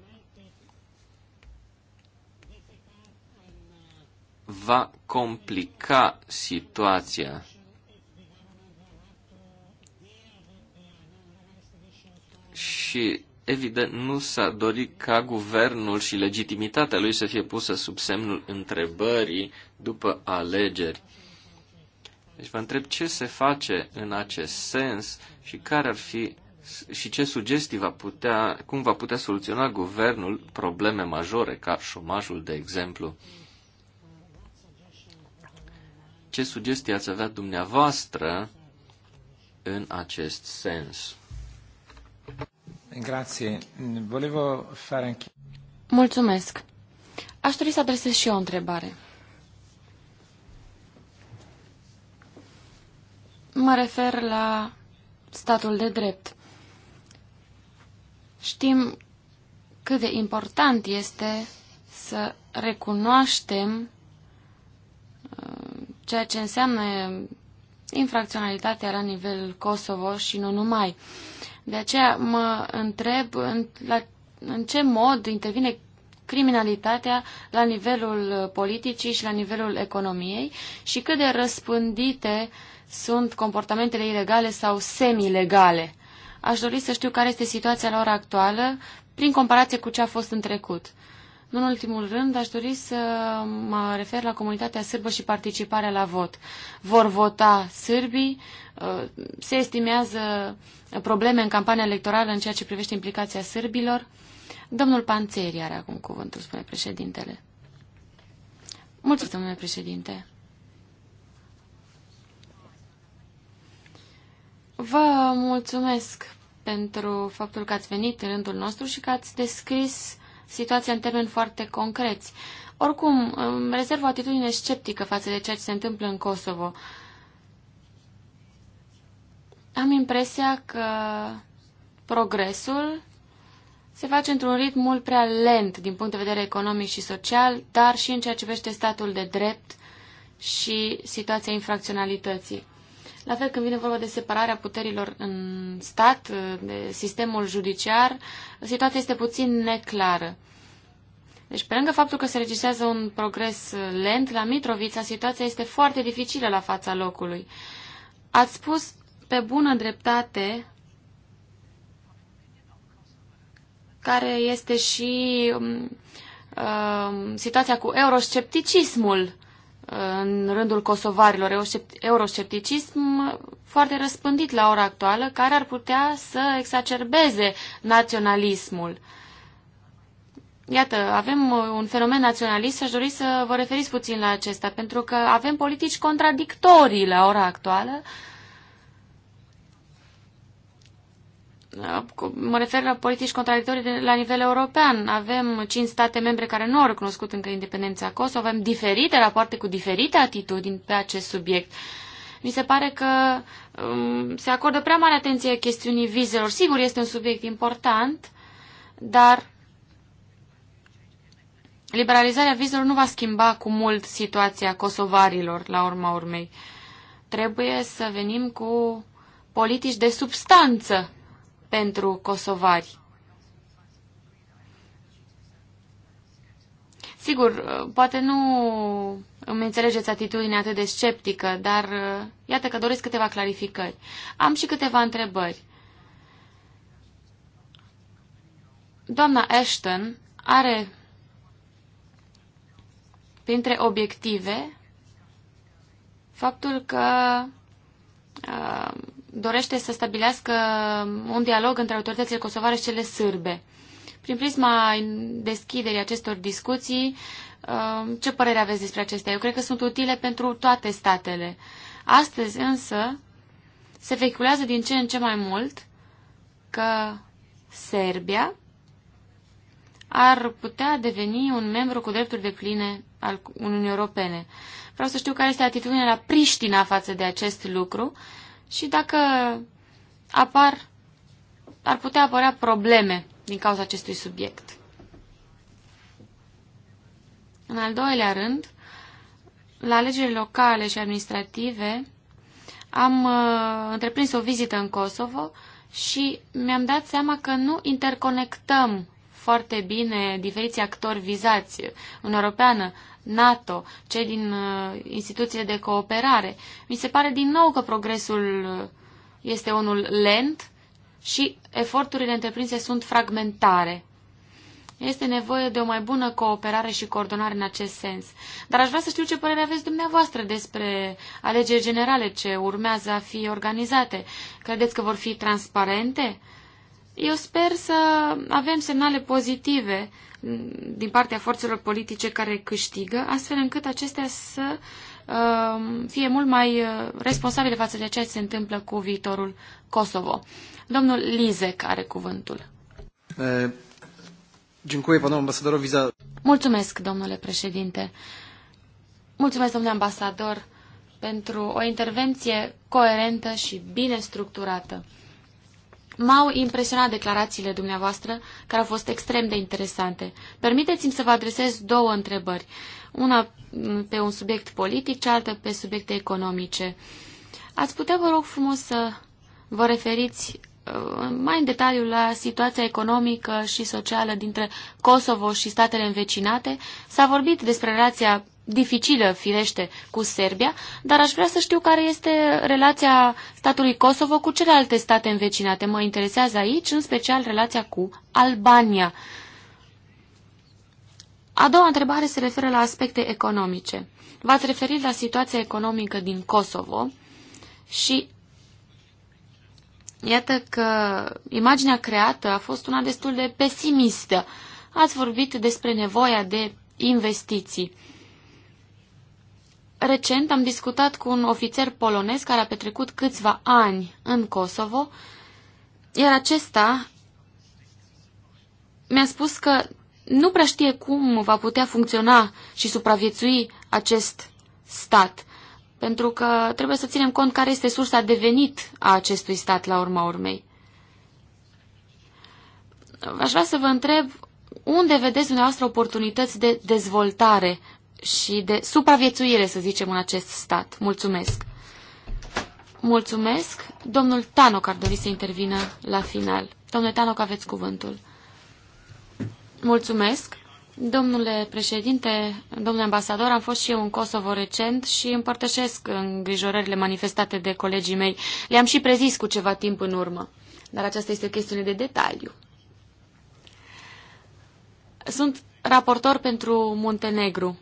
va complica situația. Și evident, nu s-a dorit ca guvernul și legitimitatea lui să fie pusă sub semnul întrebării după alegeri. Deci vă întreb ce se face în acest sens și care ar fi și ce sugestii va putea, cum va putea soluționa guvernul probleme majore, ca șomajul, de exemplu. Ce sugestii ați avea dumneavoastră în acest sens? Grazie. Volevo fare anche... Mulțumesc. Aș dori să adresez și eu o întrebare. Mă refer la statul de drept. Știm cât de important este să recunoaștem uh, ceea ce înseamnă infracționalitatea la nivel Kosovo și nu numai. De aceea mă întreb în, la, în ce mod intervine criminalitatea la nivelul politicii și la nivelul economiei și cât de răspândite sunt comportamentele ilegale sau semilegale. Aș dori să știu care este situația la ora actuală prin comparație cu ce a fost în trecut. Nu în ultimul rând, aș dori să mă refer la comunitatea sârbă și participarea la vot. Vor vota sârbii, se estimează probleme în campania electorală în ceea ce privește implicația sârbilor. Domnul Panțeri are acum cuvântul, spune președintele. Mulțumesc, domnule președinte. Vă mulțumesc pentru faptul că ați venit în rândul nostru și că ați descris situația în termeni foarte concreți. Oricum, rezerv o atitudine sceptică față de ceea ce se întâmplă în Kosovo. Uh, am impresia că progresul se face într-un ritm mult prea lent din punct de vedere economic și social, dar și în ceea ce privește statul de drept și situația infracționalității. La fel când vine vorba de separarea puterilor în stat, de sistemul judiciar, situația este puțin neclară. Deci, pe lângă faptul că se registrează un progres lent, la Mitrovița situația este foarte dificilă la fața locului. Ați spus pe bună dreptate care este și uh, situația cu euroscepticismul uh, în rândul kosovarilor, euroscepticism foarte răspândit la ora actuală, care ar putea să exacerbeze naționalismul. Iată, avem uh, un fenomen naționalist și aș dori să vă referiți puțin la acesta, pentru că avem politici contradictorii la ora actuală, uh, mă refer la politici contradictorii de, la nivel european. Avem cinci state membre care nu au recunoscut încă independența Kosovo, avem diferite rapoarte cu diferite atitudini pe acest subiect. Mi se pare că um, se acordă prea mare atenție chestiunii vizelor. Sigur, este un subiect important, dar liberalizarea vizelor nu va schimba cu mult situația kosovarilor, la urma urmei. Trebuie să venim cu politici de substanță pentru kosovari. Sigur, poate nu îmi înțelegeți atitudinea atât de sceptică, dar uh, iată că doresc câteva clarificări. Am și câteva întrebări. Doamna Ashton are printre obiective faptul că uh, dorește să stabilească un dialog între autoritățile kosovare și cele sârbe. Prin prisma deschiderii acestor discuții, uh, ce părere aveți despre acestea? Eu cred că sunt utile pentru toate statele. Astăzi însă se vehiculează din ce în ce mai mult că Serbia ar putea deveni un membru cu drepturi de pline al Uniunii Europene. Vreau să știu care este atitudinea la Priștina față de acest lucru și dacă apar, ar putea apărea probleme din cauza acestui subiect. În al doilea rând, la alegerile locale și administrative, am uh, întreprins o vizită în Kosovo și mi-am dat seama că nu interconectăm foarte bine diferiți actori vizați în Europeană, NATO, cei din uh, instituțiile de cooperare. Mi se pare din nou că progresul uh, este unul lent și eforturile întreprinse sunt fragmentare. Este nevoie de o mai bună cooperare și coordonare în acest sens. Dar aș vrea să știu ce părere aveți dumneavoastră despre alegeri generale ce urmează a fi organizate. Credeți că vor fi transparente? Eu sper să avem semnale pozitive din partea forțelor politice care câștigă, astfel încât acestea să um, fie mult mai uh, responsabile față de ceea ce se întâmplă cu viitorul Kosovo. Domnul Lizek are cuvântul. Eh, Mulțumesc, domnule președinte. Mulțumesc, domnule ambasador, pentru o intervenție coerentă și bine structurată. M-au impresionat declarațiile dumneavoastră, care au fost extrem de interesante. Permiteți-mi să vă adresez două întrebări. Una pe un subiect politic, cealaltă pe subiecte economice. Ați putea, vă rog frumos, să vă referiți uh, mai în detaliu la situația economică și socială dintre Kosovo și statele învecinate. S-a vorbit despre relația dificilă, firește, cu Serbia, dar aș vrea să știu care este relația statului Kosovo cu celelalte state învecinate. Mă interesează aici, în special, relația cu Albania. A doua întrebare se referă la aspecte economice. V-ați referit la situația economică din Kosovo și iată că imaginea creată a fost una destul de pesimistă. Ați vorbit despre nevoia de investiții. Recent am discutat cu un ofițer polonez care a petrecut câțiva ani în Kosovo, iar acesta mi-a spus că nu prea știe cum va putea funcționa și supraviețui acest stat, pentru că trebuie să ținem cont care este sursa de venit a acestui stat la urma urmei. Aș vrea să vă întreb unde vedeți dumneavoastră oportunități de dezvoltare și de supraviețuire, să zicem, în acest stat. Mulțumesc! Mulțumesc! Domnul Tanoc ar dori să intervină la final. Domnule Tanoc, aveți cuvântul. Mulțumesc! Domnule președinte, domnule ambasador, am fost și eu în Kosovo recent și împărtășesc îngrijorările manifestate de colegii mei. Le-am și prezis cu ceva timp în urmă, dar aceasta este o chestiune de detaliu. Sunt raportor pentru Muntenegru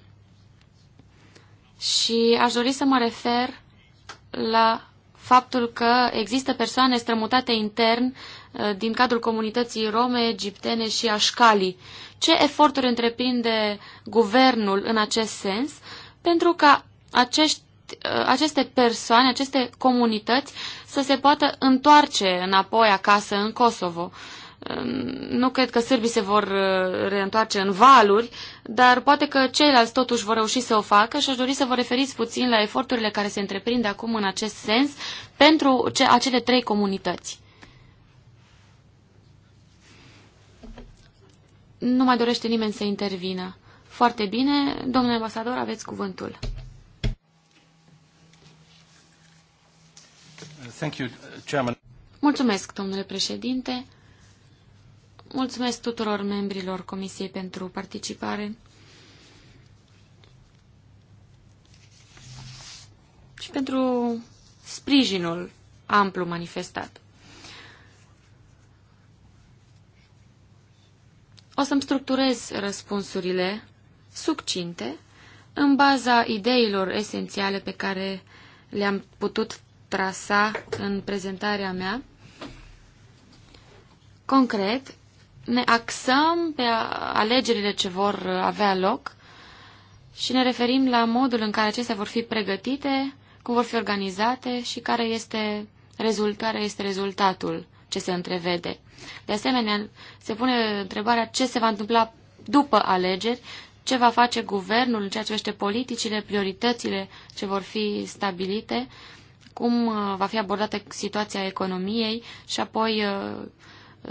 și aș dori să mă refer la faptul că există persoane strămutate intern uh, din cadrul comunității rome, egiptene și așcalii. Ce eforturi întreprinde guvernul în acest sens pentru ca acești, uh, aceste persoane, aceste comunități să se poată întoarce înapoi acasă în Kosovo? Nu cred că sârbii se vor uh, reîntoarce în valuri, dar poate că ceilalți totuși vor reuși să o facă și aș dori să vă referiți puțin la eforturile care se întreprind acum în acest sens pentru acele trei comunități. Nu mai dorește nimeni să intervină. Foarte bine, domnule ambasador, aveți cuvântul. Thank you, Chairman. Mulțumesc, domnule președinte. Mulțumesc tuturor membrilor Comisiei pentru participare și pentru sprijinul amplu manifestat. O să-mi structurez răspunsurile succinte în baza ideilor esențiale pe care le-am putut trasa în prezentarea mea. Concret, ne axăm pe alegerile ce vor avea loc și ne referim la modul în care acestea vor fi pregătite, cum vor fi organizate și care este, rezult, care este rezultatul ce se întrevede. De asemenea, se pune întrebarea ce se va întâmpla după alegeri, ce va face guvernul în ceea ce vește politicile, prioritățile ce vor fi stabilite, cum uh, va fi abordată situația economiei și apoi uh,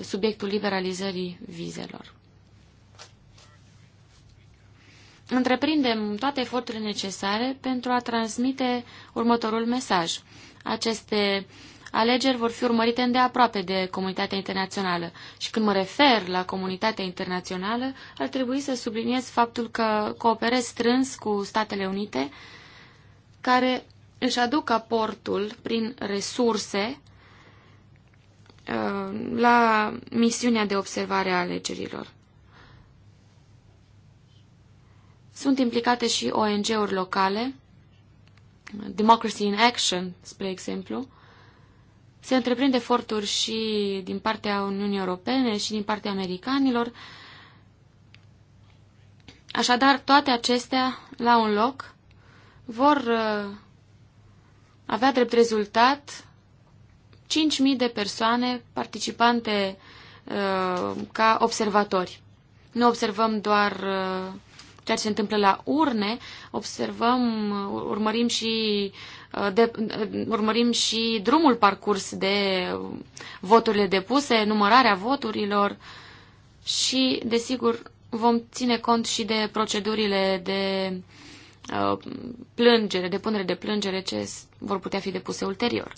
subiectul liberalizării vizelor. Întreprindem toate eforturile necesare pentru a transmite următorul mesaj. Aceste alegeri vor fi urmărite îndeaproape de comunitatea internațională. Și când mă refer la comunitatea internațională, ar trebui să subliniez faptul că cooperez strâns cu Statele Unite, care își aduc aportul prin resurse Uh, la misiunea de observare a alegerilor. Sunt implicate și ONG-uri locale, Democracy in Action, spre exemplu. Se întreprind eforturi și din partea Uniunii Europene și din partea americanilor. Așadar, toate acestea, la un loc, vor uh, avea drept rezultat 5.000 de persoane participante uh, ca observatori. Nu observăm doar uh, ceea ce se întâmplă la urne, observăm, uh, urmărim și, de, urmărim și drumul parcurs de voturile depuse, numărarea voturilor și, desigur, vom ține cont și de procedurile de plângere, de punere de plângere ce vor putea fi depuse ulterior.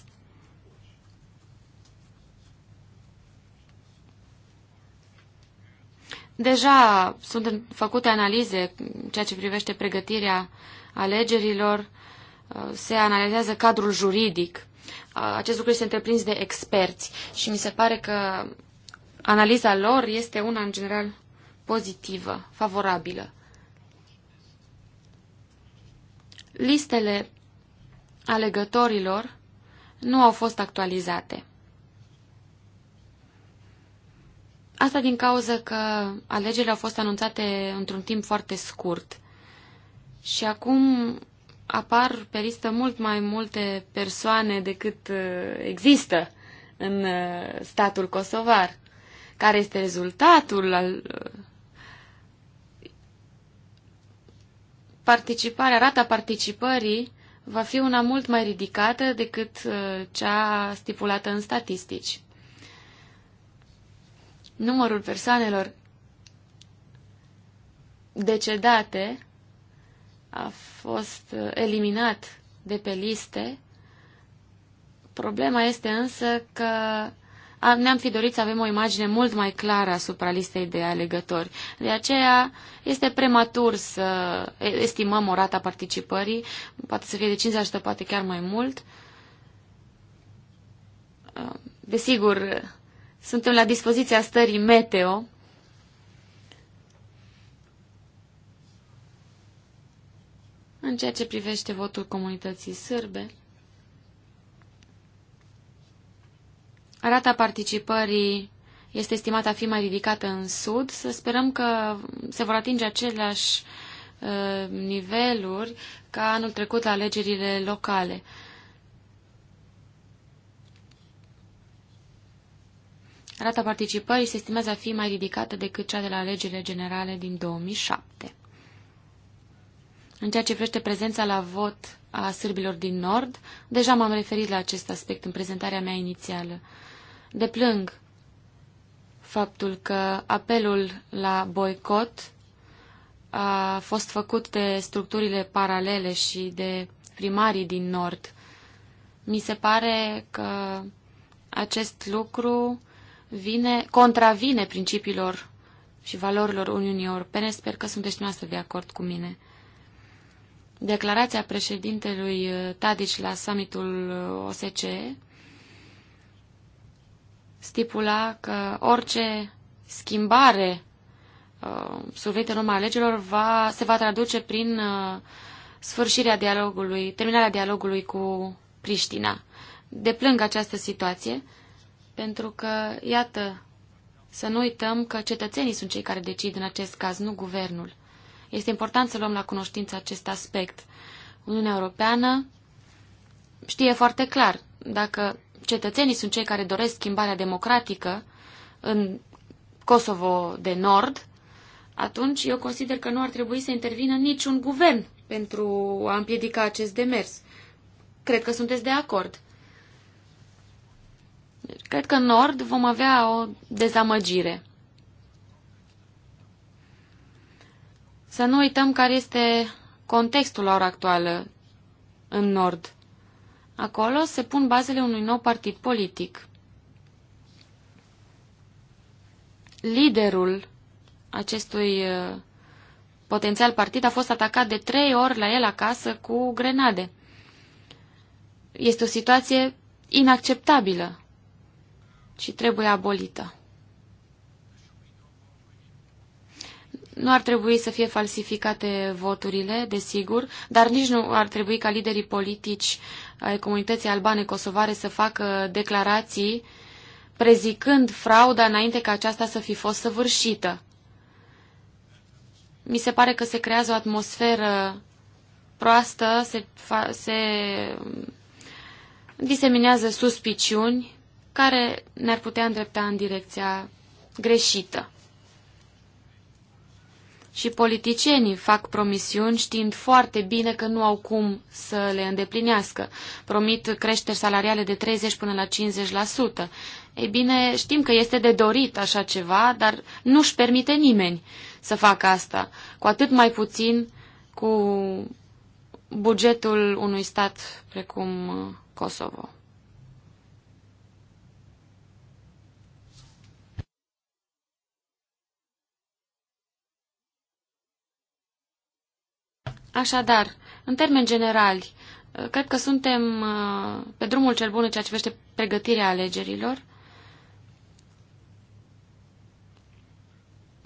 Deja sunt făcute analize ceea ce privește pregătirea alegerilor, uh, se analizează cadrul juridic. Uh, acest lucru este întreprins de experți și mi se pare că analiza lor este una, în general, pozitivă, favorabilă. Listele alegătorilor nu au fost actualizate. Asta din cauza că alegerile au fost anunțate într-un timp foarte scurt. Și acum apar pe listă mult mai multe persoane decât uh, există în uh, statul kosovar. Care este rezultatul al uh, participarea, rata participării va fi una mult mai ridicată decât cea stipulată în statistici numărul persoanelor decedate a fost uh, eliminat de pe liste. Problema este însă că ne-am fi dorit să avem o imagine mult mai clară asupra listei de alegători. De aceea este prematur să estimăm o rata participării, poate să fie de 50%, poate chiar mai mult. Uh, desigur, suntem la dispoziția stării meteo. În ceea ce privește votul comunității sârbe, rata participării este estimată a fi mai ridicată în sud. Să sperăm că se vor atinge aceleași uh, niveluri ca anul trecut la alegerile locale. Rata participării se estimează a fi mai ridicată decât cea de la alegerile generale din 2007. În ceea ce privește prezența la vot a sârbilor din Nord, deja m-am referit la acest aspect în prezentarea mea inițială. Deplâng faptul că apelul la boicot a fost făcut de structurile paralele și de primarii din Nord. Mi se pare că acest lucru vine, contravine principiilor și valorilor Uniunii Europene. Sper că sunteți noastră de acord cu mine. Declarația președintelui uh, Tadic la summitul uh, OSCE stipula că orice schimbare uh, survenită în urma alegerilor va, se va traduce prin uh, sfârșirea dialogului, terminarea dialogului cu Priștina. Deplâng această situație pentru că, iată, să nu uităm că cetățenii sunt cei care decid în acest caz, nu guvernul. Este important să luăm la cunoștință acest aspect. Uniunea Europeană știe foarte clar, dacă cetățenii sunt cei care doresc schimbarea democratică în Kosovo de Nord, atunci eu consider că nu ar trebui să intervină niciun guvern pentru a împiedica acest demers. Cred că sunteți de acord. Cred că în nord vom avea o dezamăgire. Să nu uităm care este contextul la ora actuală în nord. Acolo se pun bazele unui nou partid politic. Liderul acestui uh, potențial partid a fost atacat de trei ori la el acasă cu grenade. Este o situație inacceptabilă și trebuie abolită. Nu ar trebui să fie falsificate voturile, desigur, dar nici nu ar trebui ca liderii politici ai comunității albane kosovare să facă declarații prezicând frauda înainte ca aceasta să fi fost săvârșită. Mi se pare că se creează o atmosferă proastă, se, se diseminează suspiciuni care ne-ar putea îndrepta în direcția greșită. Și politicienii fac promisiuni știind foarte bine că nu au cum să le îndeplinească. Promit creșteri salariale de 30 până la 50%. Ei bine, știm că este de dorit așa ceva, dar nu-și permite nimeni să facă asta. Cu atât mai puțin cu bugetul unui stat precum uh, Kosovo. Așadar, în termeni generali, uh, cred că suntem uh, pe drumul cel bun în ceea ce privește pregătirea alegerilor.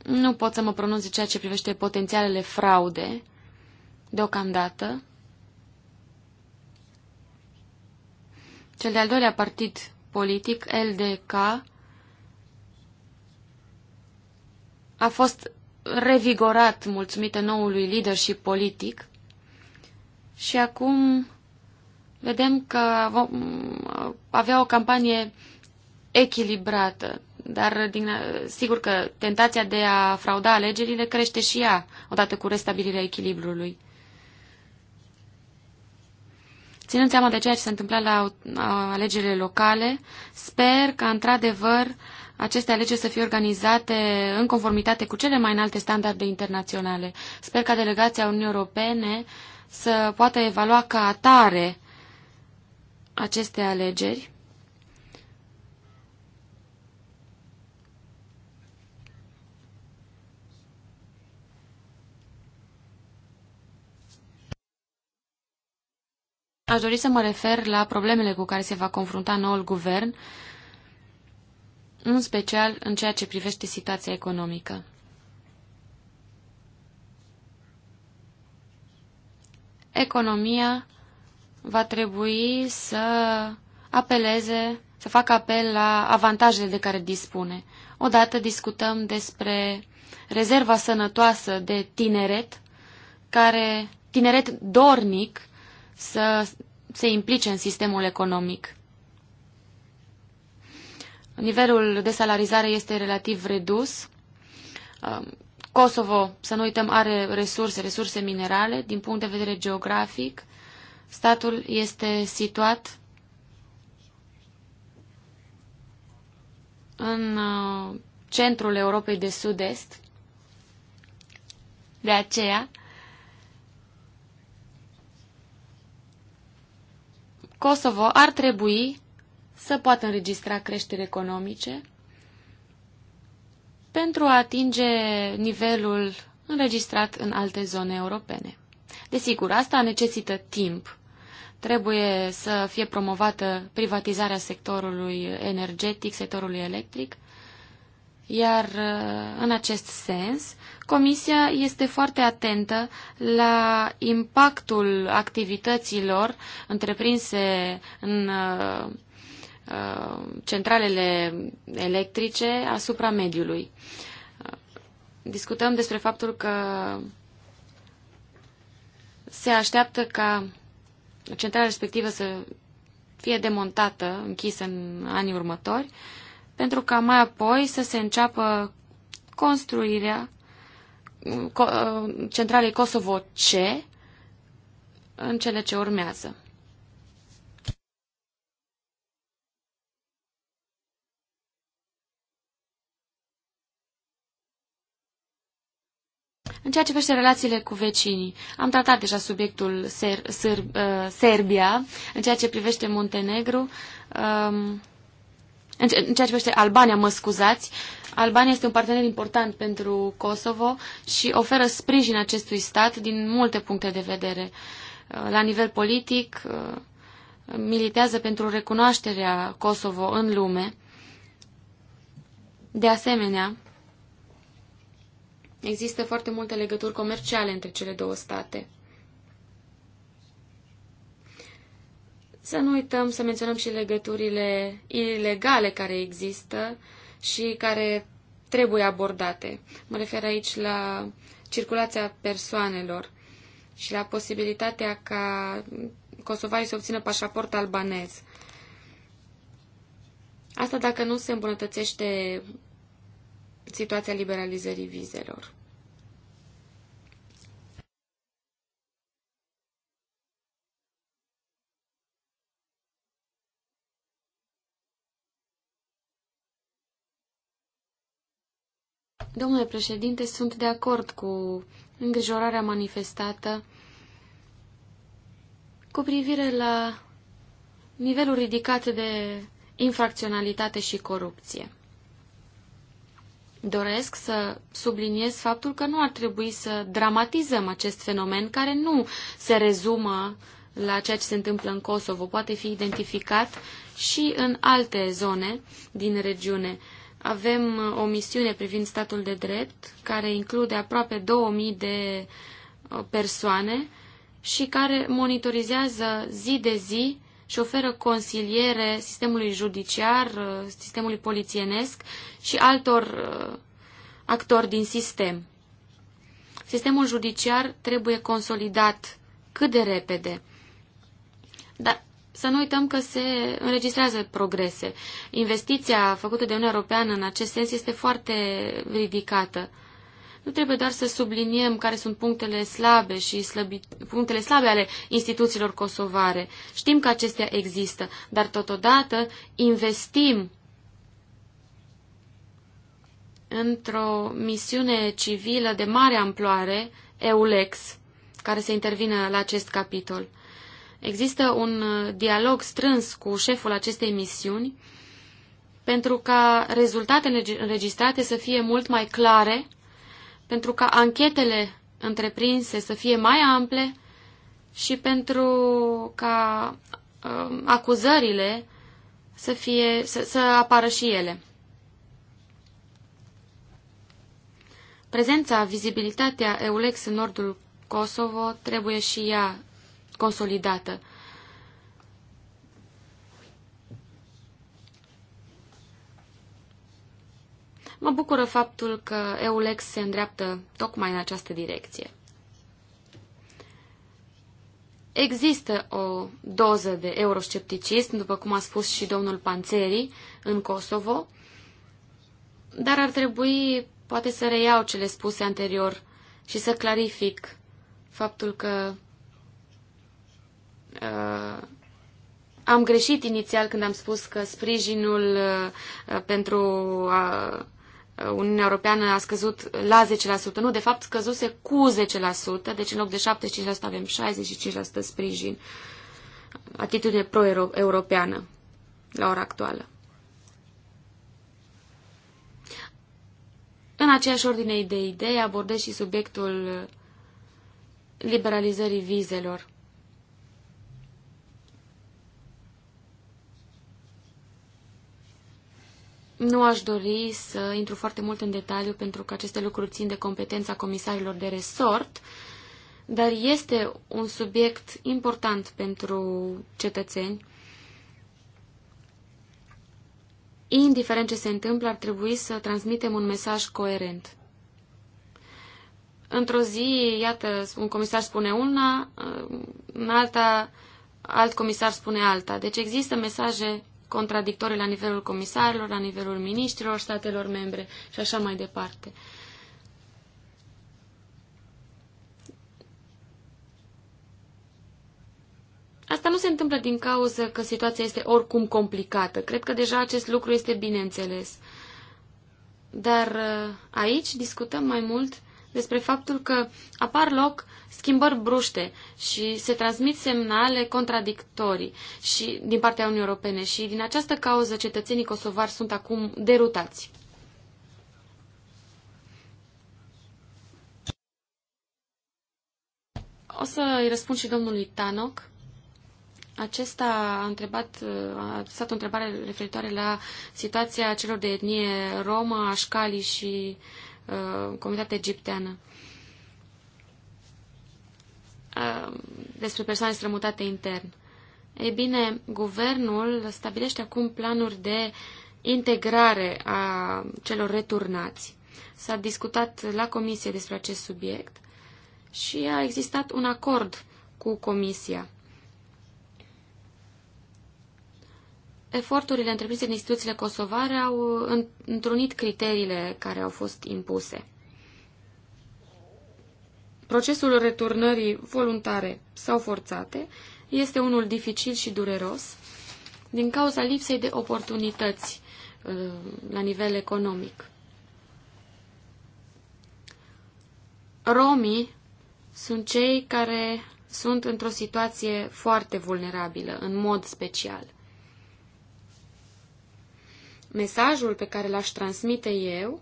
Nu pot să mă pronunț ceea ce privește potențialele fraude deocamdată. Cel de-al doilea partid politic, LDK, a fost revigorat mulțumită noului leadership politic și acum vedem că avea o campanie echilibrată, dar din, sigur că tentația de a frauda alegerile crește și ea odată cu restabilirea echilibrului. Ținând seama de ceea ce s-a întâmplat la alegerile locale, sper că, într-adevăr, aceste alegeri să fie organizate în conformitate cu cele mai înalte standarde internaționale. Sper ca delegația Uniunii Europene să poată evalua ca atare aceste alegeri. Aș dori să mă refer la problemele cu care se va confrunta noul guvern în special în ceea ce privește situația economică. Economia va trebui să apeleze, să facă apel la avantajele de care dispune. Odată discutăm despre rezerva sănătoasă de tineret, care tineret dornic să se implice în sistemul economic. Nivelul de salarizare este relativ redus. Um, Kosovo, să nu uităm, are resurse, resurse minerale. Din punct de vedere geografic, statul este situat în uh, centrul Europei de Sud-Est. De aceea, Kosovo ar trebui să poată înregistra creșteri economice pentru a atinge nivelul înregistrat în alte zone europene. Desigur, asta necesită timp. Trebuie să fie promovată privatizarea sectorului energetic, sectorului electric, iar uh, în acest sens, Comisia este foarte atentă la impactul activităților întreprinse în uh, Uh, centralele electrice asupra mediului. Uh, discutăm despre faptul că se așteaptă ca centrala respectivă să fie demontată, închisă în anii următori, pentru ca mai apoi să se înceapă construirea uh, centralei Kosovo C în cele ce urmează. În ceea ce privește relațiile cu vecinii, am tratat deja subiectul Ser Ser uh, Serbia, în ceea ce privește Muntenegru, um, în, ce în ceea ce privește Albania, mă scuzați, Albania este un partener important pentru Kosovo și oferă sprijin acestui stat din multe puncte de vedere. Uh, la nivel politic, uh, militează pentru recunoașterea Kosovo în lume. De asemenea, Există foarte multe legături comerciale între cele două state. Să nu uităm să menționăm și legăturile ilegale care există și care trebuie abordate. Mă refer aici la circulația persoanelor și la posibilitatea ca kosovarii să obțină pașaport albanez. Asta dacă nu se îmbunătățește situația liberalizării vizelor. Domnule președinte, sunt de acord cu îngrijorarea manifestată cu privire la nivelul ridicat de infracționalitate și corupție doresc să subliniez faptul că nu ar trebui să dramatizăm acest fenomen care nu se rezumă la ceea ce se întâmplă în Kosovo. Poate fi identificat și în alte zone din regiune. Avem uh, o misiune privind statul de drept, care include aproape 2000 de uh, persoane și care monitorizează zi de zi și oferă consiliere sistemului judiciar, uh, sistemului polițienesc și altor uh, actori din sistem. Sistemul judiciar trebuie consolidat cât de repede. Dar să nu uităm că se înregistrează progrese. Investiția făcută de Uniunea Europeană în acest sens este foarte ridicată. Nu trebuie doar să subliniem care sunt punctele slabe și slăbi, punctele slabe ale instituțiilor kosovare. Știm că acestea există, dar totodată investim într-o misiune civilă de mare amploare, EULEX, care se intervină la acest capitol. Există un dialog strâns cu șeful acestei misiuni pentru ca rezultatele înregistrate să fie mult mai clare pentru ca anchetele întreprinse să fie mai ample și pentru ca uh, acuzările să, fie, să, să apară și ele. Prezența, vizibilitatea EULEX în nordul Kosovo trebuie și ea consolidată. Mă bucură faptul că EULEX se îndreaptă tocmai în această direcție. Există o doză de euroscepticism, după cum a spus și domnul Panțeri, în Kosovo, dar ar trebui poate să reiau cele spuse anterior și să clarific faptul că uh, am greșit inițial când am spus că sprijinul uh, pentru uh, Uniunea Europeană a scăzut la 10%, nu, de fapt scăzuse cu 10%, deci în loc de 75% avem 65% sprijin, atitudine pro-europeană la ora actuală. În aceeași ordine de idei abordez și subiectul liberalizării vizelor. Nu aș dori să intru foarte mult în detaliu pentru că aceste lucruri țin de competența comisarilor de resort, dar este un subiect important pentru cetățeni. Indiferent ce se întâmplă, ar trebui să transmitem un mesaj coerent. Într-o zi, iată, un comisar spune una, în alta, alt comisar spune alta. Deci există mesaje contradictorii la nivelul comisarilor, la nivelul miniștrilor, statelor membre și așa mai departe. Asta nu se întâmplă din cauza că situația este oricum complicată. Cred că deja acest lucru este bine înțeles. Dar uh, aici discutăm mai mult despre faptul că apar loc schimbări bruște și se transmit semnale contradictorii și, din partea Uniunii Europene și din această cauză cetățenii kosovari sunt acum derutați. O să îi răspund și domnului Tanoc. Acesta a întrebat, a adresat o întrebare referitoare la situația celor de etnie romă, așcali și uh, Uh, comunitatea egipteană uh, despre persoane strămutate intern. Ei bine, guvernul stabilește acum planuri de integrare a celor returnați. S-a discutat la comisie despre acest subiect și a existat un acord cu comisia. eforturile întreprinse din instituțiile kosovare au întrunit criteriile care au fost impuse. Procesul returnării voluntare sau forțate este unul dificil și dureros din cauza lipsei de oportunități uh, la nivel economic. Romii sunt cei care sunt într-o situație foarte vulnerabilă, în mod special. Mesajul pe care l-aș transmite eu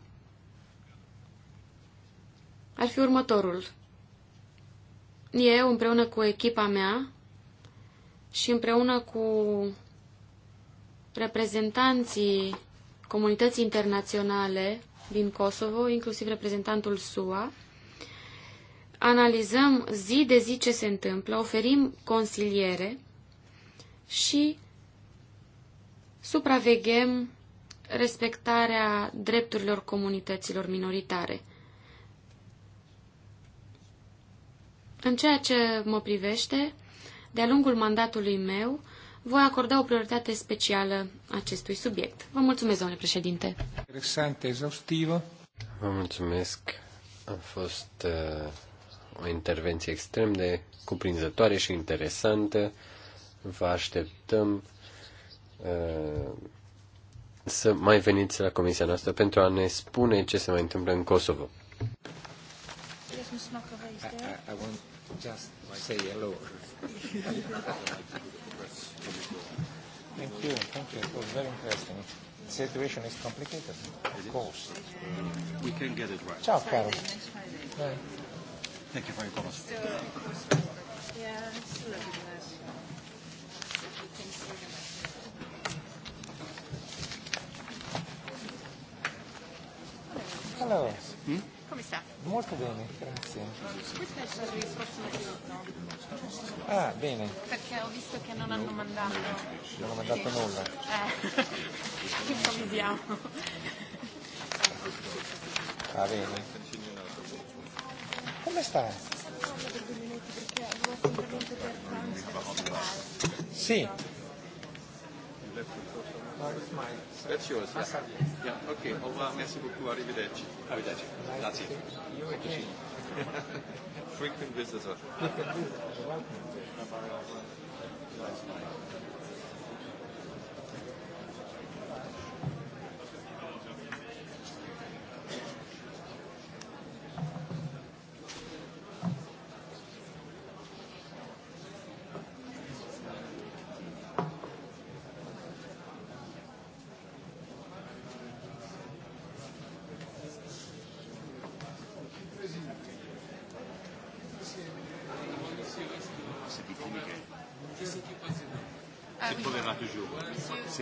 ar fi următorul. Eu, împreună cu echipa mea și împreună cu reprezentanții comunității internaționale din Kosovo, inclusiv reprezentantul SUA, analizăm zi de zi ce se întâmplă, oferim consiliere și supraveghem respectarea drepturilor comunităților minoritare. În ceea ce mă privește, de-a lungul mandatului meu, voi acorda o prioritate specială acestui subiect. Vă mulțumesc, domnule președinte. Interesant, exhaustivă. Vă mulțumesc. A fost uh, o intervenție extrem de cuprinzătoare și interesantă. Vă așteptăm uh, să mai veniți la comisia noastră pentru a ne spune ce se mai întâmplă în Kosovo. Thank you, thank you. It was very interesting. The situation is complicated, of course. We can get it right. Ciao, Carol. Bye. Thank you for your comments. Yeah, it's Hello. Hmm? Come sta? Molto bene, grazie. Questa è la risposta giorno. Ah, bene. Perché ho visto che non hanno mandato. Non hanno mandato nulla. Eh, improvvisiamo. Va ah, bene. Come sta? Sì. That's yours. Yeah. yeah. Okay. Au revoir. Merci beaucoup. Arrivederci. Arrivederci. Grazie. You again. Frequent visitor. Welcome.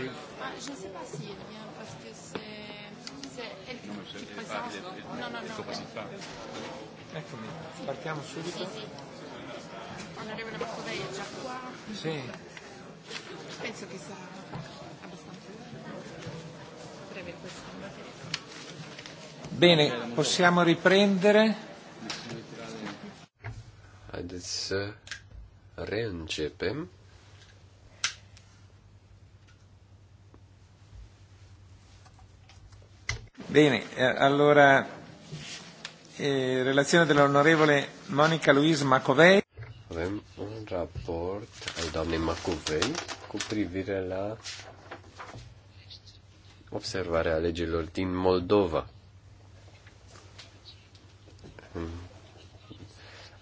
passé ah, Je ne sais pas si elle vient parce que c'est elle qui présente. non, non, non. Eccomi, partiamo subito. Sì, sì. Onorevole Maccovei è già qua. Sì. Penso che sarà abbastanza breve questa Bene, possiamo riprendere. Haideți să reîncepem. Bine, eh, allora e, eh, relazione dell'onorevole Monica Louise Macovei. Avem un raport al doamnei Macovei cu privire la observarea alegerilor din Moldova.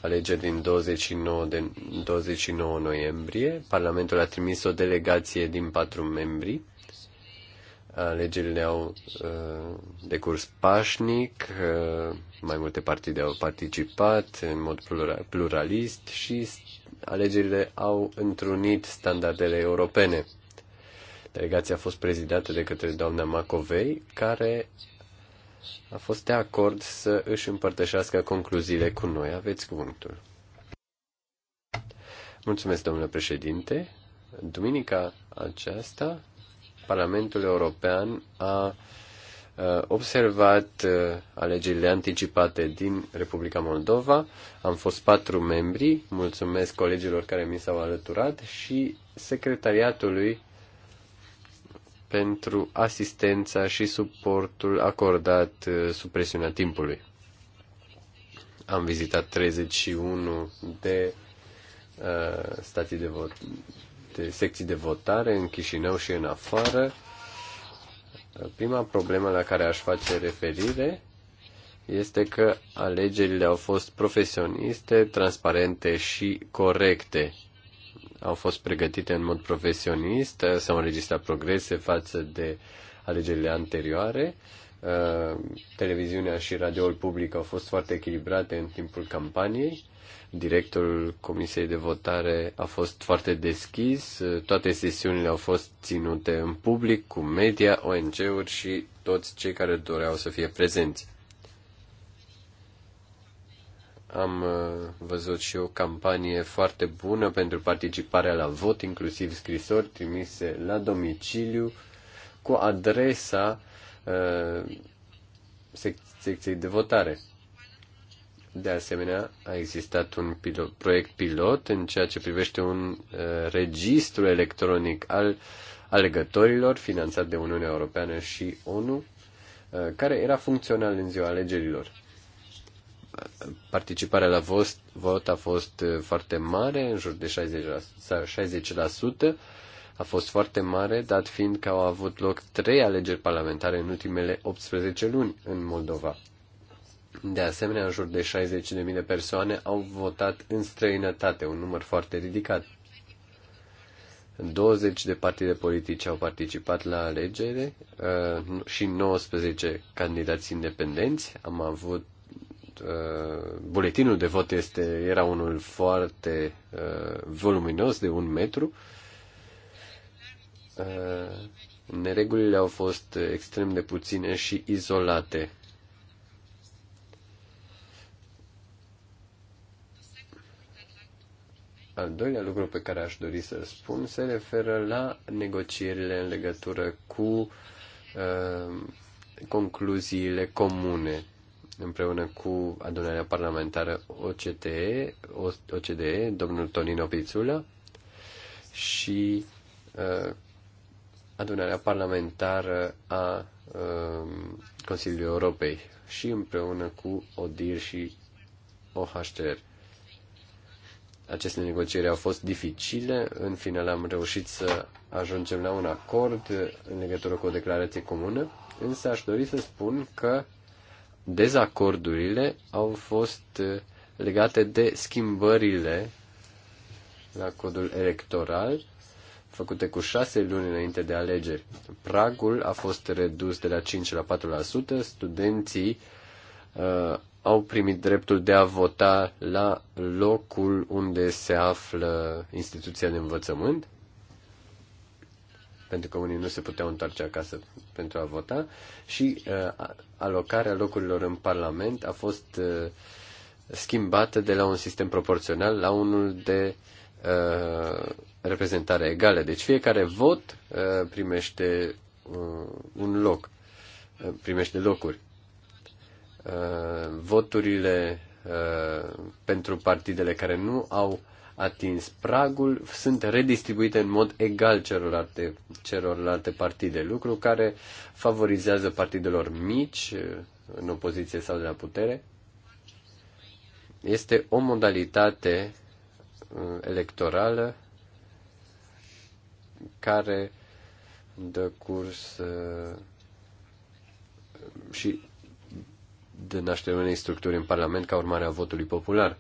Alegeri din 29, de, 29 noiembrie. Parlamentul a trimis o delegație din patru membri Alegerile au uh, decurs pașnic, uh, mai multe partide au participat în mod pluralist și alegerile au întrunit standardele europene. Delegația a fost prezidată de către doamna Macovei, care a fost de acord să își împărtășească concluziile cu noi. Aveți cuvântul. Mulțumesc, domnule președinte. Duminica aceasta Parlamentul European a observat alegerile anticipate din Republica Moldova. Am fost patru membri, mulțumesc colegilor care mi s-au alăturat și secretariatului pentru asistența și suportul acordat sub presiunea timpului. Am vizitat 31 de uh, stații de vot, de secții de votare în Chișinău și în afară. Prima problemă la care aș face referire este că alegerile au fost profesioniste, transparente și corecte. Au fost pregătite în mod profesionist, s-au înregistrat progrese față de alegerile anterioare. Uh, televiziunea și radioul public au fost foarte echilibrate în timpul campaniei Directorul Comisiei de Votare a fost foarte deschis, toate sesiunile au fost ținute în public cu media, ONG-uri și toți cei care doreau să fie prezenți. Am uh, văzut și o campanie foarte bună pentru participarea la vot, inclusiv scrisori trimise la domiciliu cu adresa uh, sec- secției de votare. De asemenea, a existat un pilot, proiect pilot în ceea ce privește un uh, registru electronic al alegătorilor finanțat de Uniunea Europeană și ONU, uh, care era funcțional în ziua alegerilor. Participarea la vot, vot a fost uh, foarte mare, în jur de 60%, 60%, a fost foarte mare, dat fiind că au avut loc trei alegeri parlamentare în ultimele 18 luni în Moldova de asemenea, în jur de 60.000 de persoane au votat în străinătate, un număr foarte ridicat. 20 de partide politice au participat la alegere uh, și 19 candidați independenți. Am avut uh, buletinul de vot este, era unul foarte uh, voluminos de un metru. Neregulile au fost extrem de puține și izolate Al doilea lucru pe care aș dori să-l spun se referă la negocierile în legătură cu uh, concluziile comune împreună cu adunarea parlamentară OCTE, OCDE, domnul Tonino Pițula și uh, adunarea parlamentară a uh, Consiliului Europei și împreună cu ODIR și OHCR. Aceste negocieri au fost dificile, în final am reușit să ajungem la un acord în legătură cu o declarație comună, însă aș dori să spun că dezacordurile au fost uh, legate de schimbările la codul electoral făcute cu șase luni înainte de alegeri. Pragul a fost redus de la 5 la 4%, studenții uh, au primit dreptul de a vota la locul unde se află instituția de învățământ, pentru că unii nu se puteau întoarce acasă pentru a vota, și uh, alocarea locurilor în Parlament a fost uh, schimbată de la un sistem proporțional la unul de uh, reprezentare egală. Deci fiecare vot uh, primește uh, un loc, uh, primește locuri. Uh, voturile uh, pentru partidele care nu au atins pragul sunt redistribuite în mod egal celorlalte, celorlalte partide, lucru care favorizează partidelor mici uh, în opoziție sau de la putere. Este o modalitate electorală care dă curs și de naștere unei structuri în Parlament ca urmare a votului popular.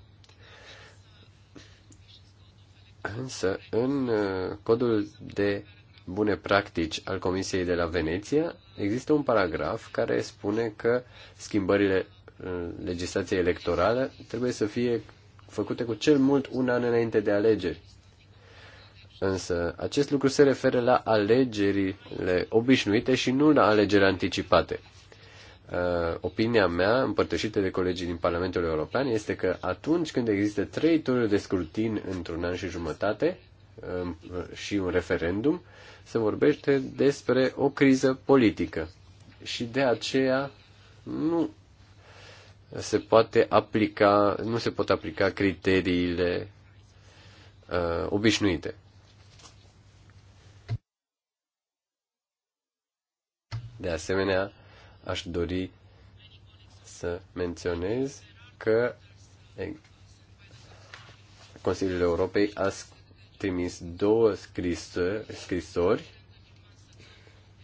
Însă, în uh, codul de bune practici al Comisiei de la Veneția, există un paragraf care spune că schimbările uh, legislației electorale trebuie să fie făcute cu cel mult un an înainte de alegeri. Însă, acest lucru se referă la alegerile obișnuite și nu la alegeri anticipate. Uh, opinia mea, împărtășită de colegii din Parlamentul European, este că atunci când există trei tururi de scrutin într-un an și jumătate um, și un referendum, se vorbește despre o criză politică. Și de aceea nu se poate aplica, nu se pot aplica criteriile uh, obișnuite. De asemenea, aș dori să menționez că Consiliul Europei a trimis două scrisori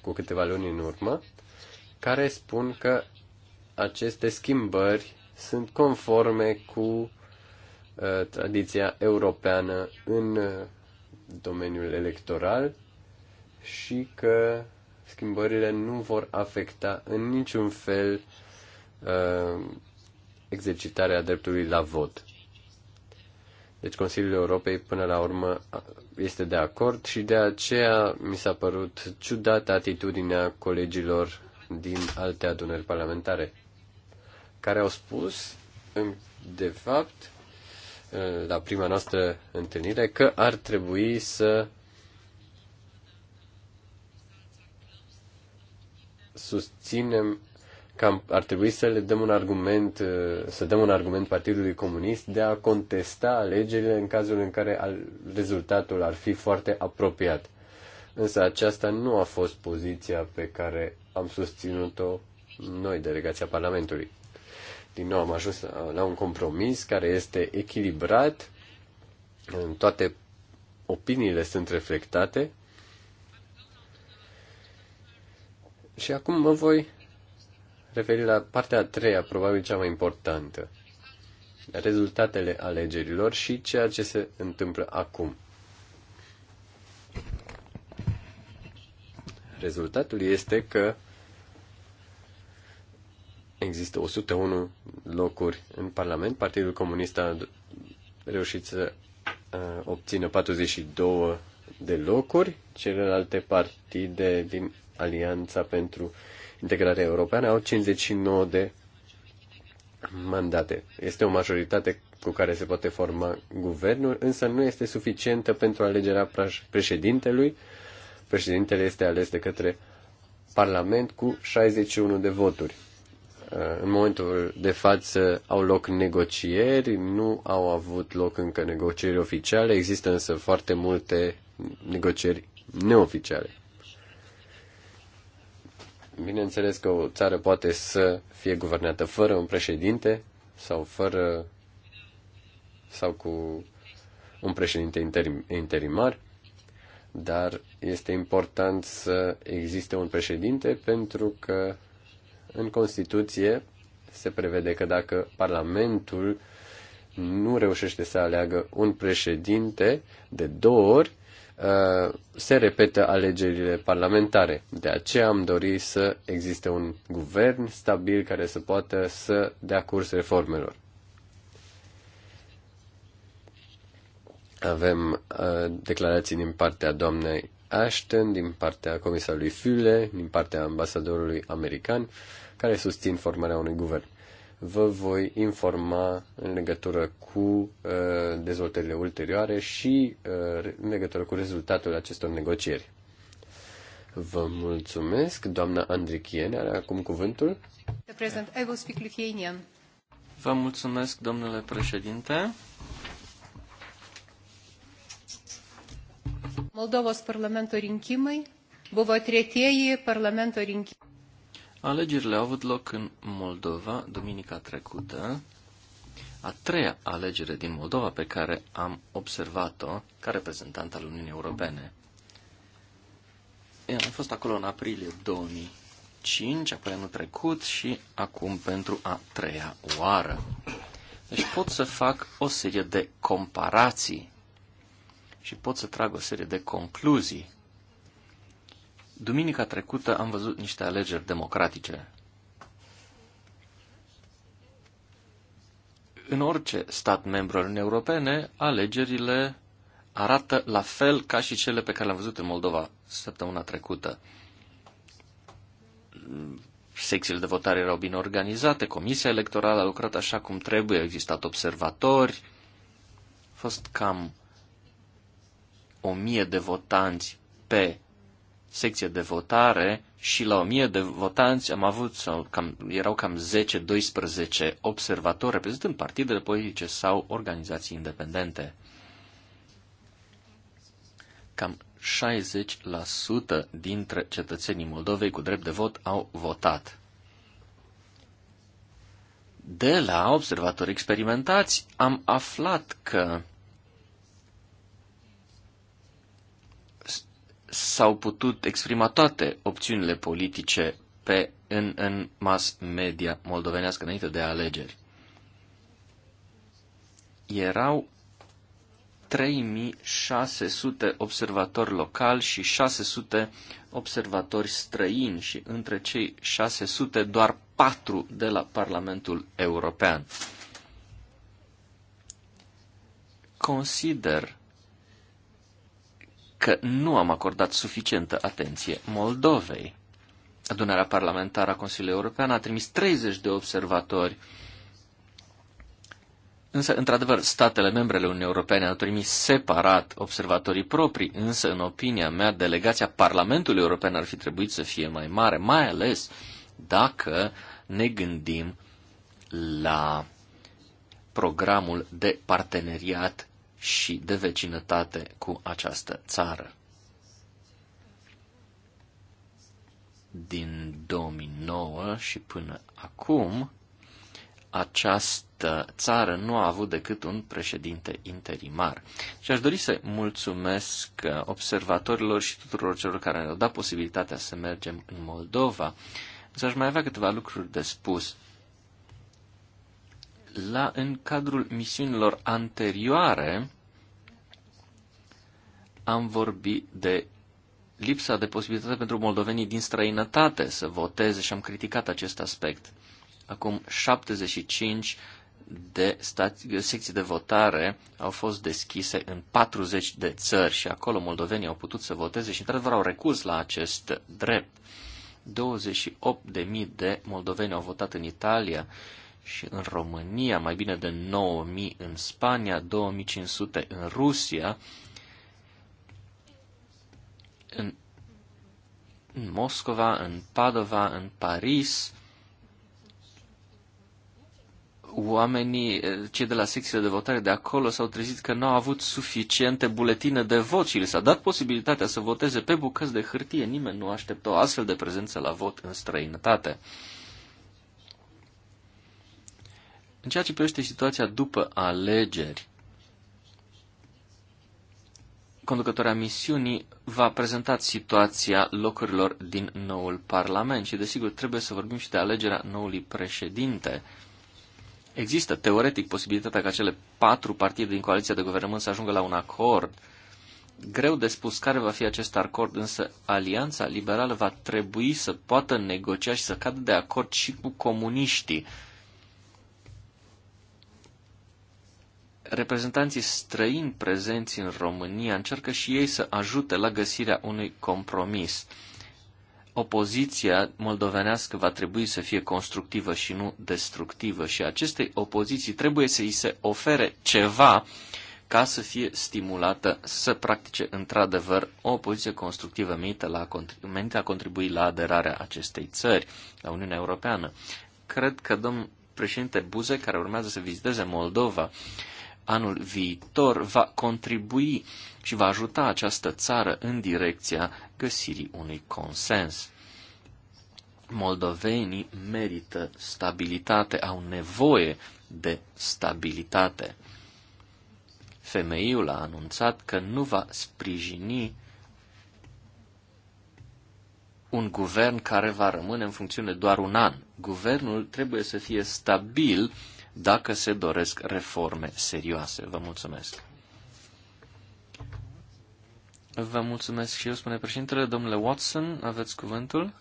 cu câteva luni în urmă care spun că aceste schimbări sunt conforme cu uh, tradiția europeană în uh, domeniul electoral și că Schimbările nu vor afecta în niciun fel uh, exercitarea dreptului la vot. Deci Consiliul Europei până la urmă este de acord și de aceea mi s-a părut ciudată atitudinea colegilor din alte adunări parlamentare care au spus, de fapt, uh, la prima noastră întâlnire, că ar trebui să susținem că ar trebui să le dăm un argument, uh, să dăm un argument Partidului Comunist de a contesta alegerile în cazul în care rezultatul ar fi foarte apropiat. Însă aceasta nu a fost poziția pe care am susținut-o noi, delegația Parlamentului. Din nou am ajuns la un compromis care este echilibrat, toate opiniile sunt reflectate Și acum mă voi referi la partea a treia, probabil cea mai importantă. Rezultatele alegerilor și ceea ce se întâmplă acum. Rezultatul este că există 101 locuri în Parlament. Partidul Comunist a reușit să obțină 42 de locuri, celelalte partide din Alianța pentru Integrare Europeană au 59 de mandate. Este o majoritate cu care se poate forma guvernul, însă nu este suficientă pentru alegerea președintelui. Președintele este ales de către Parlament cu 61 de voturi. Uh, în momentul de față au loc negocieri, nu au avut loc încă negocieri oficiale, există însă foarte multe negocieri neoficiale. Bineînțeles că o țară poate să fie guvernată fără un președinte sau fără sau cu un președinte interim, interimar, dar este important să existe un președinte pentru că în Constituție se prevede că dacă Parlamentul nu reușește să aleagă un președinte de două ori, Uh, se repetă alegerile parlamentare. De aceea am dorit să existe un guvern stabil care să poată să dea curs reformelor. Avem uh, declarații din partea doamnei Ashton, din partea comisarului Füle, din partea ambasadorului american, care susțin formarea unui guvern vă voi informa în legătură cu uh, dezvoltările ulterioare și uh, în legătură cu rezultatul acestor negocieri. Vă mulțumesc, doamna Andrichiene, are acum cuvântul. Present, I will speak Lithuanian. Vă mulțumesc, domnule președinte. Moldovos parlamento rinkimai buvo tretieji parlamento rinkimai. Alegerile au avut loc în Moldova duminica trecută, a treia alegere din Moldova pe care am observat-o ca reprezentant al Uniunii Europene. Am fost acolo în aprilie 2005, apoi anul trecut și acum pentru a treia oară. Deci pot să fac o serie de comparații și pot să trag o serie de concluzii Duminica trecută am văzut niște alegeri democratice. În orice stat membru al Uniunii Europene, alegerile arată la fel ca și cele pe care le-am văzut în Moldova săptămâna trecută. Secțiile de votare erau bine organizate, comisia electorală a lucrat așa cum trebuie, au existat observatori, a fost cam o mie de votanți pe secție de votare și la 1000 de votanți am avut, sau cam, erau cam 10-12 observatori reprezentând partidele politice sau organizații independente. Cam 60% dintre cetățenii Moldovei cu drept de vot au votat. De la observatori experimentați am aflat că s-au putut exprima toate opțiunile politice pe, în, în mass media moldovenească înainte de alegeri. Erau 3600 observatori locali și 600 observatori străini și între cei 600 doar 4 de la Parlamentul European. Consider că nu am acordat suficientă atenție Moldovei. Adunarea parlamentară a Consiliului European a trimis 30 de observatori. Însă, într-adevăr, statele membrele Uniunii Europene au trimis separat observatorii proprii, însă, în opinia mea, delegația Parlamentului European ar fi trebuit să fie mai mare, mai ales dacă ne gândim la programul de parteneriat și de vecinătate cu această țară. Din 2009 și până acum, această țară nu a avut decât un președinte interimar. Și aș dori să mulțumesc observatorilor și tuturor celor care ne-au dat posibilitatea să mergem în Moldova. Însă aș mai avea câteva lucruri de spus la, în cadrul misiunilor anterioare am vorbit de lipsa de posibilitate pentru moldovenii din străinătate să voteze și am criticat acest aspect. Acum 75 de stați, secții de votare au fost deschise în 40 de țări și acolo moldovenii au putut să voteze și într-adevăr au recurs la acest drept. 28.000 de moldoveni au votat în Italia și în România, mai bine de 9000 în Spania, 2500 în Rusia, în, în Moscova, în Padova, în Paris, oamenii, cei de la secțiile de votare de acolo s-au trezit că nu au avut suficiente buletine de vot și le s-a dat posibilitatea să voteze pe bucăți de hârtie. Nimeni nu aștepta o astfel de prezență la vot în străinătate. În ceea ce privește situația după alegeri, conducătoarea misiunii va prezenta situația locurilor din noul Parlament și, desigur, trebuie să vorbim și de alegerea noului președinte. Există, teoretic, posibilitatea ca cele patru partide din coaliția de guvernământ să ajungă la un acord. Greu de spus care va fi acest acord, însă Alianța Liberală va trebui să poată negocia și să cadă de acord și cu comuniștii reprezentanții străini prezenți în România încearcă și ei să ajute la găsirea unui compromis. Opoziția moldovenească va trebui să fie constructivă și nu destructivă și acestei opoziții trebuie să îi se ofere ceva ca să fie stimulată să practice într-adevăr o poziție constructivă menită, la, menită a contribui la aderarea acestei țări la Uniunea Europeană. Cred că domnul președinte Buze, care urmează să viziteze Moldova, anul viitor va contribui și va ajuta această țară în direcția găsirii unui consens. Moldovenii merită stabilitate, au nevoie de stabilitate. Femeiul a anunțat că nu va sprijini un guvern care va rămâne în funcțiune doar un an. Guvernul trebuie să fie stabil dacă se doresc reforme serioase. Vă mulțumesc. Vă mulțumesc și eu, spune președintele. Domnule Watson, aveți cuvântul?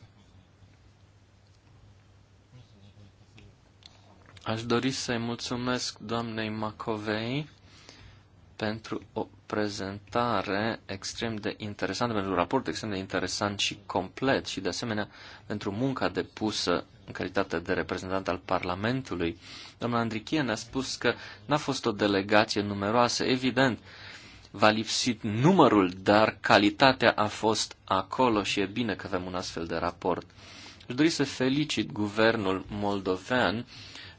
Aș dori să-i mulțumesc doamnei Macovei pentru o prezentare extrem de interesantă, pentru un raport extrem de interesant și complet și, de asemenea, pentru munca depusă în calitate de reprezentant al Parlamentului. Doamna Andrichie ne-a spus că n-a fost o delegație numeroasă, evident, va lipsit numărul, dar calitatea a fost acolo și e bine că avem un astfel de raport. Aș dori să felicit guvernul moldovean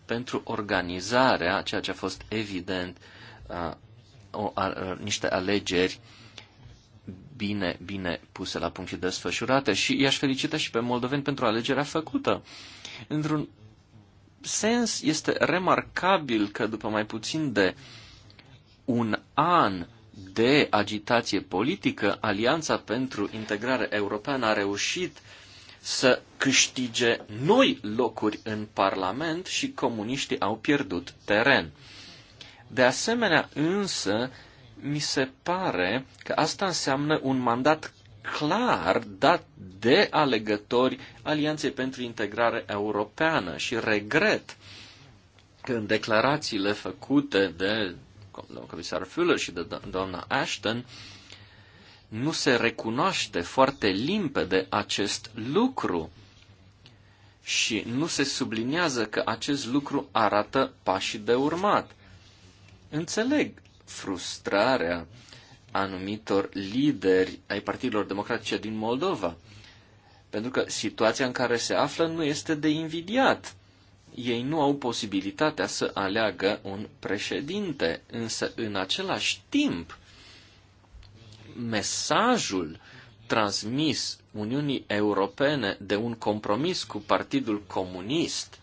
pentru organizarea, ceea ce a fost evident, a, o, a, a, niște alegeri bine, bine puse la punct și desfășurate și i-aș felicita și pe moldoveni pentru alegerea făcută. Într-un sens, este remarcabil că după mai puțin de un an de agitație politică, Alianța pentru Integrare Europeană a reușit să câștige noi locuri în Parlament și comuniștii au pierdut teren. De asemenea, însă, mi se pare că asta înseamnă un mandat clar dat de alegători Alianței pentru Integrare Europeană și regret că în declarațiile făcute de domnul comisar Fuller și de doamna Ashton nu se recunoaște foarte limpede acest lucru și nu se subliniază că acest lucru arată pașii de urmat. Înțeleg frustrarea anumitor lideri ai partidelor democratice din Moldova. Pentru că situația în care se află nu este de invidiat. Ei nu au posibilitatea să aleagă un președinte, însă în același timp mesajul transmis Uniunii Europene de un compromis cu Partidul Comunist,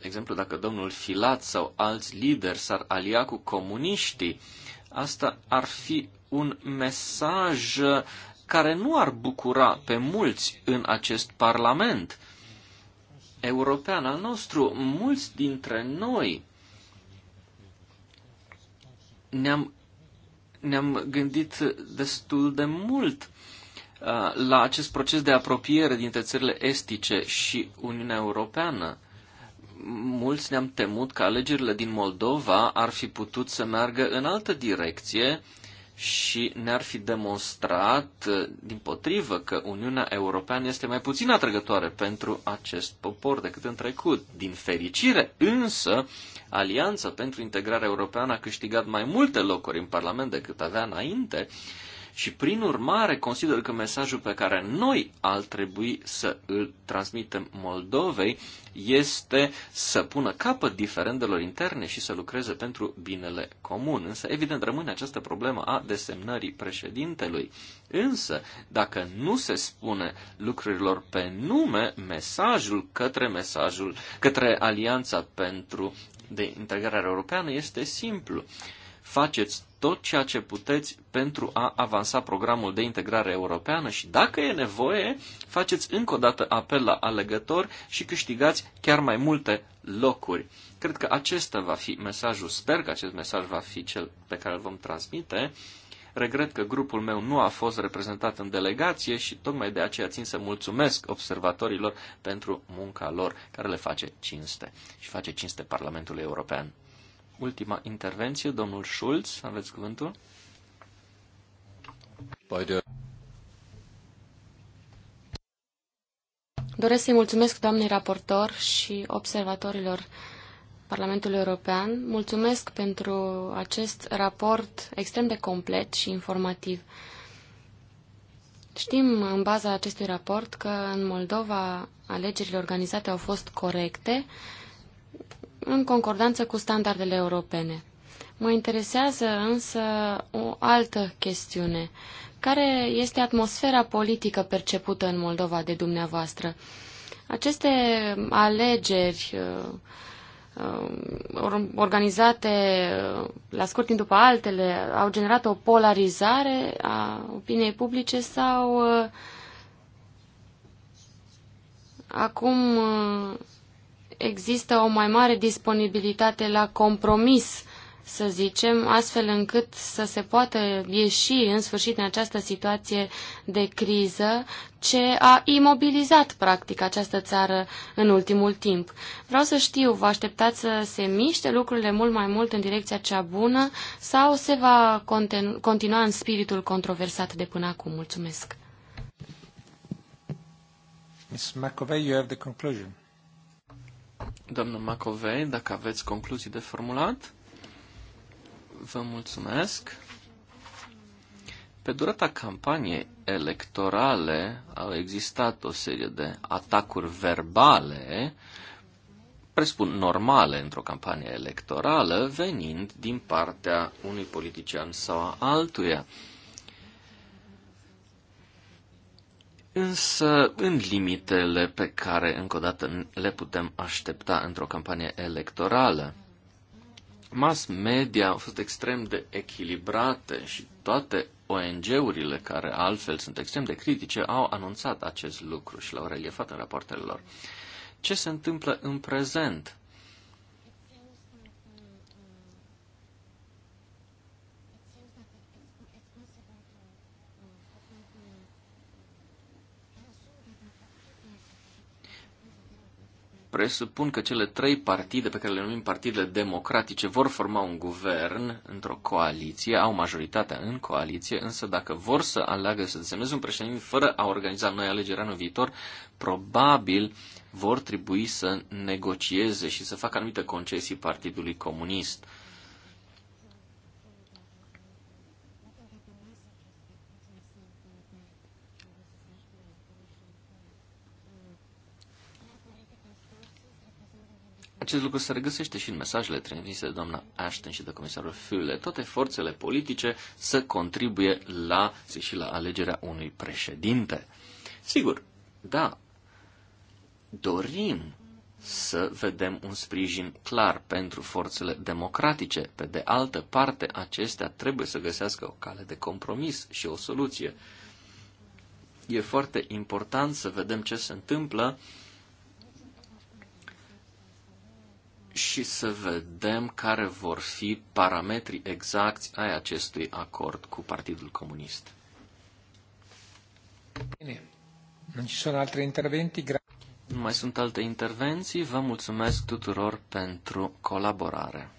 exemplu, dacă domnul Filat sau alți lideri s-ar alia cu comuniștii, Asta ar fi un mesaj uh, care nu ar bucura pe mulți în acest Parlament european al nostru. Mulți dintre noi ne-am, ne-am gândit destul de mult uh, la acest proces de apropiere dintre țările estice și Uniunea Europeană mulți ne-am temut că alegerile din Moldova ar fi putut să meargă în altă direcție și ne-ar fi demonstrat, din potrivă, că Uniunea Europeană este mai puțin atrăgătoare pentru acest popor decât în trecut. Din fericire, însă, Alianța pentru Integrarea Europeană a câștigat mai multe locuri în Parlament decât avea înainte și prin urmare consider că mesajul pe care noi ar trebui să îl transmitem Moldovei este să pună capăt diferendelor interne și să lucreze pentru binele comun. Însă, evident, rămâne această problemă a desemnării președintelui. Însă, dacă nu se spune lucrurilor pe nume, mesajul către mesajul, către Alianța pentru de integrare europeană este simplu. Faceți tot ceea ce puteți pentru a avansa programul de integrare europeană și, dacă e nevoie, faceți încă o dată apel la alegător și câștigați chiar mai multe locuri. Cred că acesta va fi mesajul, sper că acest mesaj va fi cel pe care îl vom transmite. Regret că grupul meu nu a fost reprezentat în delegație și tocmai de aceea țin să mulțumesc observatorilor pentru munca lor, care le face cinste și face cinste Parlamentului European ultima intervenție, domnul Schulz, aveți cuvântul. Doresc să-i mulțumesc doamnei raportor și observatorilor Parlamentului European. Mulțumesc pentru acest raport extrem de complet și informativ. Știm în baza acestui raport că în Moldova alegerile organizate au fost corecte, în concordanță cu standardele europene. Mă interesează însă o altă chestiune. Care este atmosfera politică percepută în Moldova de dumneavoastră? Aceste alegeri uh, uh, organizate uh, la scurt timp după altele au generat o polarizare a opiniei publice sau acum există o mai mare disponibilitate la compromis, să zicem, astfel încât să se poată ieși în sfârșit în această situație de criză ce a imobilizat practic această țară în ultimul timp. Vreau să știu, vă așteptați să se miște lucrurile mult mai mult în direcția cea bună sau se va continua în spiritul controversat de până acum? Mulțumesc! Ms. McAvey, you have the conclusion. Doamnă Macovei, dacă aveți concluzii de formulat, vă mulțumesc. Pe durata campaniei electorale au existat o serie de atacuri verbale, presupun normale într-o campanie electorală, venind din partea unui politician sau a altuia. însă în limitele pe care, încă o dată, le putem aștepta într-o campanie electorală. Mass media au fost extrem de echilibrate și toate ONG-urile care altfel sunt extrem de critice au anunțat acest lucru și l-au reliefat în rapoartele lor. Ce se întâmplă în prezent? presupun că cele trei partide pe care le numim partidele democratice vor forma un guvern într-o coaliție, au majoritatea în coaliție, însă dacă vor să aleagă să desemneze un președinte fără a organiza noi alegeri anul viitor, probabil vor trebui să negocieze și să facă anumite concesii Partidului Comunist. Acest lucru se regăsește și în mesajele trimise de doamna Ashton și de comisarul Füle. Toate forțele politice să contribuie la și la alegerea unui președinte. Sigur, da, dorim să vedem un sprijin clar pentru forțele democratice. Pe de altă parte, acestea trebuie să găsească o cale de compromis și o soluție. E foarte important să vedem ce se întâmplă uh, și să vedem care vor fi parametrii exacti ai acestui acord cu Partidul Comunist. Bine. Nu sunt alte intervenții. Nu mai sunt alte intervenții. Vă mulțumesc tuturor pentru colaborare.